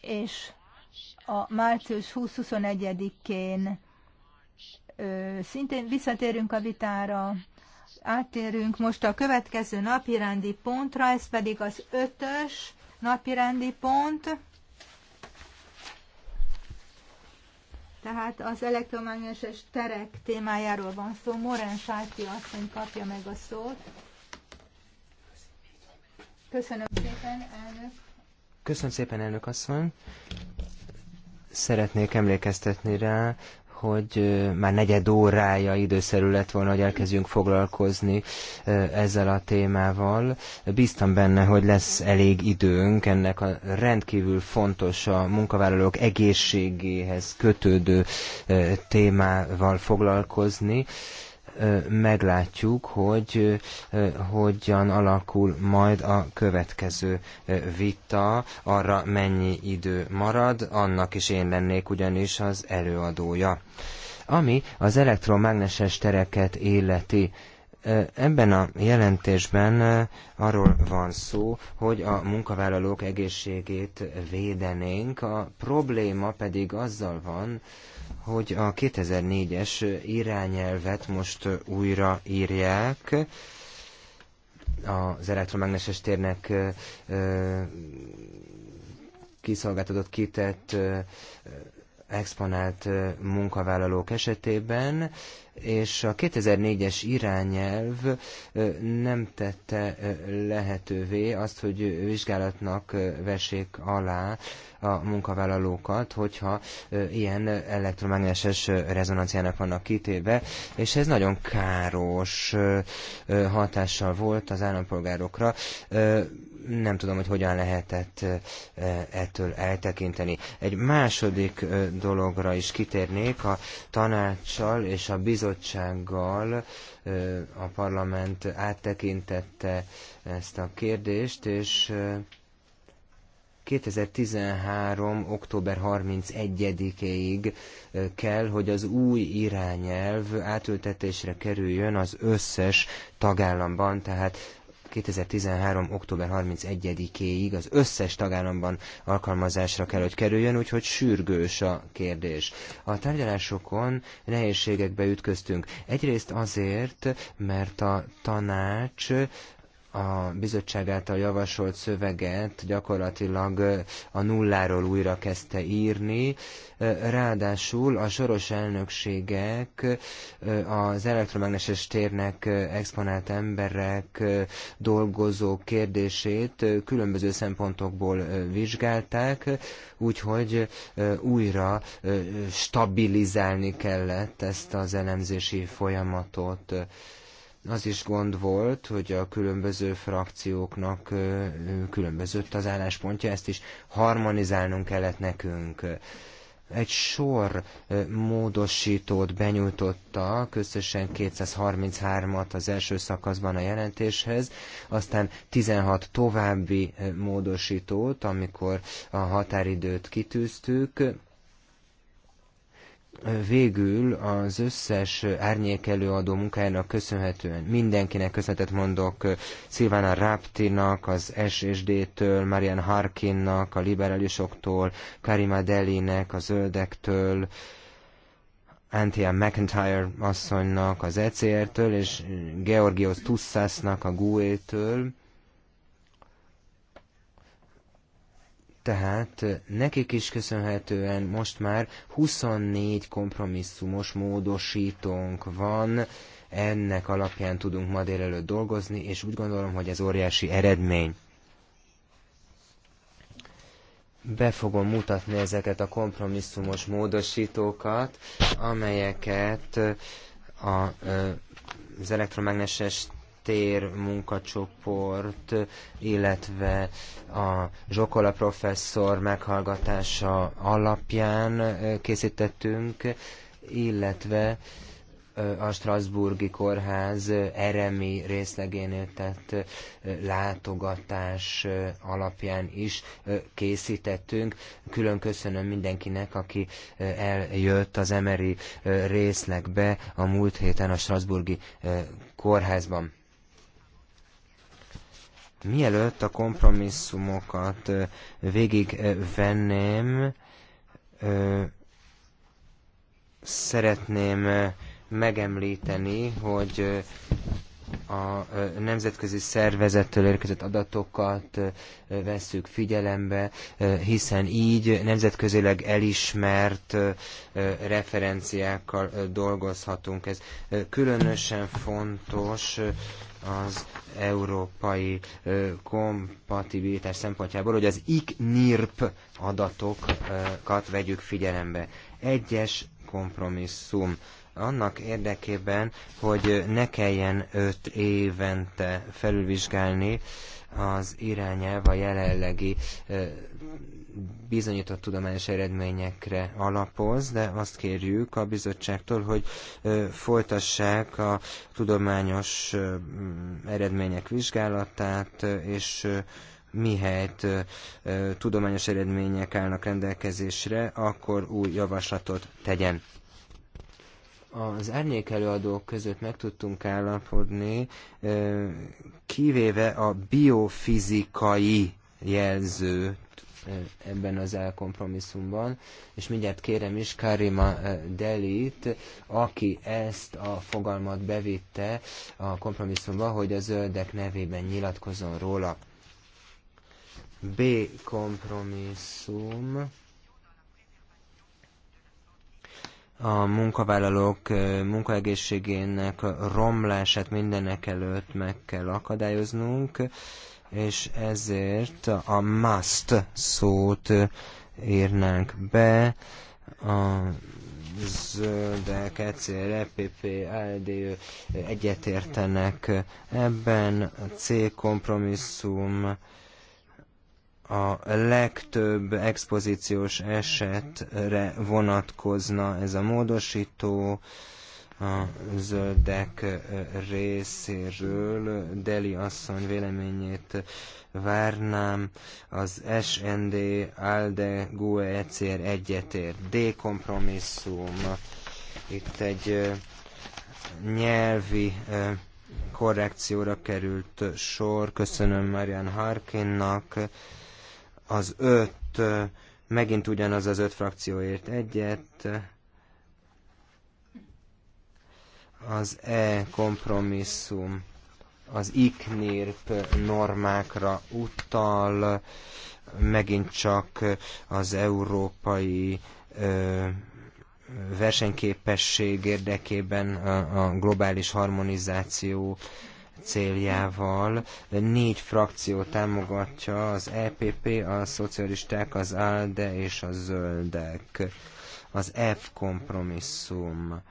és a március 20-21-én szintén visszatérünk a vitára, áttérünk most a következő napirendi pontra, ez pedig az ötös Napi rendi pont. Tehát az elektromágneses terek témájáról van szó. Moren Sáti asszony kapja meg a szót. Köszönöm szépen, elnök. Köszönöm szépen, elnök asszony. Szeretnék emlékeztetni rá, hogy már negyed órája időszerű lett volna, hogy elkezdjünk foglalkozni ezzel a témával. Bíztam benne, hogy lesz elég időnk ennek a rendkívül fontos a munkavállalók egészségéhez kötődő témával foglalkozni meglátjuk, hogy hogyan alakul majd a következő vita, arra mennyi idő marad, annak is én lennék ugyanis az előadója. Ami az elektromágneses tereket életi ebben a jelentésben arról van szó, hogy a munkavállalók egészségét védenénk, a probléma pedig azzal van, hogy a 2004-es irányelvet most újra írják az elektromágneses térnek kiszolgáltatott kitett exponált munkavállalók esetében, és a 2004-es irányelv nem tette lehetővé azt, hogy vizsgálatnak vessék alá a munkavállalókat, hogyha ilyen elektromágneses rezonanciának vannak kitéve, és ez nagyon káros hatással volt az állampolgárokra nem tudom, hogy hogyan lehetett ettől eltekinteni. Egy második dologra is kitérnék, a tanácssal és a bizottsággal a parlament áttekintette ezt a kérdést, és 2013. október 31-éig kell, hogy az új irányelv átültetésre kerüljön az összes tagállamban, tehát 2013. október 31-éig az összes tagállamban alkalmazásra kell, hogy kerüljön, úgyhogy sürgős a kérdés. A tárgyalásokon nehézségekbe ütköztünk. Egyrészt azért, mert a tanács a bizottság által javasolt szöveget gyakorlatilag a nulláról újra kezdte írni. Ráadásul a soros elnökségek, az elektromágneses térnek exponált emberek, dolgozó kérdését különböző szempontokból vizsgálták, úgyhogy újra stabilizálni kellett ezt az elemzési folyamatot az is gond volt, hogy a különböző frakcióknak különbözött az álláspontja, ezt is harmonizálnunk kellett nekünk. Egy sor módosítót benyújtottak, összesen 233-at az első szakaszban a jelentéshez, aztán 16 további módosítót, amikor a határidőt kitűztük, végül az összes árnyékelőadó munkájának köszönhetően mindenkinek köszönetet mondok Szilvána Ráptinak, az SSD-től, Marian Harkinnak, a liberálisoktól, Karima Delinek, a zöldektől, Antia McIntyre asszonynak az ECR-től, és Georgios Tussasnak a GUE-től Tehát nekik is köszönhetően most már 24 kompromisszumos módosítónk van, ennek alapján tudunk ma délelőtt dolgozni, és úgy gondolom, hogy ez óriási eredmény. Be fogom mutatni ezeket a kompromisszumos módosítókat, amelyeket a, az elektromágneses tér munkacsoport, illetve a Zsokola professzor meghallgatása alapján készítettünk, illetve a Strasburgi Kórház eremi részlegénél tett látogatás alapján is készítettünk. Külön köszönöm mindenkinek, aki eljött az emeri részlegbe a múlt héten a Strasburgi Kórházban. Mielőtt a kompromisszumokat végigvenném, szeretném megemlíteni, hogy a nemzetközi szervezettől érkezett adatokat vesszük figyelembe, hiszen így nemzetközileg elismert referenciákkal dolgozhatunk. Ez különösen fontos az európai kompatibilitás szempontjából, hogy az ICNIRP adatokat vegyük figyelembe. Egyes kompromisszum annak érdekében, hogy ne kelljen öt évente felülvizsgálni az irányelv a jelenlegi bizonyított tudományos eredményekre alapoz, de azt kérjük a bizottságtól, hogy folytassák a tudományos eredmények vizsgálatát, és mihelyt tudományos eredmények állnak rendelkezésre, akkor új javaslatot tegyen. Az árnyék előadók között meg tudtunk állapodni, kivéve a biofizikai jelzőt E, ebben az elkompromisszumban, és mindjárt kérem is Karima e, Delit, aki ezt a fogalmat bevitte a kompromisszumba, hogy a zöldek nevében nyilatkozon róla. B kompromisszum a munkavállalók e, munkaegészségének romlását mindenek előtt meg kell akadályoznunk és ezért a must szót írnánk be a zöldek, ECR, EPP, LD egyetértenek ebben a C kompromisszum a legtöbb expozíciós esetre vonatkozna ez a módosító, a zöldek részéről. Deli asszony véleményét várnám. Az SND, ALDE, GUE, ECR egyetért. D kompromisszum. Itt egy nyelvi korrekcióra került sor. Köszönöm Marian Harkinnak. Az öt, megint ugyanaz az öt frakcióért egyet az e-kompromisszum az IKNIRP normákra utal, megint csak az európai versenyképesség érdekében a globális harmonizáció céljával. Négy frakció támogatja, az EPP, a szocialisták, az ALDE és a zöldek. Az F kompromisszum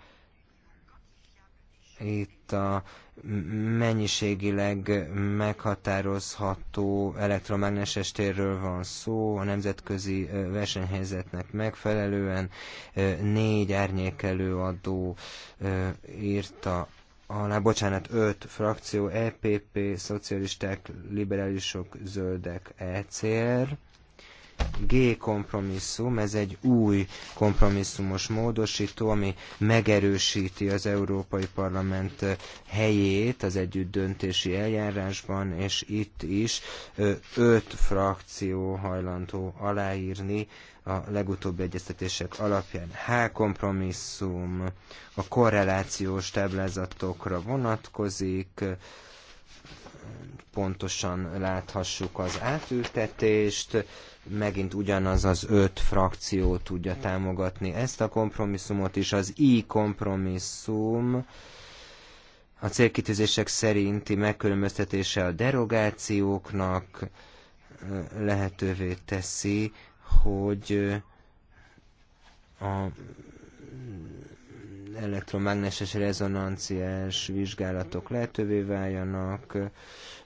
itt a mennyiségileg meghatározható elektromágneses térről van szó, a nemzetközi versenyhelyzetnek megfelelően négy árnyékelő adó írta alá, bocsánat, öt frakció, EPP, szocialisták, liberálisok, zöldek, ECR G kompromisszum, ez egy új kompromisszumos módosító, ami megerősíti az Európai Parlament helyét az együtt döntési eljárásban, és itt is öt frakció hajlandó aláírni a legutóbbi egyeztetések alapján. H kompromisszum a korrelációs táblázatokra vonatkozik, pontosan láthassuk az átültetést, megint ugyanaz az öt frakció tudja támogatni ezt a kompromisszumot is. Az i kompromisszum a célkitűzések szerinti megkülönböztetése a derogációknak lehetővé teszi, hogy a elektromágneses rezonanciás vizsgálatok lehetővé váljanak.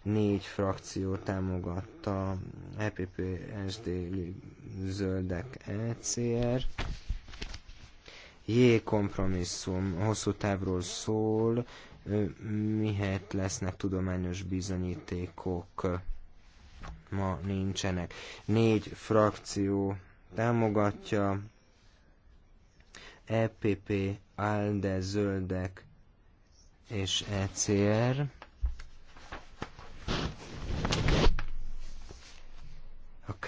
Négy frakció támogatta EPP, SD, Zöldek, ECR. J kompromisszum hosszú távról szól, mihet lesznek tudományos bizonyítékok, ma nincsenek. Négy frakció támogatja, EPP, ALDE, Zöldek és ECR. A K,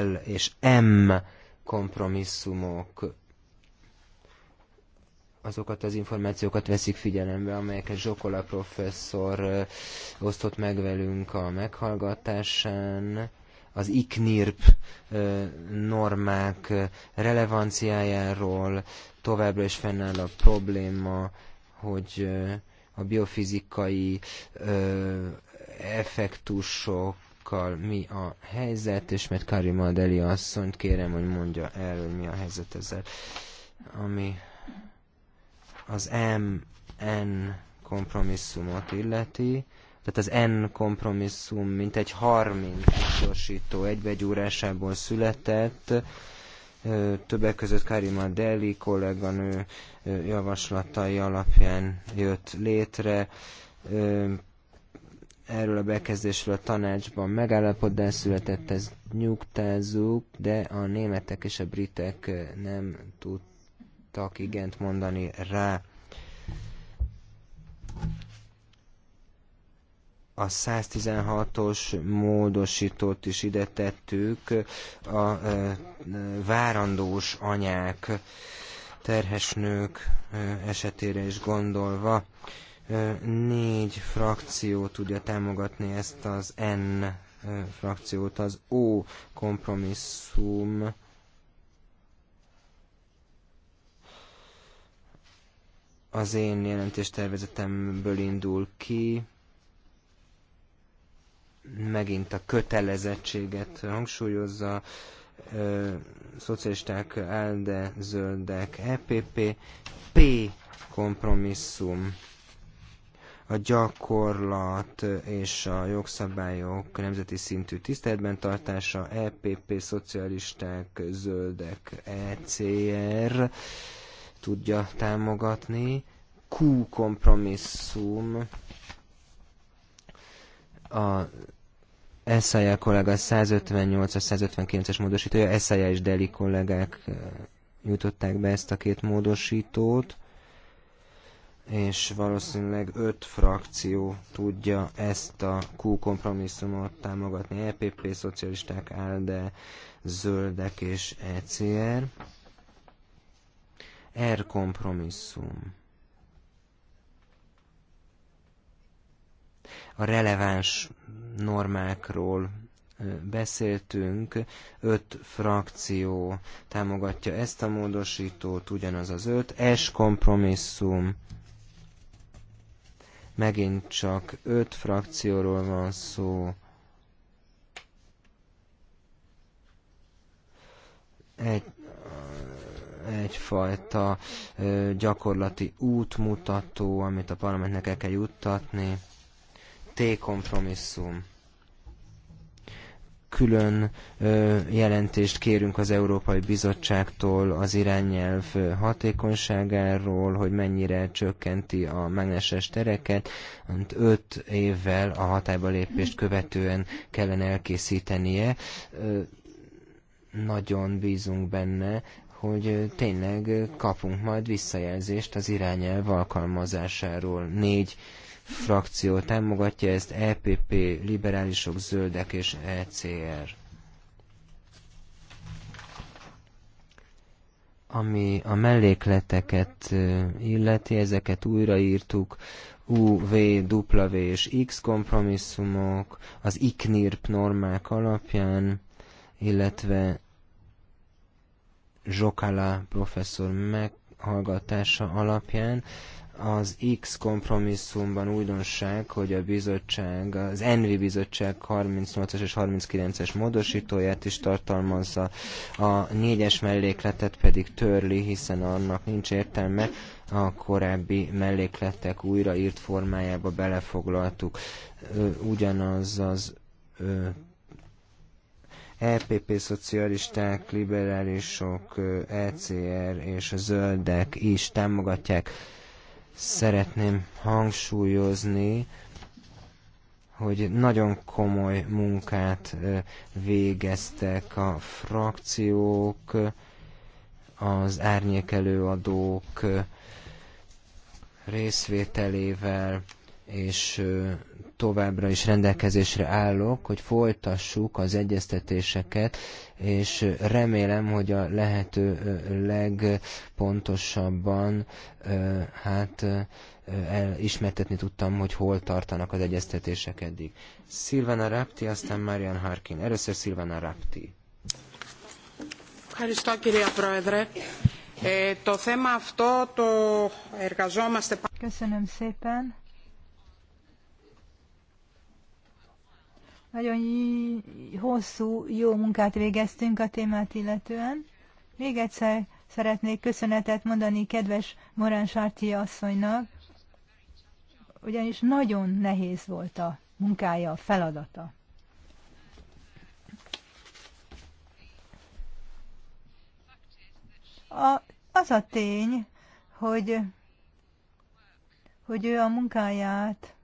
L és M kompromisszumok azokat az információkat veszik figyelembe, amelyeket Zsokola professzor osztott meg velünk a meghallgatásán az iknirp normák relevanciájáról továbbra is fennáll a probléma, hogy a biofizikai effektusokkal mi a helyzet, és mert Karim Adeli asszonyt kérem, hogy mondja el, hogy mi a helyzet ezzel, ami az MN kompromisszumot illeti, tehát az N kompromisszum egy 30 gyorsító egybegyúrásából született, többek között Karima Deli kolléganő javaslatai alapján jött létre. Erről a bekezdésről a tanácsban megállapodás született, ez nyugtázzuk, de a németek és a britek nem tudtak igent mondani rá a 116-os módosítót is ide tettük, a e, várandós anyák, terhes nők e, esetére is gondolva. E, négy frakció tudja támogatni ezt az N frakciót, az O kompromisszum, az én jelentéstervezetemből indul ki, megint a kötelezettséget hangsúlyozza, szocialisták, elde, zöldek, EPP, P kompromisszum, a gyakorlat és a jogszabályok nemzeti szintű tiszteletben tartása, EPP, szocialisták, zöldek, ECR tudja támogatni, Q kompromisszum, a Eszája kollega 158 159-es módosítója, Eszája és Deli kollégák nyújtották be ezt a két módosítót, és valószínűleg öt frakció tudja ezt a Q kompromisszumot támogatni, EPP, szocialisták, ALDE, zöldek és ECR. R kompromisszum. A releváns normákról beszéltünk, öt frakció támogatja ezt a módosítót, ugyanaz az öt, es kompromisszum, megint csak öt frakcióról van szó, egy, egyfajta gyakorlati útmutató, amit a parlamentnek el kell juttatni. T kompromisszum. Külön ö, jelentést kérünk az Európai Bizottságtól az irányelv hatékonyságáról, hogy mennyire csökkenti a mágneses tereket. Öt évvel a hatályba lépést követően kellene elkészítenie. Ö, nagyon bízunk benne, hogy tényleg kapunk majd visszajelzést az irányelv alkalmazásáról. Négy frakció támogatja ezt, EPP, liberálisok, zöldek és ECR. Ami a mellékleteket illeti, ezeket újraírtuk, U, V, W és X kompromisszumok, az ICNIRP normák alapján, illetve Zsokala professzor meghallgatása alapján az X kompromisszumban újdonság, hogy a bizottság, az Envi bizottság 38-as és 39-es módosítóját is tartalmazza, a négyes mellékletet pedig törli, hiszen annak nincs értelme, a korábbi mellékletek újraírt formájába belefoglaltuk. Ugyanaz az LPP e szocialisták, liberálisok, ECR és a zöldek is támogatják szeretném hangsúlyozni, hogy nagyon komoly munkát végeztek a frakciók, az árnyékelőadók részvételével, és továbbra is rendelkezésre állok, hogy folytassuk az egyeztetéseket, és remélem, hogy a lehető legpontosabban hát ismertetni tudtam, hogy hol tartanak az egyeztetések eddig. Szilvana Rapti, aztán Marian Harkin. Először Szilvana Rapti. Köszönöm szépen. Nagyon hosszú, jó munkát végeztünk a témát illetően. Még egyszer szeretnék köszönetet mondani kedves Morán Sárti asszonynak, ugyanis nagyon nehéz volt a munkája, a feladata. A, az a tény, hogy, hogy ő a munkáját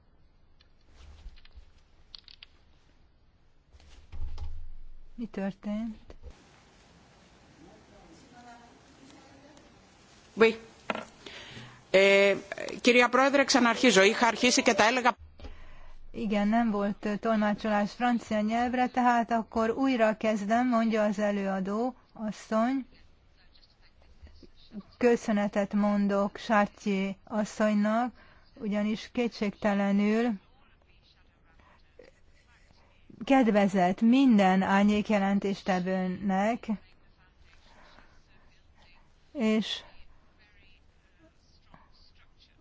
Mi történt? Oui. Ε, κυρία Πρόεδρε, ξαναρχίζω. Είχα αρχίσει και τα έλεγα... Igen, nem volt eh, tolmácsolás francia nyelvre, tehát akkor újra kezdem, mondja az előadó asszony. Köszönetet mondok Sártyi asszonynak, ugyanis kétségtelenül kedvezett minden árnyék jelentéstevőnek, és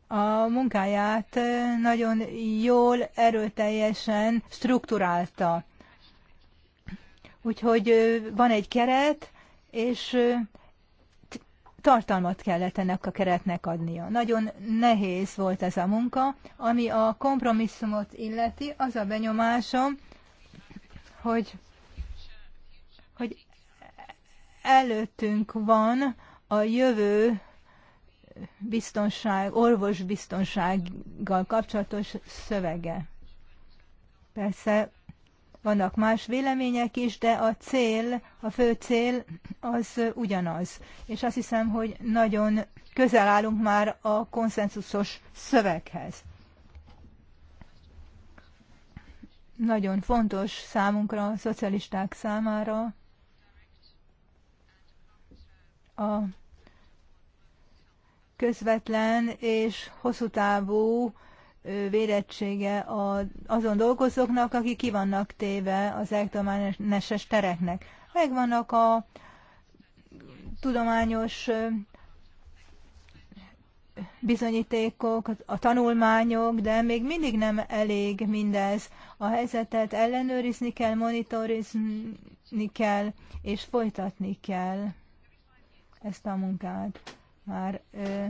a munkáját nagyon jól, erőteljesen strukturálta. Úgyhogy van egy keret, és tartalmat kellett ennek a keretnek adnia. Nagyon nehéz volt ez a munka. Ami a kompromisszumot illeti, az a benyomásom, hogy, hogy előttünk van a jövő biztonság, biztonsággal kapcsolatos szövege. Persze vannak más vélemények is, de a cél, a fő cél az ugyanaz. És azt hiszem, hogy nagyon közel állunk már a konszenzusos szöveghez. nagyon fontos számunkra, a szocialisták számára a közvetlen és hosszú távú védettsége azon dolgozóknak, akik ki vannak téve az elektromágneses tereknek. Megvannak a tudományos bizonyítékok, a tanulmányok, de még mindig nem elég mindez. A helyzetet ellenőrizni kell, monitorizni kell, és folytatni kell ezt a munkát. Már ö,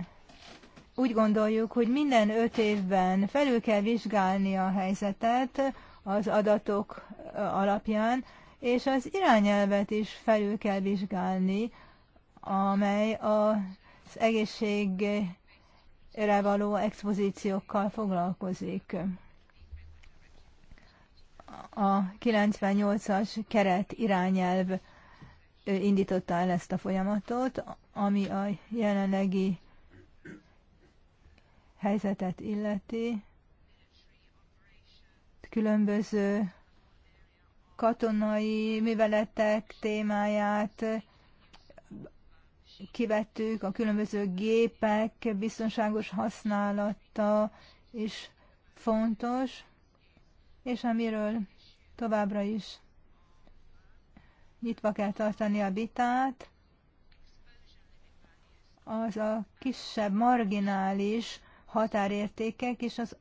úgy gondoljuk, hogy minden öt évben felül kell vizsgálni a helyzetet az adatok alapján, és az irányelvet is felül kell vizsgálni, amely az egészség való expozíciókkal foglalkozik. A 98-as keret irányelv indította el ezt a folyamatot, ami a jelenlegi helyzetet illeti. Különböző katonai műveletek témáját kivettük, a különböző gépek biztonságos használata is fontos, és amiről továbbra is nyitva kell tartani a vitát, az a kisebb marginális határértékek és az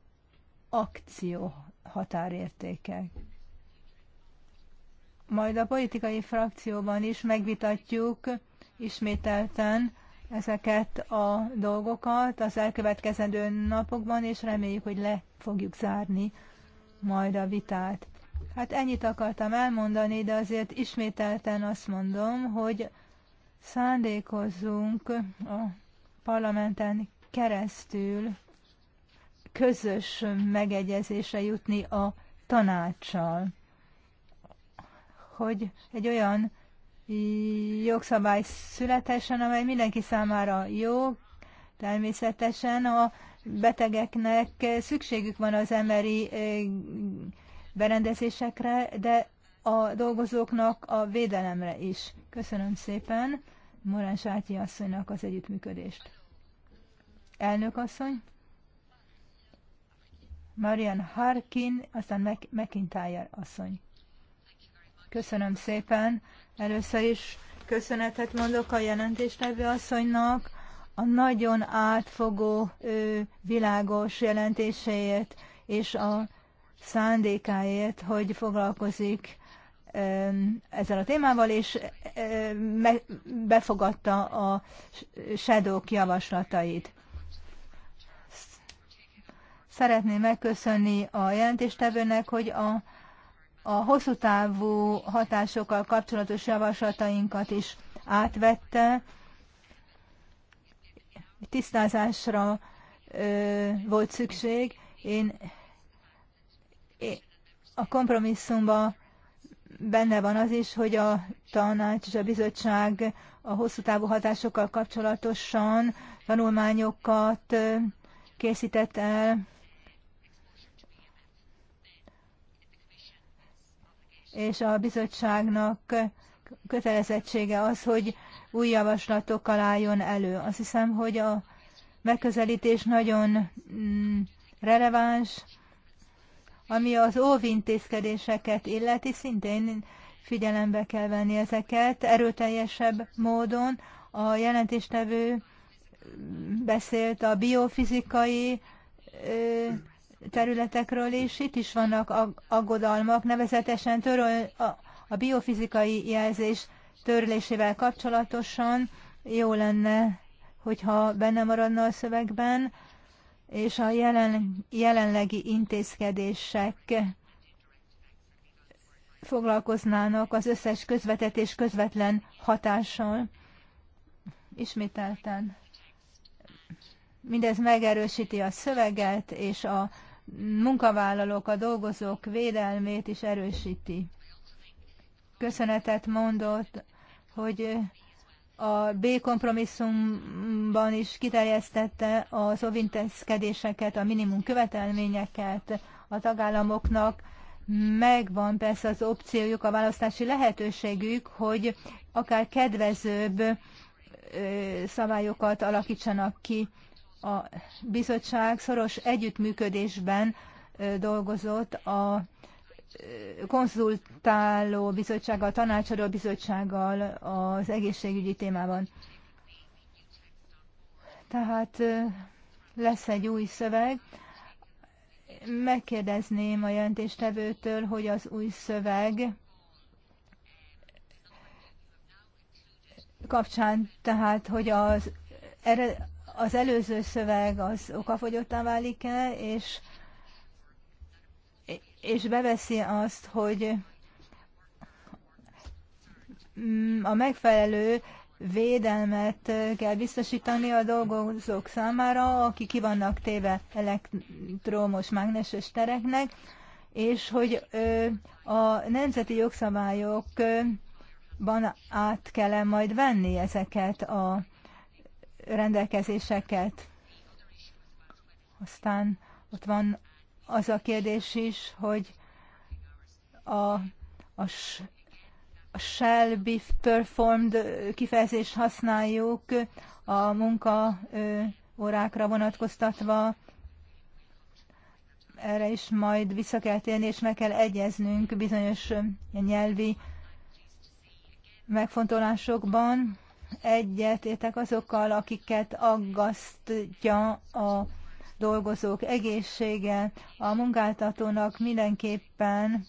akció határértékek. Majd a politikai frakcióban is megvitatjuk ismételten ezeket a dolgokat az elkövetkezendő napokban, és reméljük, hogy le fogjuk zárni majd a vitát. Hát ennyit akartam elmondani, de azért ismételten azt mondom, hogy szándékozzunk a parlamenten keresztül közös megegyezésre jutni a tanácssal, hogy egy olyan jogszabály születesen, amely mindenki számára jó. Természetesen a betegeknek szükségük van az emberi eh, berendezésekre, de a dolgozóknak a védelemre is. Köszönöm szépen Morán Sátyi asszonynak az együttműködést. Elnök asszony, Marian Harkin, aztán McIntyre asszony. Köszönöm szépen. Először is köszönetet mondok a jelentéstevő asszonynak a nagyon átfogó, világos jelentéséért és a szándékáért, hogy foglalkozik ezzel a témával, és befogadta a sedók javaslatait. Szeretném megköszönni a jelentéstevőnek, hogy a a hosszú távú hatásokkal kapcsolatos javaslatainkat is átvette. Tisztázásra ö, volt szükség. Én, én a kompromisszumban benne van az is, hogy a tanács és a bizottság a hosszú távú hatásokkal kapcsolatosan tanulmányokat készített el, és a bizottságnak kötelezettsége az, hogy új javaslatokkal álljon elő. Azt hiszem, hogy a megközelítés nagyon mm, releváns, ami az óvintézkedéseket illeti, szintén figyelembe kell venni ezeket erőteljesebb módon. A jelentéstevő mm, beszélt a biofizikai területekről is. Itt is vannak aggodalmak, nevezetesen töröl, a, a biofizikai jelzés törlésével kapcsolatosan jó lenne, hogyha benne maradna a szövegben, és a jelen, jelenlegi intézkedések foglalkoznának az összes közvetetés közvetlen hatással. Ismételten. Mindez megerősíti a szöveget és a munkavállalók, a dolgozók védelmét is erősíti. Köszönetet mondott, hogy a B kompromisszumban is kiterjesztette az óvintézkedéseket, a minimum követelményeket a tagállamoknak. Megvan persze az opciójuk, a választási lehetőségük, hogy akár kedvezőbb szabályokat alakítsanak ki a bizottság szoros együttműködésben dolgozott a konzultáló bizottsággal, tanácsadó bizottsággal az egészségügyi témában. Tehát lesz egy új szöveg. Megkérdezném a jelentéstevőtől, hogy az új szöveg kapcsán, tehát hogy az az előző szöveg az okafogyottá válik el, és, és beveszi azt, hogy mm, a megfelelő védelmet kell biztosítani a dolgozók számára, akik ki vannak téve elektromos mágneses tereknek, és hogy a nemzeti jogszabályokban át kell -e majd venni ezeket a rendelkezéseket. Aztán ott van az a kérdés is, hogy a, a, a shall be performed kifejezést használjuk a munka órákra vonatkoztatva. Erre is majd vissza kell térni, és meg kell egyeznünk bizonyos nyelvi megfontolásokban egyet azokkal, akiket aggasztja a dolgozók egészsége. A munkáltatónak mindenképpen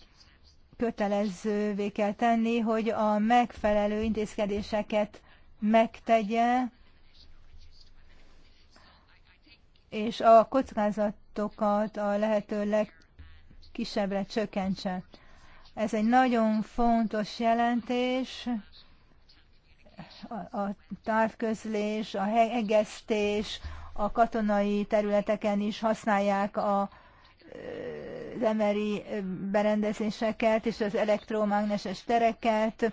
kötelezővé kell tenni, hogy a megfelelő intézkedéseket megtegye, és a kockázatokat a lehető legkisebbre csökkentse. Ez egy nagyon fontos jelentés, a, távközlés, a hegesztés, a katonai területeken is használják a az emeri berendezéseket és az elektromágneses tereket,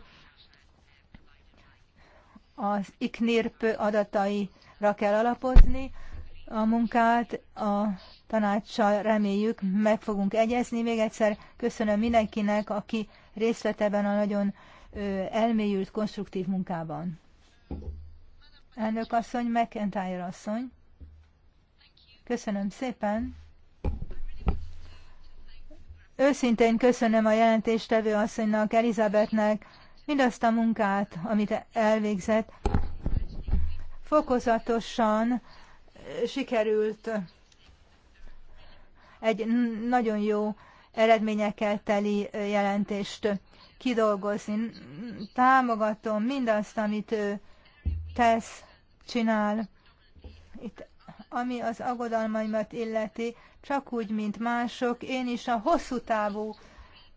az ICNIRP adataira kell alapozni a munkát, a tanácssal reméljük meg fogunk egyezni. Még egyszer köszönöm mindenkinek, aki részt vett ebben a nagyon elmélyült, konstruktív munkában. Elnök asszony, McIntyre asszony. Köszönöm szépen. Őszintén köszönöm a jelentéstevő asszonynak, Elizabetnek, mindazt a munkát, amit elvégzett. Fokozatosan sikerült egy nagyon jó eredményekkel teli jelentést kidolgozni. Támogatom mindazt, amit ő tesz, csinál. Itt, ami az aggodalmaimat illeti, csak úgy, mint mások, én is a hosszú távú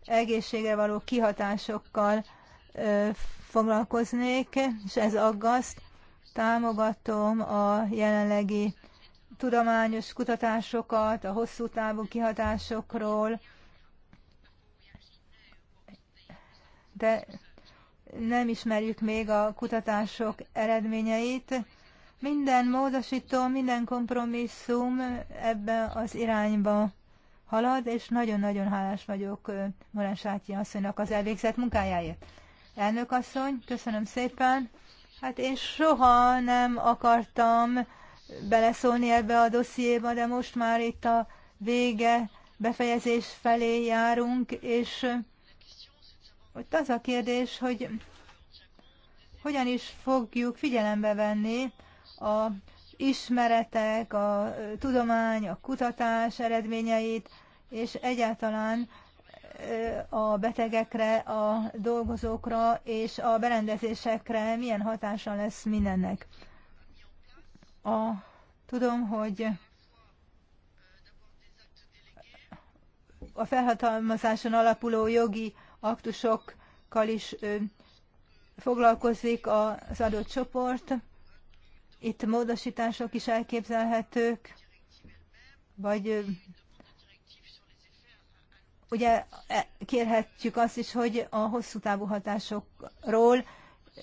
egészségre való kihatásokkal ö, foglalkoznék, és ez aggaszt. Támogatom a jelenlegi tudományos kutatásokat a hosszú távú kihatásokról, de nem ismerjük még a kutatások eredményeit. Minden módosító, minden kompromisszum ebbe az irányba halad, és nagyon-nagyon hálás vagyok Morán Sátyi asszonynak az elvégzett munkájáért. Elnök asszony, köszönöm szépen. Hát én soha nem akartam beleszólni ebbe a dossziéba, de most már itt a vége, befejezés felé járunk, és ott az a kérdés, hogy hogyan is fogjuk figyelembe venni a ismeretek, a tudomány, a kutatás eredményeit, és egyáltalán a betegekre, a dolgozókra és a berendezésekre milyen hatása lesz mindennek. A, tudom, hogy a felhatalmazáson alapuló jogi aktusokkal is foglalkozik az adott csoport. Itt módosítások is elképzelhetők, vagy ugye e, kérhetjük azt is, hogy a hosszú távú hatásokról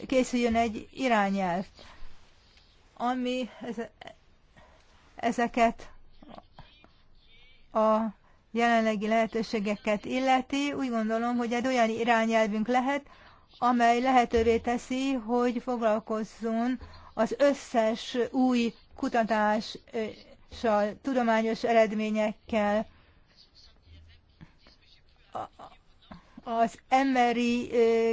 készüljön egy irányelv, ami ezeket a jelenlegi lehetőségeket illeti, úgy gondolom, hogy egy olyan irányelvünk lehet, amely lehetővé teszi, hogy foglalkozzon az összes új kutatással, tudományos eredményekkel, az emberi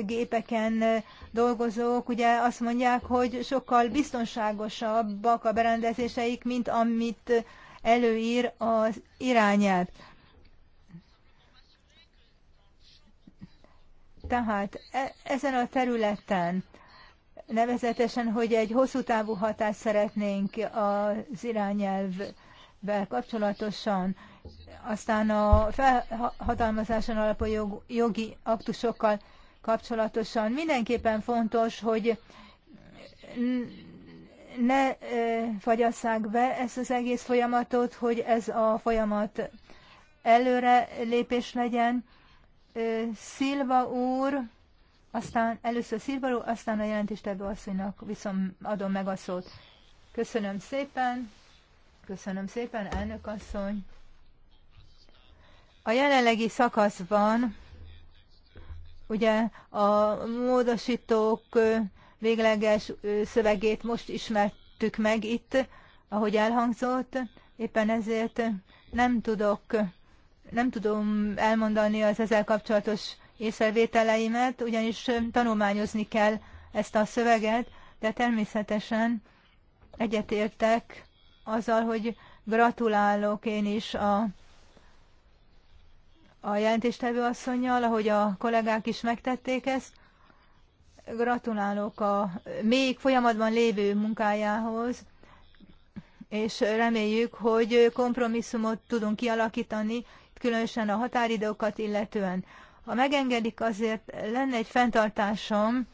gépeken dolgozók ugye azt mondják, hogy sokkal biztonságosabbak a berendezéseik, mint amit előír az irányelv. Tehát e- ezen a területen nevezetesen, hogy egy hosszú távú hatást szeretnénk az irányelvvel kapcsolatosan, aztán a felhatalmazáson alapú jog, jogi aktusokkal kapcsolatosan mindenképpen fontos, hogy ne fagyasszák be ezt az egész folyamatot, hogy ez a folyamat előre lépés legyen, Szilva úr, aztán először Szilva úr, aztán a jelentéstevő asszonynak viszont adom meg a szót. Köszönöm szépen, köszönöm szépen, elnök asszony. A jelenlegi szakaszban ugye a módosítók végleges szövegét most ismertük meg itt, ahogy elhangzott, éppen ezért nem tudok nem tudom elmondani az ezzel kapcsolatos észrevételeimet, ugyanis tanulmányozni kell ezt a szöveget, de természetesen egyetértek azzal, hogy gratulálok én is a, a jelentéstevő asszonynal, ahogy a kollégák is megtették ezt. Gratulálok a még folyamatban lévő munkájához, és reméljük, hogy kompromisszumot tudunk kialakítani, különösen a határidókat illetően. Ha megengedik, azért lenne egy fenntartásom,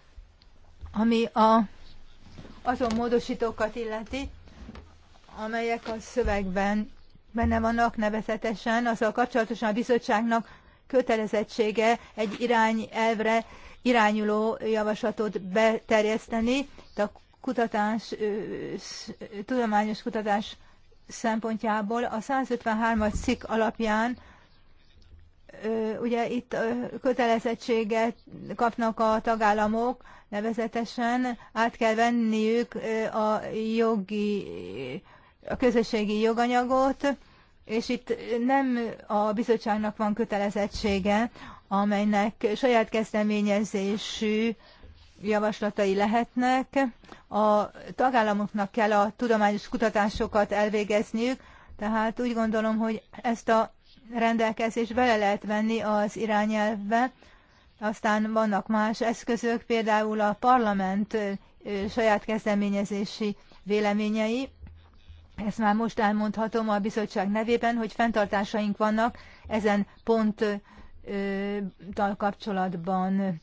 ami a, azon módosítókat illeti, amelyek a szövegben benne vannak nevezetesen, azzal kapcsolatosan a bizottságnak kötelezettsége egy irányelvre irányuló javaslatot beterjeszteni, de a kutatás, tudományos kutatás szempontjából a 153-as cikk alapján ugye itt kötelezettséget kapnak a tagállamok, nevezetesen át kell venniük a jogi, a közösségi joganyagot, és itt nem a bizottságnak van kötelezettsége, amelynek saját kezdeményezésű javaslatai lehetnek. A tagállamoknak kell a tudományos kutatásokat elvégezniük, tehát úgy gondolom, hogy ezt a rendelkezés bele lehet venni az irányelvbe. Aztán vannak más eszközök, például a parlament saját kezdeményezési véleményei. Ezt már most elmondhatom a bizottság nevében, hogy fenntartásaink vannak ezen ponttal kapcsolatban.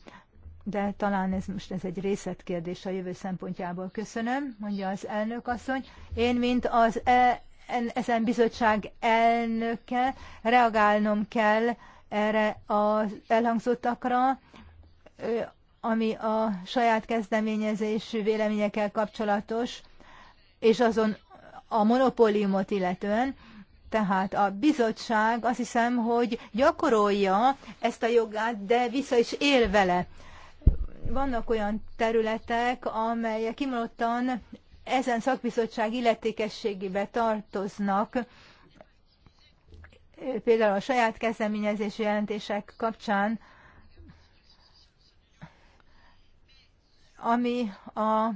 De talán ez most ez egy részletkérdés a jövő szempontjából. Köszönöm, mondja az elnök asszony. Én, mint az e- ezen bizottság elnöke, reagálnom kell erre az elhangzottakra, ami a saját kezdeményezésű véleményekkel kapcsolatos, és azon a monopóliumot illetően, tehát a bizottság azt hiszem, hogy gyakorolja ezt a jogát, de vissza is él vele. Vannak olyan területek, amelyek kimondottan ezen szakbizottság illetékességébe tartoznak, például a saját kezdeményezési jelentések kapcsán, ami a,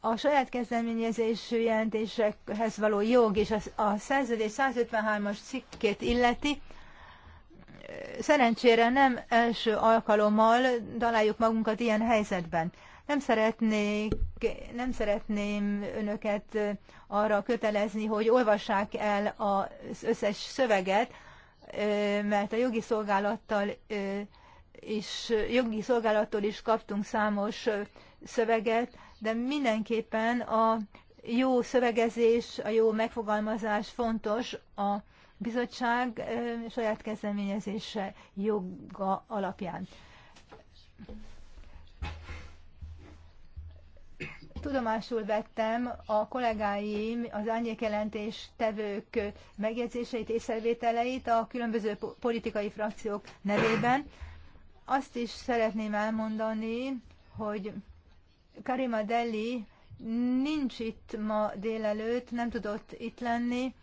a saját kezdeményezésű jelentésekhez való jog és a, a szerződés 153-as cikkét illeti, szerencsére nem első alkalommal találjuk magunkat ilyen helyzetben. Nem szeretnék, nem szeretném önöket arra kötelezni, hogy olvassák el az összes szöveget, mert a jogi szolgálattal is, jogi szolgálattól is kaptunk számos szöveget, de mindenképpen a jó szövegezés, a jó megfogalmazás fontos a bizottság saját kezdeményezése joga alapján. Tudomásul vettem a kollégáim, az jelentés tevők megjegyzéseit, és szervételeit a különböző politikai frakciók nevében. Azt is szeretném elmondani, hogy Karima Delli nincs itt ma délelőtt, nem tudott itt lenni.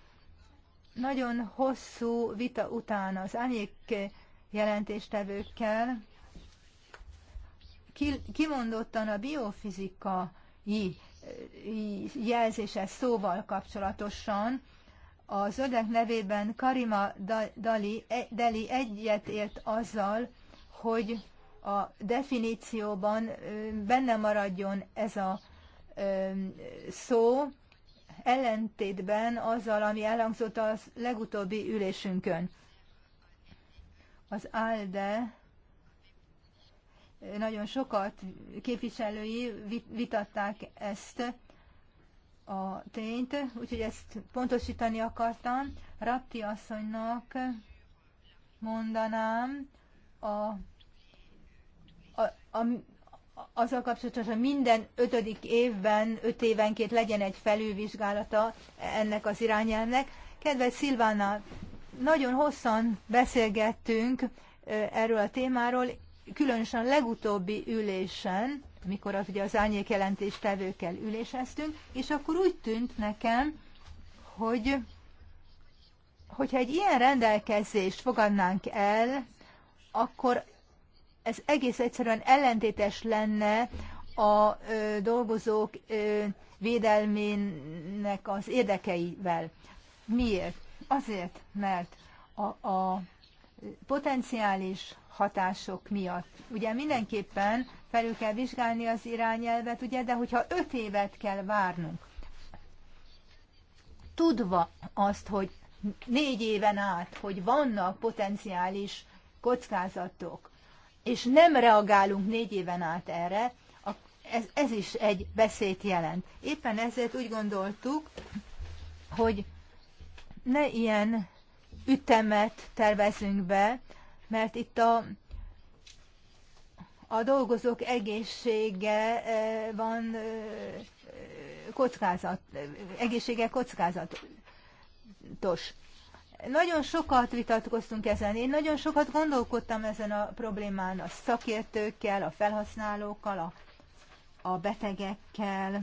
Nagyon hosszú vita után az árnyék jelentéstevőkkel kimondottan a biofizika jelzése szóval kapcsolatosan. A zöldek nevében Karima Dali, e, Dali egyet ért azzal, hogy a definícióban benne maradjon ez a szó, ellentétben azzal, ami elhangzott az legutóbbi ülésünkön. Az ALDE nagyon sokat képviselői vitatták ezt a tényt, úgyhogy ezt pontosítani akartam. Rapti asszonynak mondanám a, a, a azzal kapcsolatos, hogy minden ötödik évben, öt évenként legyen egy felülvizsgálata ennek az irányelvnek. Kedves Szilvánnal, nagyon hosszan beszélgettünk erről a témáról, különösen a legutóbbi ülésen, mikor az, ugye az tevőkkel üléseztünk, és akkor úgy tűnt nekem, hogy hogyha egy ilyen rendelkezést fogadnánk el, akkor ez egész egyszerűen ellentétes lenne a ö, dolgozók ö, védelmének az érdekeivel. Miért? Azért, mert a, a potenciális hatások miatt. Ugye mindenképpen felül kell vizsgálni az irányelvet, ugye, de hogyha öt évet kell várnunk, tudva azt, hogy négy éven át, hogy vannak potenciális kockázatok, és nem reagálunk négy éven át erre, ez, ez is egy beszéd jelent. Éppen ezért úgy gondoltuk, hogy ne ilyen ütemet tervezünk be, mert itt a, a dolgozók egészsége eh, van eh, kockázat, egészsége kockázatos. Nagyon sokat vitatkoztunk ezen. Én nagyon sokat gondolkodtam ezen a problémán a szakértőkkel, a felhasználókkal, a, a betegekkel,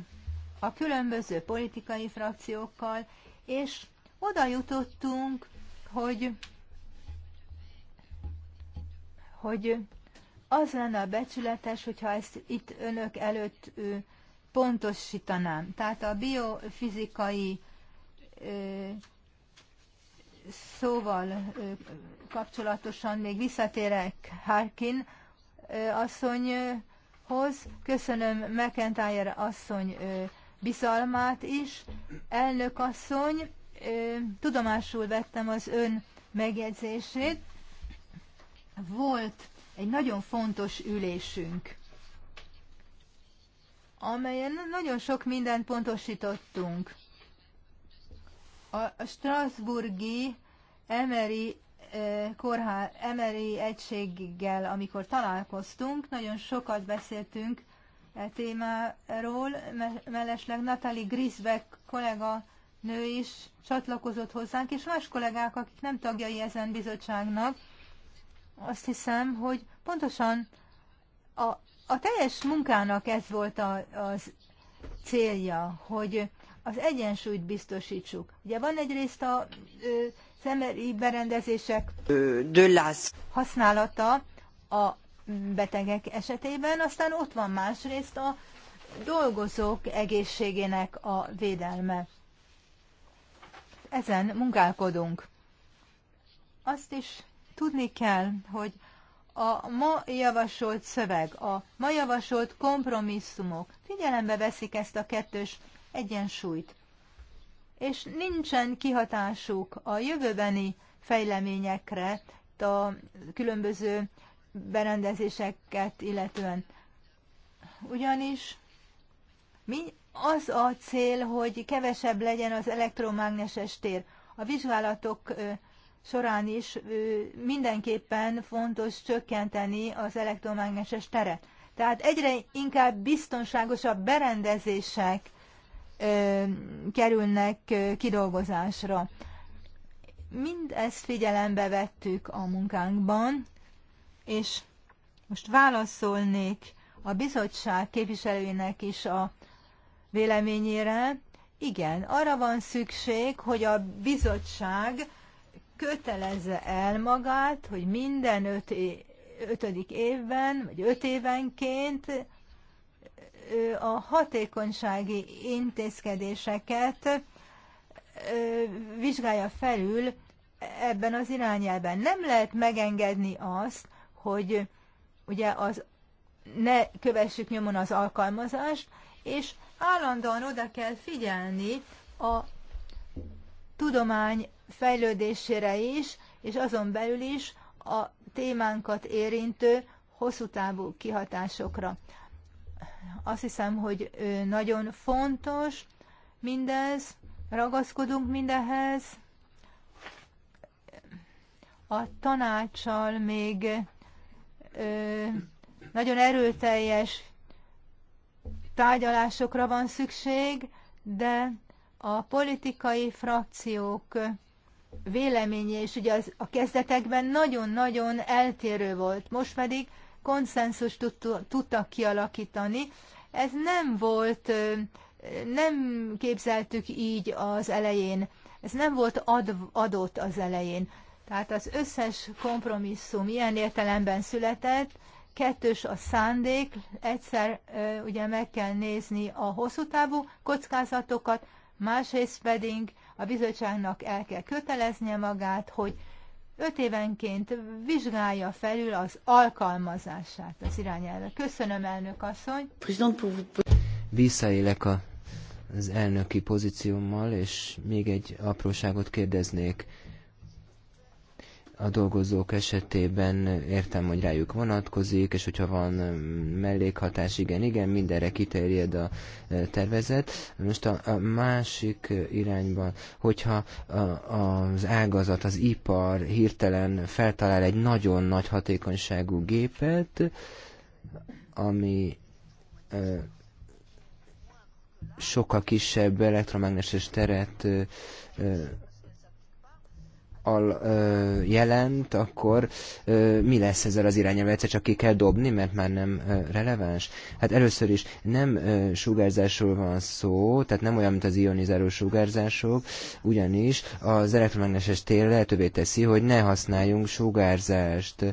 a különböző politikai frakciókkal, és oda jutottunk, hogy hogy az lenne a becsületes, hogyha ezt itt önök előtt pontosítanám. Tehát a biofizikai szóval kapcsolatosan még visszatérek Harkin asszonyhoz. Köszönöm McIntyre asszony bizalmát is. Elnök asszony, tudomásul vettem az ön megjegyzését volt egy nagyon fontos ülésünk, amelyen nagyon sok mindent pontosítottunk. A Strasburgi Emery eh, Korhá Emery egységgel, amikor találkoztunk, nagyon sokat beszéltünk e témáról, mellesleg Natalie Grisbeck kollega nő is csatlakozott hozzánk, és más kollégák, akik nem tagjai ezen bizottságnak, azt hiszem, hogy pontosan a, a teljes munkának ez volt a, az célja, hogy az egyensúlyt biztosítsuk. Ugye van egyrészt a ö, szemeri berendezések használata a betegek esetében, aztán ott van másrészt a dolgozók egészségének a védelme. Ezen munkálkodunk. Azt is Tudni kell, hogy a ma javasolt szöveg, a ma javasolt kompromisszumok figyelembe veszik ezt a kettős egyensúlyt, és nincsen kihatásuk a jövőbeni fejleményekre, a különböző berendezéseket illetően. Ugyanis mi az a cél, hogy kevesebb legyen az elektromágneses tér. A vizsgálatok során is mindenképpen fontos csökkenteni az elektromágneses teret. Tehát egyre inkább biztonságosabb berendezések kerülnek kidolgozásra. Mindezt figyelembe vettük a munkánkban, és most válaszolnék a bizottság képviselőinek is a véleményére. Igen, arra van szükség, hogy a bizottság kötelezze el magát, hogy minden öt é- ötödik évben, vagy öt évenként a hatékonysági intézkedéseket vizsgálja felül ebben az irányelben. Nem lehet megengedni azt, hogy ugye az ne kövessük nyomon az alkalmazást, és állandóan oda kell figyelni a tudomány fejlődésére is, és azon belül is a témánkat érintő hosszú távú kihatásokra. Azt hiszem, hogy nagyon fontos mindez, ragaszkodunk mindehhez. A tanácsal még nagyon erőteljes tárgyalásokra van szükség, de a politikai frakciók véleménye is ugye az, a kezdetekben nagyon-nagyon eltérő volt, most pedig konszenzus tudtak kialakítani. Ez nem volt, nem képzeltük így az elején, ez nem volt ad, adott az elején. Tehát az összes kompromisszum ilyen értelemben született, kettős a szándék, egyszer ugye meg kell nézni a hosszú távú kockázatokat, másrészt pedig a bizottságnak el kell köteleznie magát, hogy öt évenként vizsgálja felül az alkalmazását az irányelve. Köszönöm, elnök asszony! Visszaélek a, az elnöki pozíciómmal, és még egy apróságot kérdeznék a dolgozók esetében értem, hogy rájuk vonatkozik, és hogyha van mm, mellékhatás, igen, igen, mindenre kiterjed a e, tervezet. Most a, a másik irányban, hogyha a, az ágazat, az ipar hirtelen feltalál egy nagyon nagy hatékonyságú gépet, ami e, sokkal kisebb elektromágneses teret e, al, ö, jelent, akkor ö, mi lesz ezzel az irányelvel? Egyszer csak ki kell dobni, mert már nem ö, releváns? Hát először is nem ö, sugárzásról van szó, tehát nem olyan, mint az ionizáló sugárzások, ugyanis az elektromágneses tér lehetővé teszi, hogy ne használjunk sugárzást. Ö,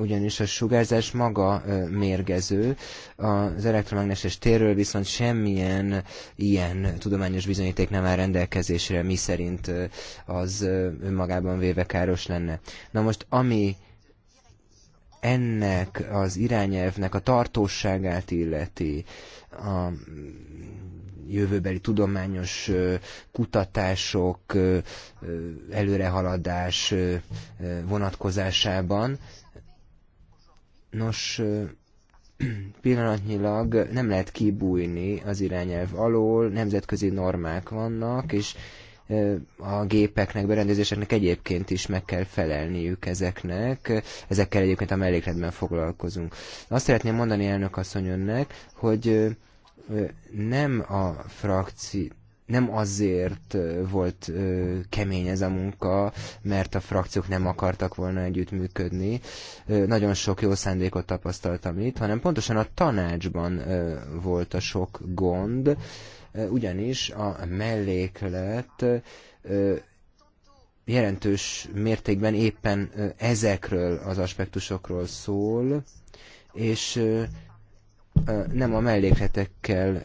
ugyanis a sugárzás maga mérgező, az elektromágneses térről viszont semmilyen ilyen tudományos bizonyíték nem áll rendelkezésre, mi szerint az önmagában véve káros lenne. Na most, ami ennek az irányelvnek a tartóságát illeti, a jövőbeli tudományos kutatások előrehaladás vonatkozásában, Nos, pillanatnyilag nem lehet kibújni az irányelv alól, nemzetközi normák vannak, és a gépeknek, berendezéseknek egyébként is meg kell felelniük ezeknek. Ezekkel egyébként a mellékletben foglalkozunk. Azt szeretném mondani elnök asszony önnek, hogy nem a frakció nem azért volt ö, kemény ez a munka, mert a frakciók nem akartak volna együttműködni. Ö, nagyon sok jó szándékot tapasztaltam itt, hanem pontosan a tanácsban ö, volt a sok gond, ö, ugyanis a melléklet ö, jelentős mértékben éppen ezekről az aspektusokról szól, és nem a mellékletekkel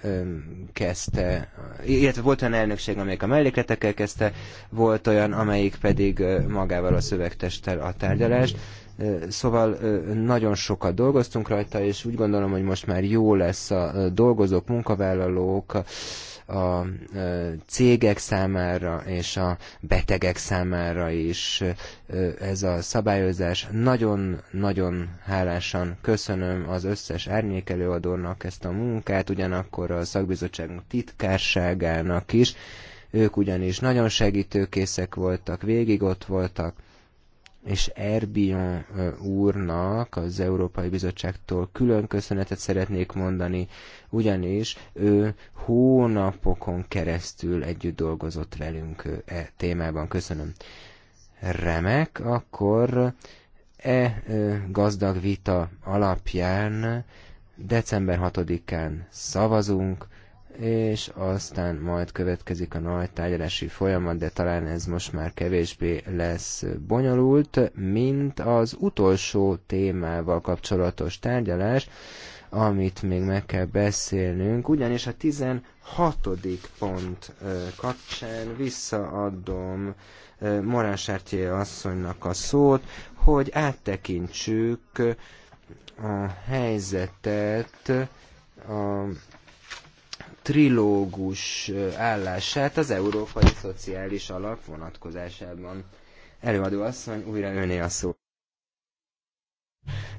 kezdte, illetve volt olyan elnökség, amelyik a mellékletekkel kezdte, volt olyan, amelyik pedig magával a szövegtesttel a tárgyalást. Szóval nagyon sokat dolgoztunk rajta, és úgy gondolom, hogy most már jó lesz a dolgozók, munkavállalók, a e, cégek számára és a betegek számára is e, ez a szabályozás. Nagyon-nagyon hálásan köszönöm az összes árnyékelőadónak ezt a munkát, ugyanakkor a szakbizottságunk titkárságának is. Ők ugyanis nagyon segítőkészek voltak, végig ott voltak, és Erbia úrnak az Európai Bizottságtól külön köszönetet szeretnék mondani, ugyanis ő hónapokon keresztül együtt dolgozott velünk e témában. Köszönöm. Remek, akkor e gazdag vita alapján december 6-án szavazunk, és aztán majd következik a nagy tárgyalási folyamat, de talán ez most már kevésbé lesz bonyolult, mint az utolsó témával kapcsolatos tárgyalás, amit még meg kell beszélnünk, ugyanis a 16. pont kapcsán visszaadom Morán Sártyé asszonynak a szót, hogy áttekintsük a helyzetet a trilógus állását az Európai Szociális Alap vonatkozásában. Előadó asszony, újra öné a szó.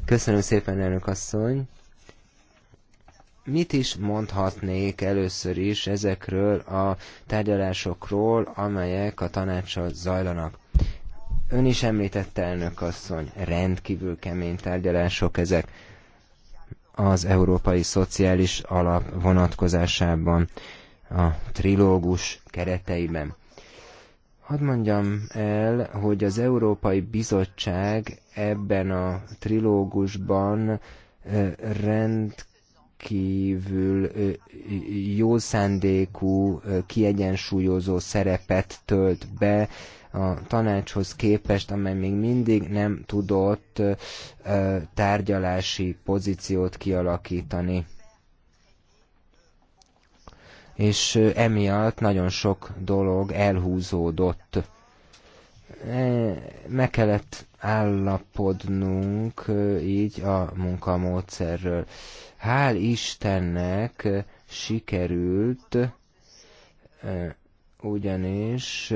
Köszönöm szépen, elnök asszony. Mit is mondhatnék először is ezekről a tárgyalásokról, amelyek a tanácsa zajlanak? Ön is említette, elnök asszony, rendkívül kemény tárgyalások ezek az Európai Szociális Alap vonatkozásában, a trilógus kereteiben. Hadd mondjam el, hogy az Európai Bizottság ebben a trilógusban rendkívül jó szándékú, kiegyensúlyozó szerepet tölt be, a tanácshoz képest, amely még mindig nem tudott tárgyalási pozíciót kialakítani. És emiatt nagyon sok dolog elhúzódott. E, meg kellett állapodnunk így a munkamódszerről. Hál' Istennek sikerült ugyanis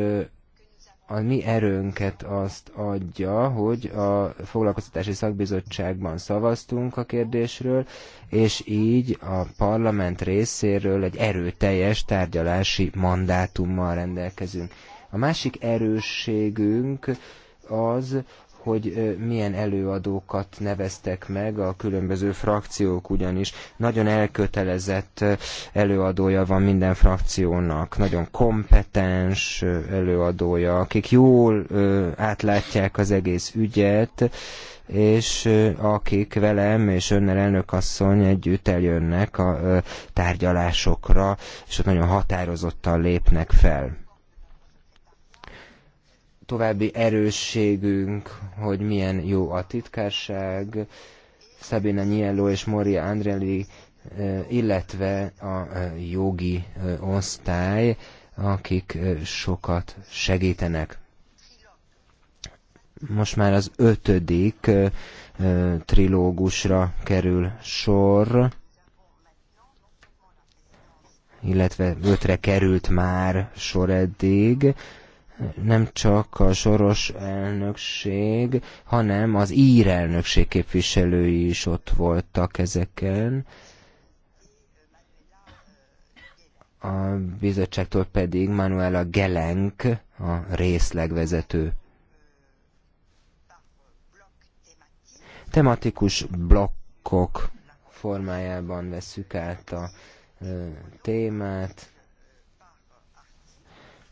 a mi erőnket azt adja, hogy a foglalkoztatási szakbizottságban szavaztunk a kérdésről, és így a parlament részéről egy erőteljes tárgyalási mandátummal rendelkezünk. A másik erősségünk az, hogy milyen előadókat neveztek meg a különböző frakciók ugyanis. Nagyon elkötelezett előadója van minden frakciónak, nagyon kompetens előadója, akik jól átlátják az egész ügyet, és akik velem és önnel elnökasszony együtt eljönnek a tárgyalásokra, és ott nagyon határozottan lépnek fel további erősségünk, hogy milyen jó a titkárság, Szabina Niello és Moria Andrelli, illetve a jogi osztály, akik sokat segítenek. Most már az ötödik trilógusra kerül sor, illetve ötre került már sor eddig nem csak a soros elnökség, hanem az ír elnökség képviselői is ott voltak ezeken. A bizottságtól pedig Manuela Gelenk, a részlegvezető. Tematikus blokkok formájában veszük át a témát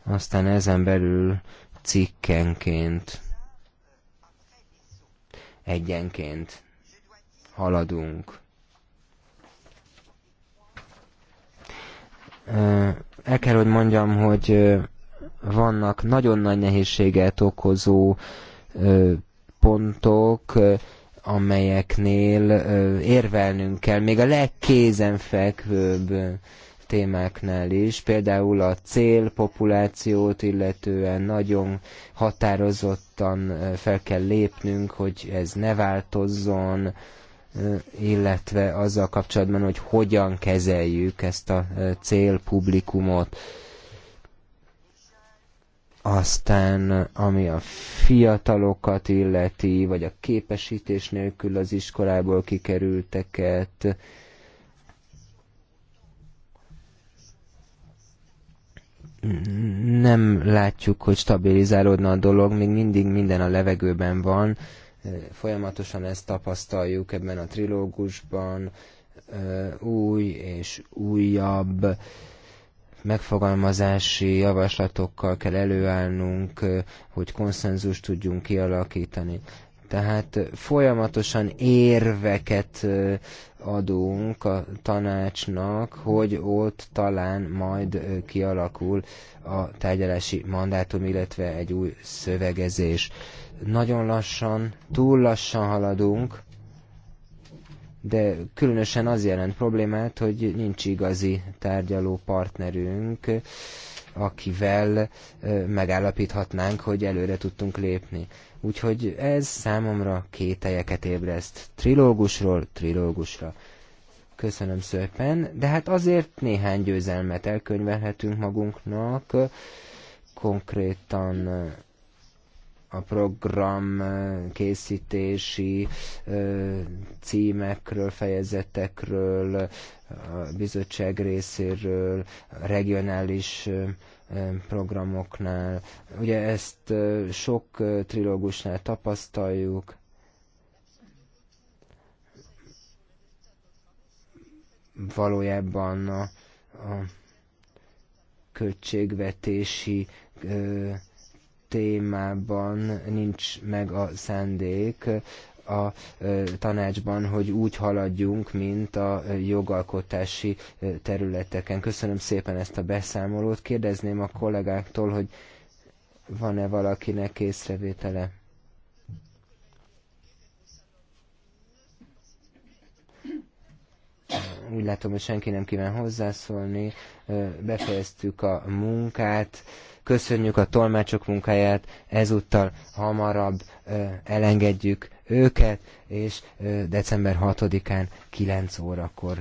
aztán ezen belül cikkenként, egyenként haladunk. El kell, hogy mondjam, hogy vannak nagyon nagy nehézséget okozó pontok, amelyeknél érvelnünk kell, még a legkézenfekvőbb témáknál is, például a célpopulációt illetően nagyon határozottan fel kell lépnünk, hogy ez ne változzon, illetve azzal kapcsolatban, hogy hogyan kezeljük ezt a célpublikumot. Aztán, ami a fiatalokat illeti, vagy a képesítés nélkül az iskolából kikerülteket, nem látjuk, hogy stabilizálódna a dolog, még mindig minden a levegőben van, folyamatosan ezt tapasztaljuk ebben a trilógusban, új és újabb megfogalmazási javaslatokkal kell előállnunk, hogy konszenzust tudjunk kialakítani. Tehát folyamatosan érveket adunk a tanácsnak, hogy ott talán majd kialakul a tárgyalási mandátum, illetve egy új szövegezés. Nagyon lassan, túl lassan haladunk, de különösen az jelent problémát, hogy nincs igazi tárgyaló partnerünk, akivel megállapíthatnánk, hogy előre tudtunk lépni. Úgyhogy ez számomra kételyeket ébreszt. Trilógusról trilógusra. Köszönöm szépen, de hát azért néhány győzelmet elkönyvelhetünk magunknak, konkrétan a program készítési címekről, fejezetekről, a bizottság részéről, a regionális programoknál. Ugye ezt sok trilógusnál tapasztaljuk. Valójában a, a költségvetési témában nincs meg a szándék a e, tanácsban, hogy úgy haladjunk, mint a e, jogalkotási e, területeken. Köszönöm szépen ezt a beszámolót. Kérdezném a kollégáktól, hogy van-e valakinek észrevétele? Úgy látom, hogy senki nem kíván hozzászólni. Befejeztük a munkát köszönjük a tolmácsok munkáját, ezúttal hamarabb elengedjük őket, és december 6-án 9 órakor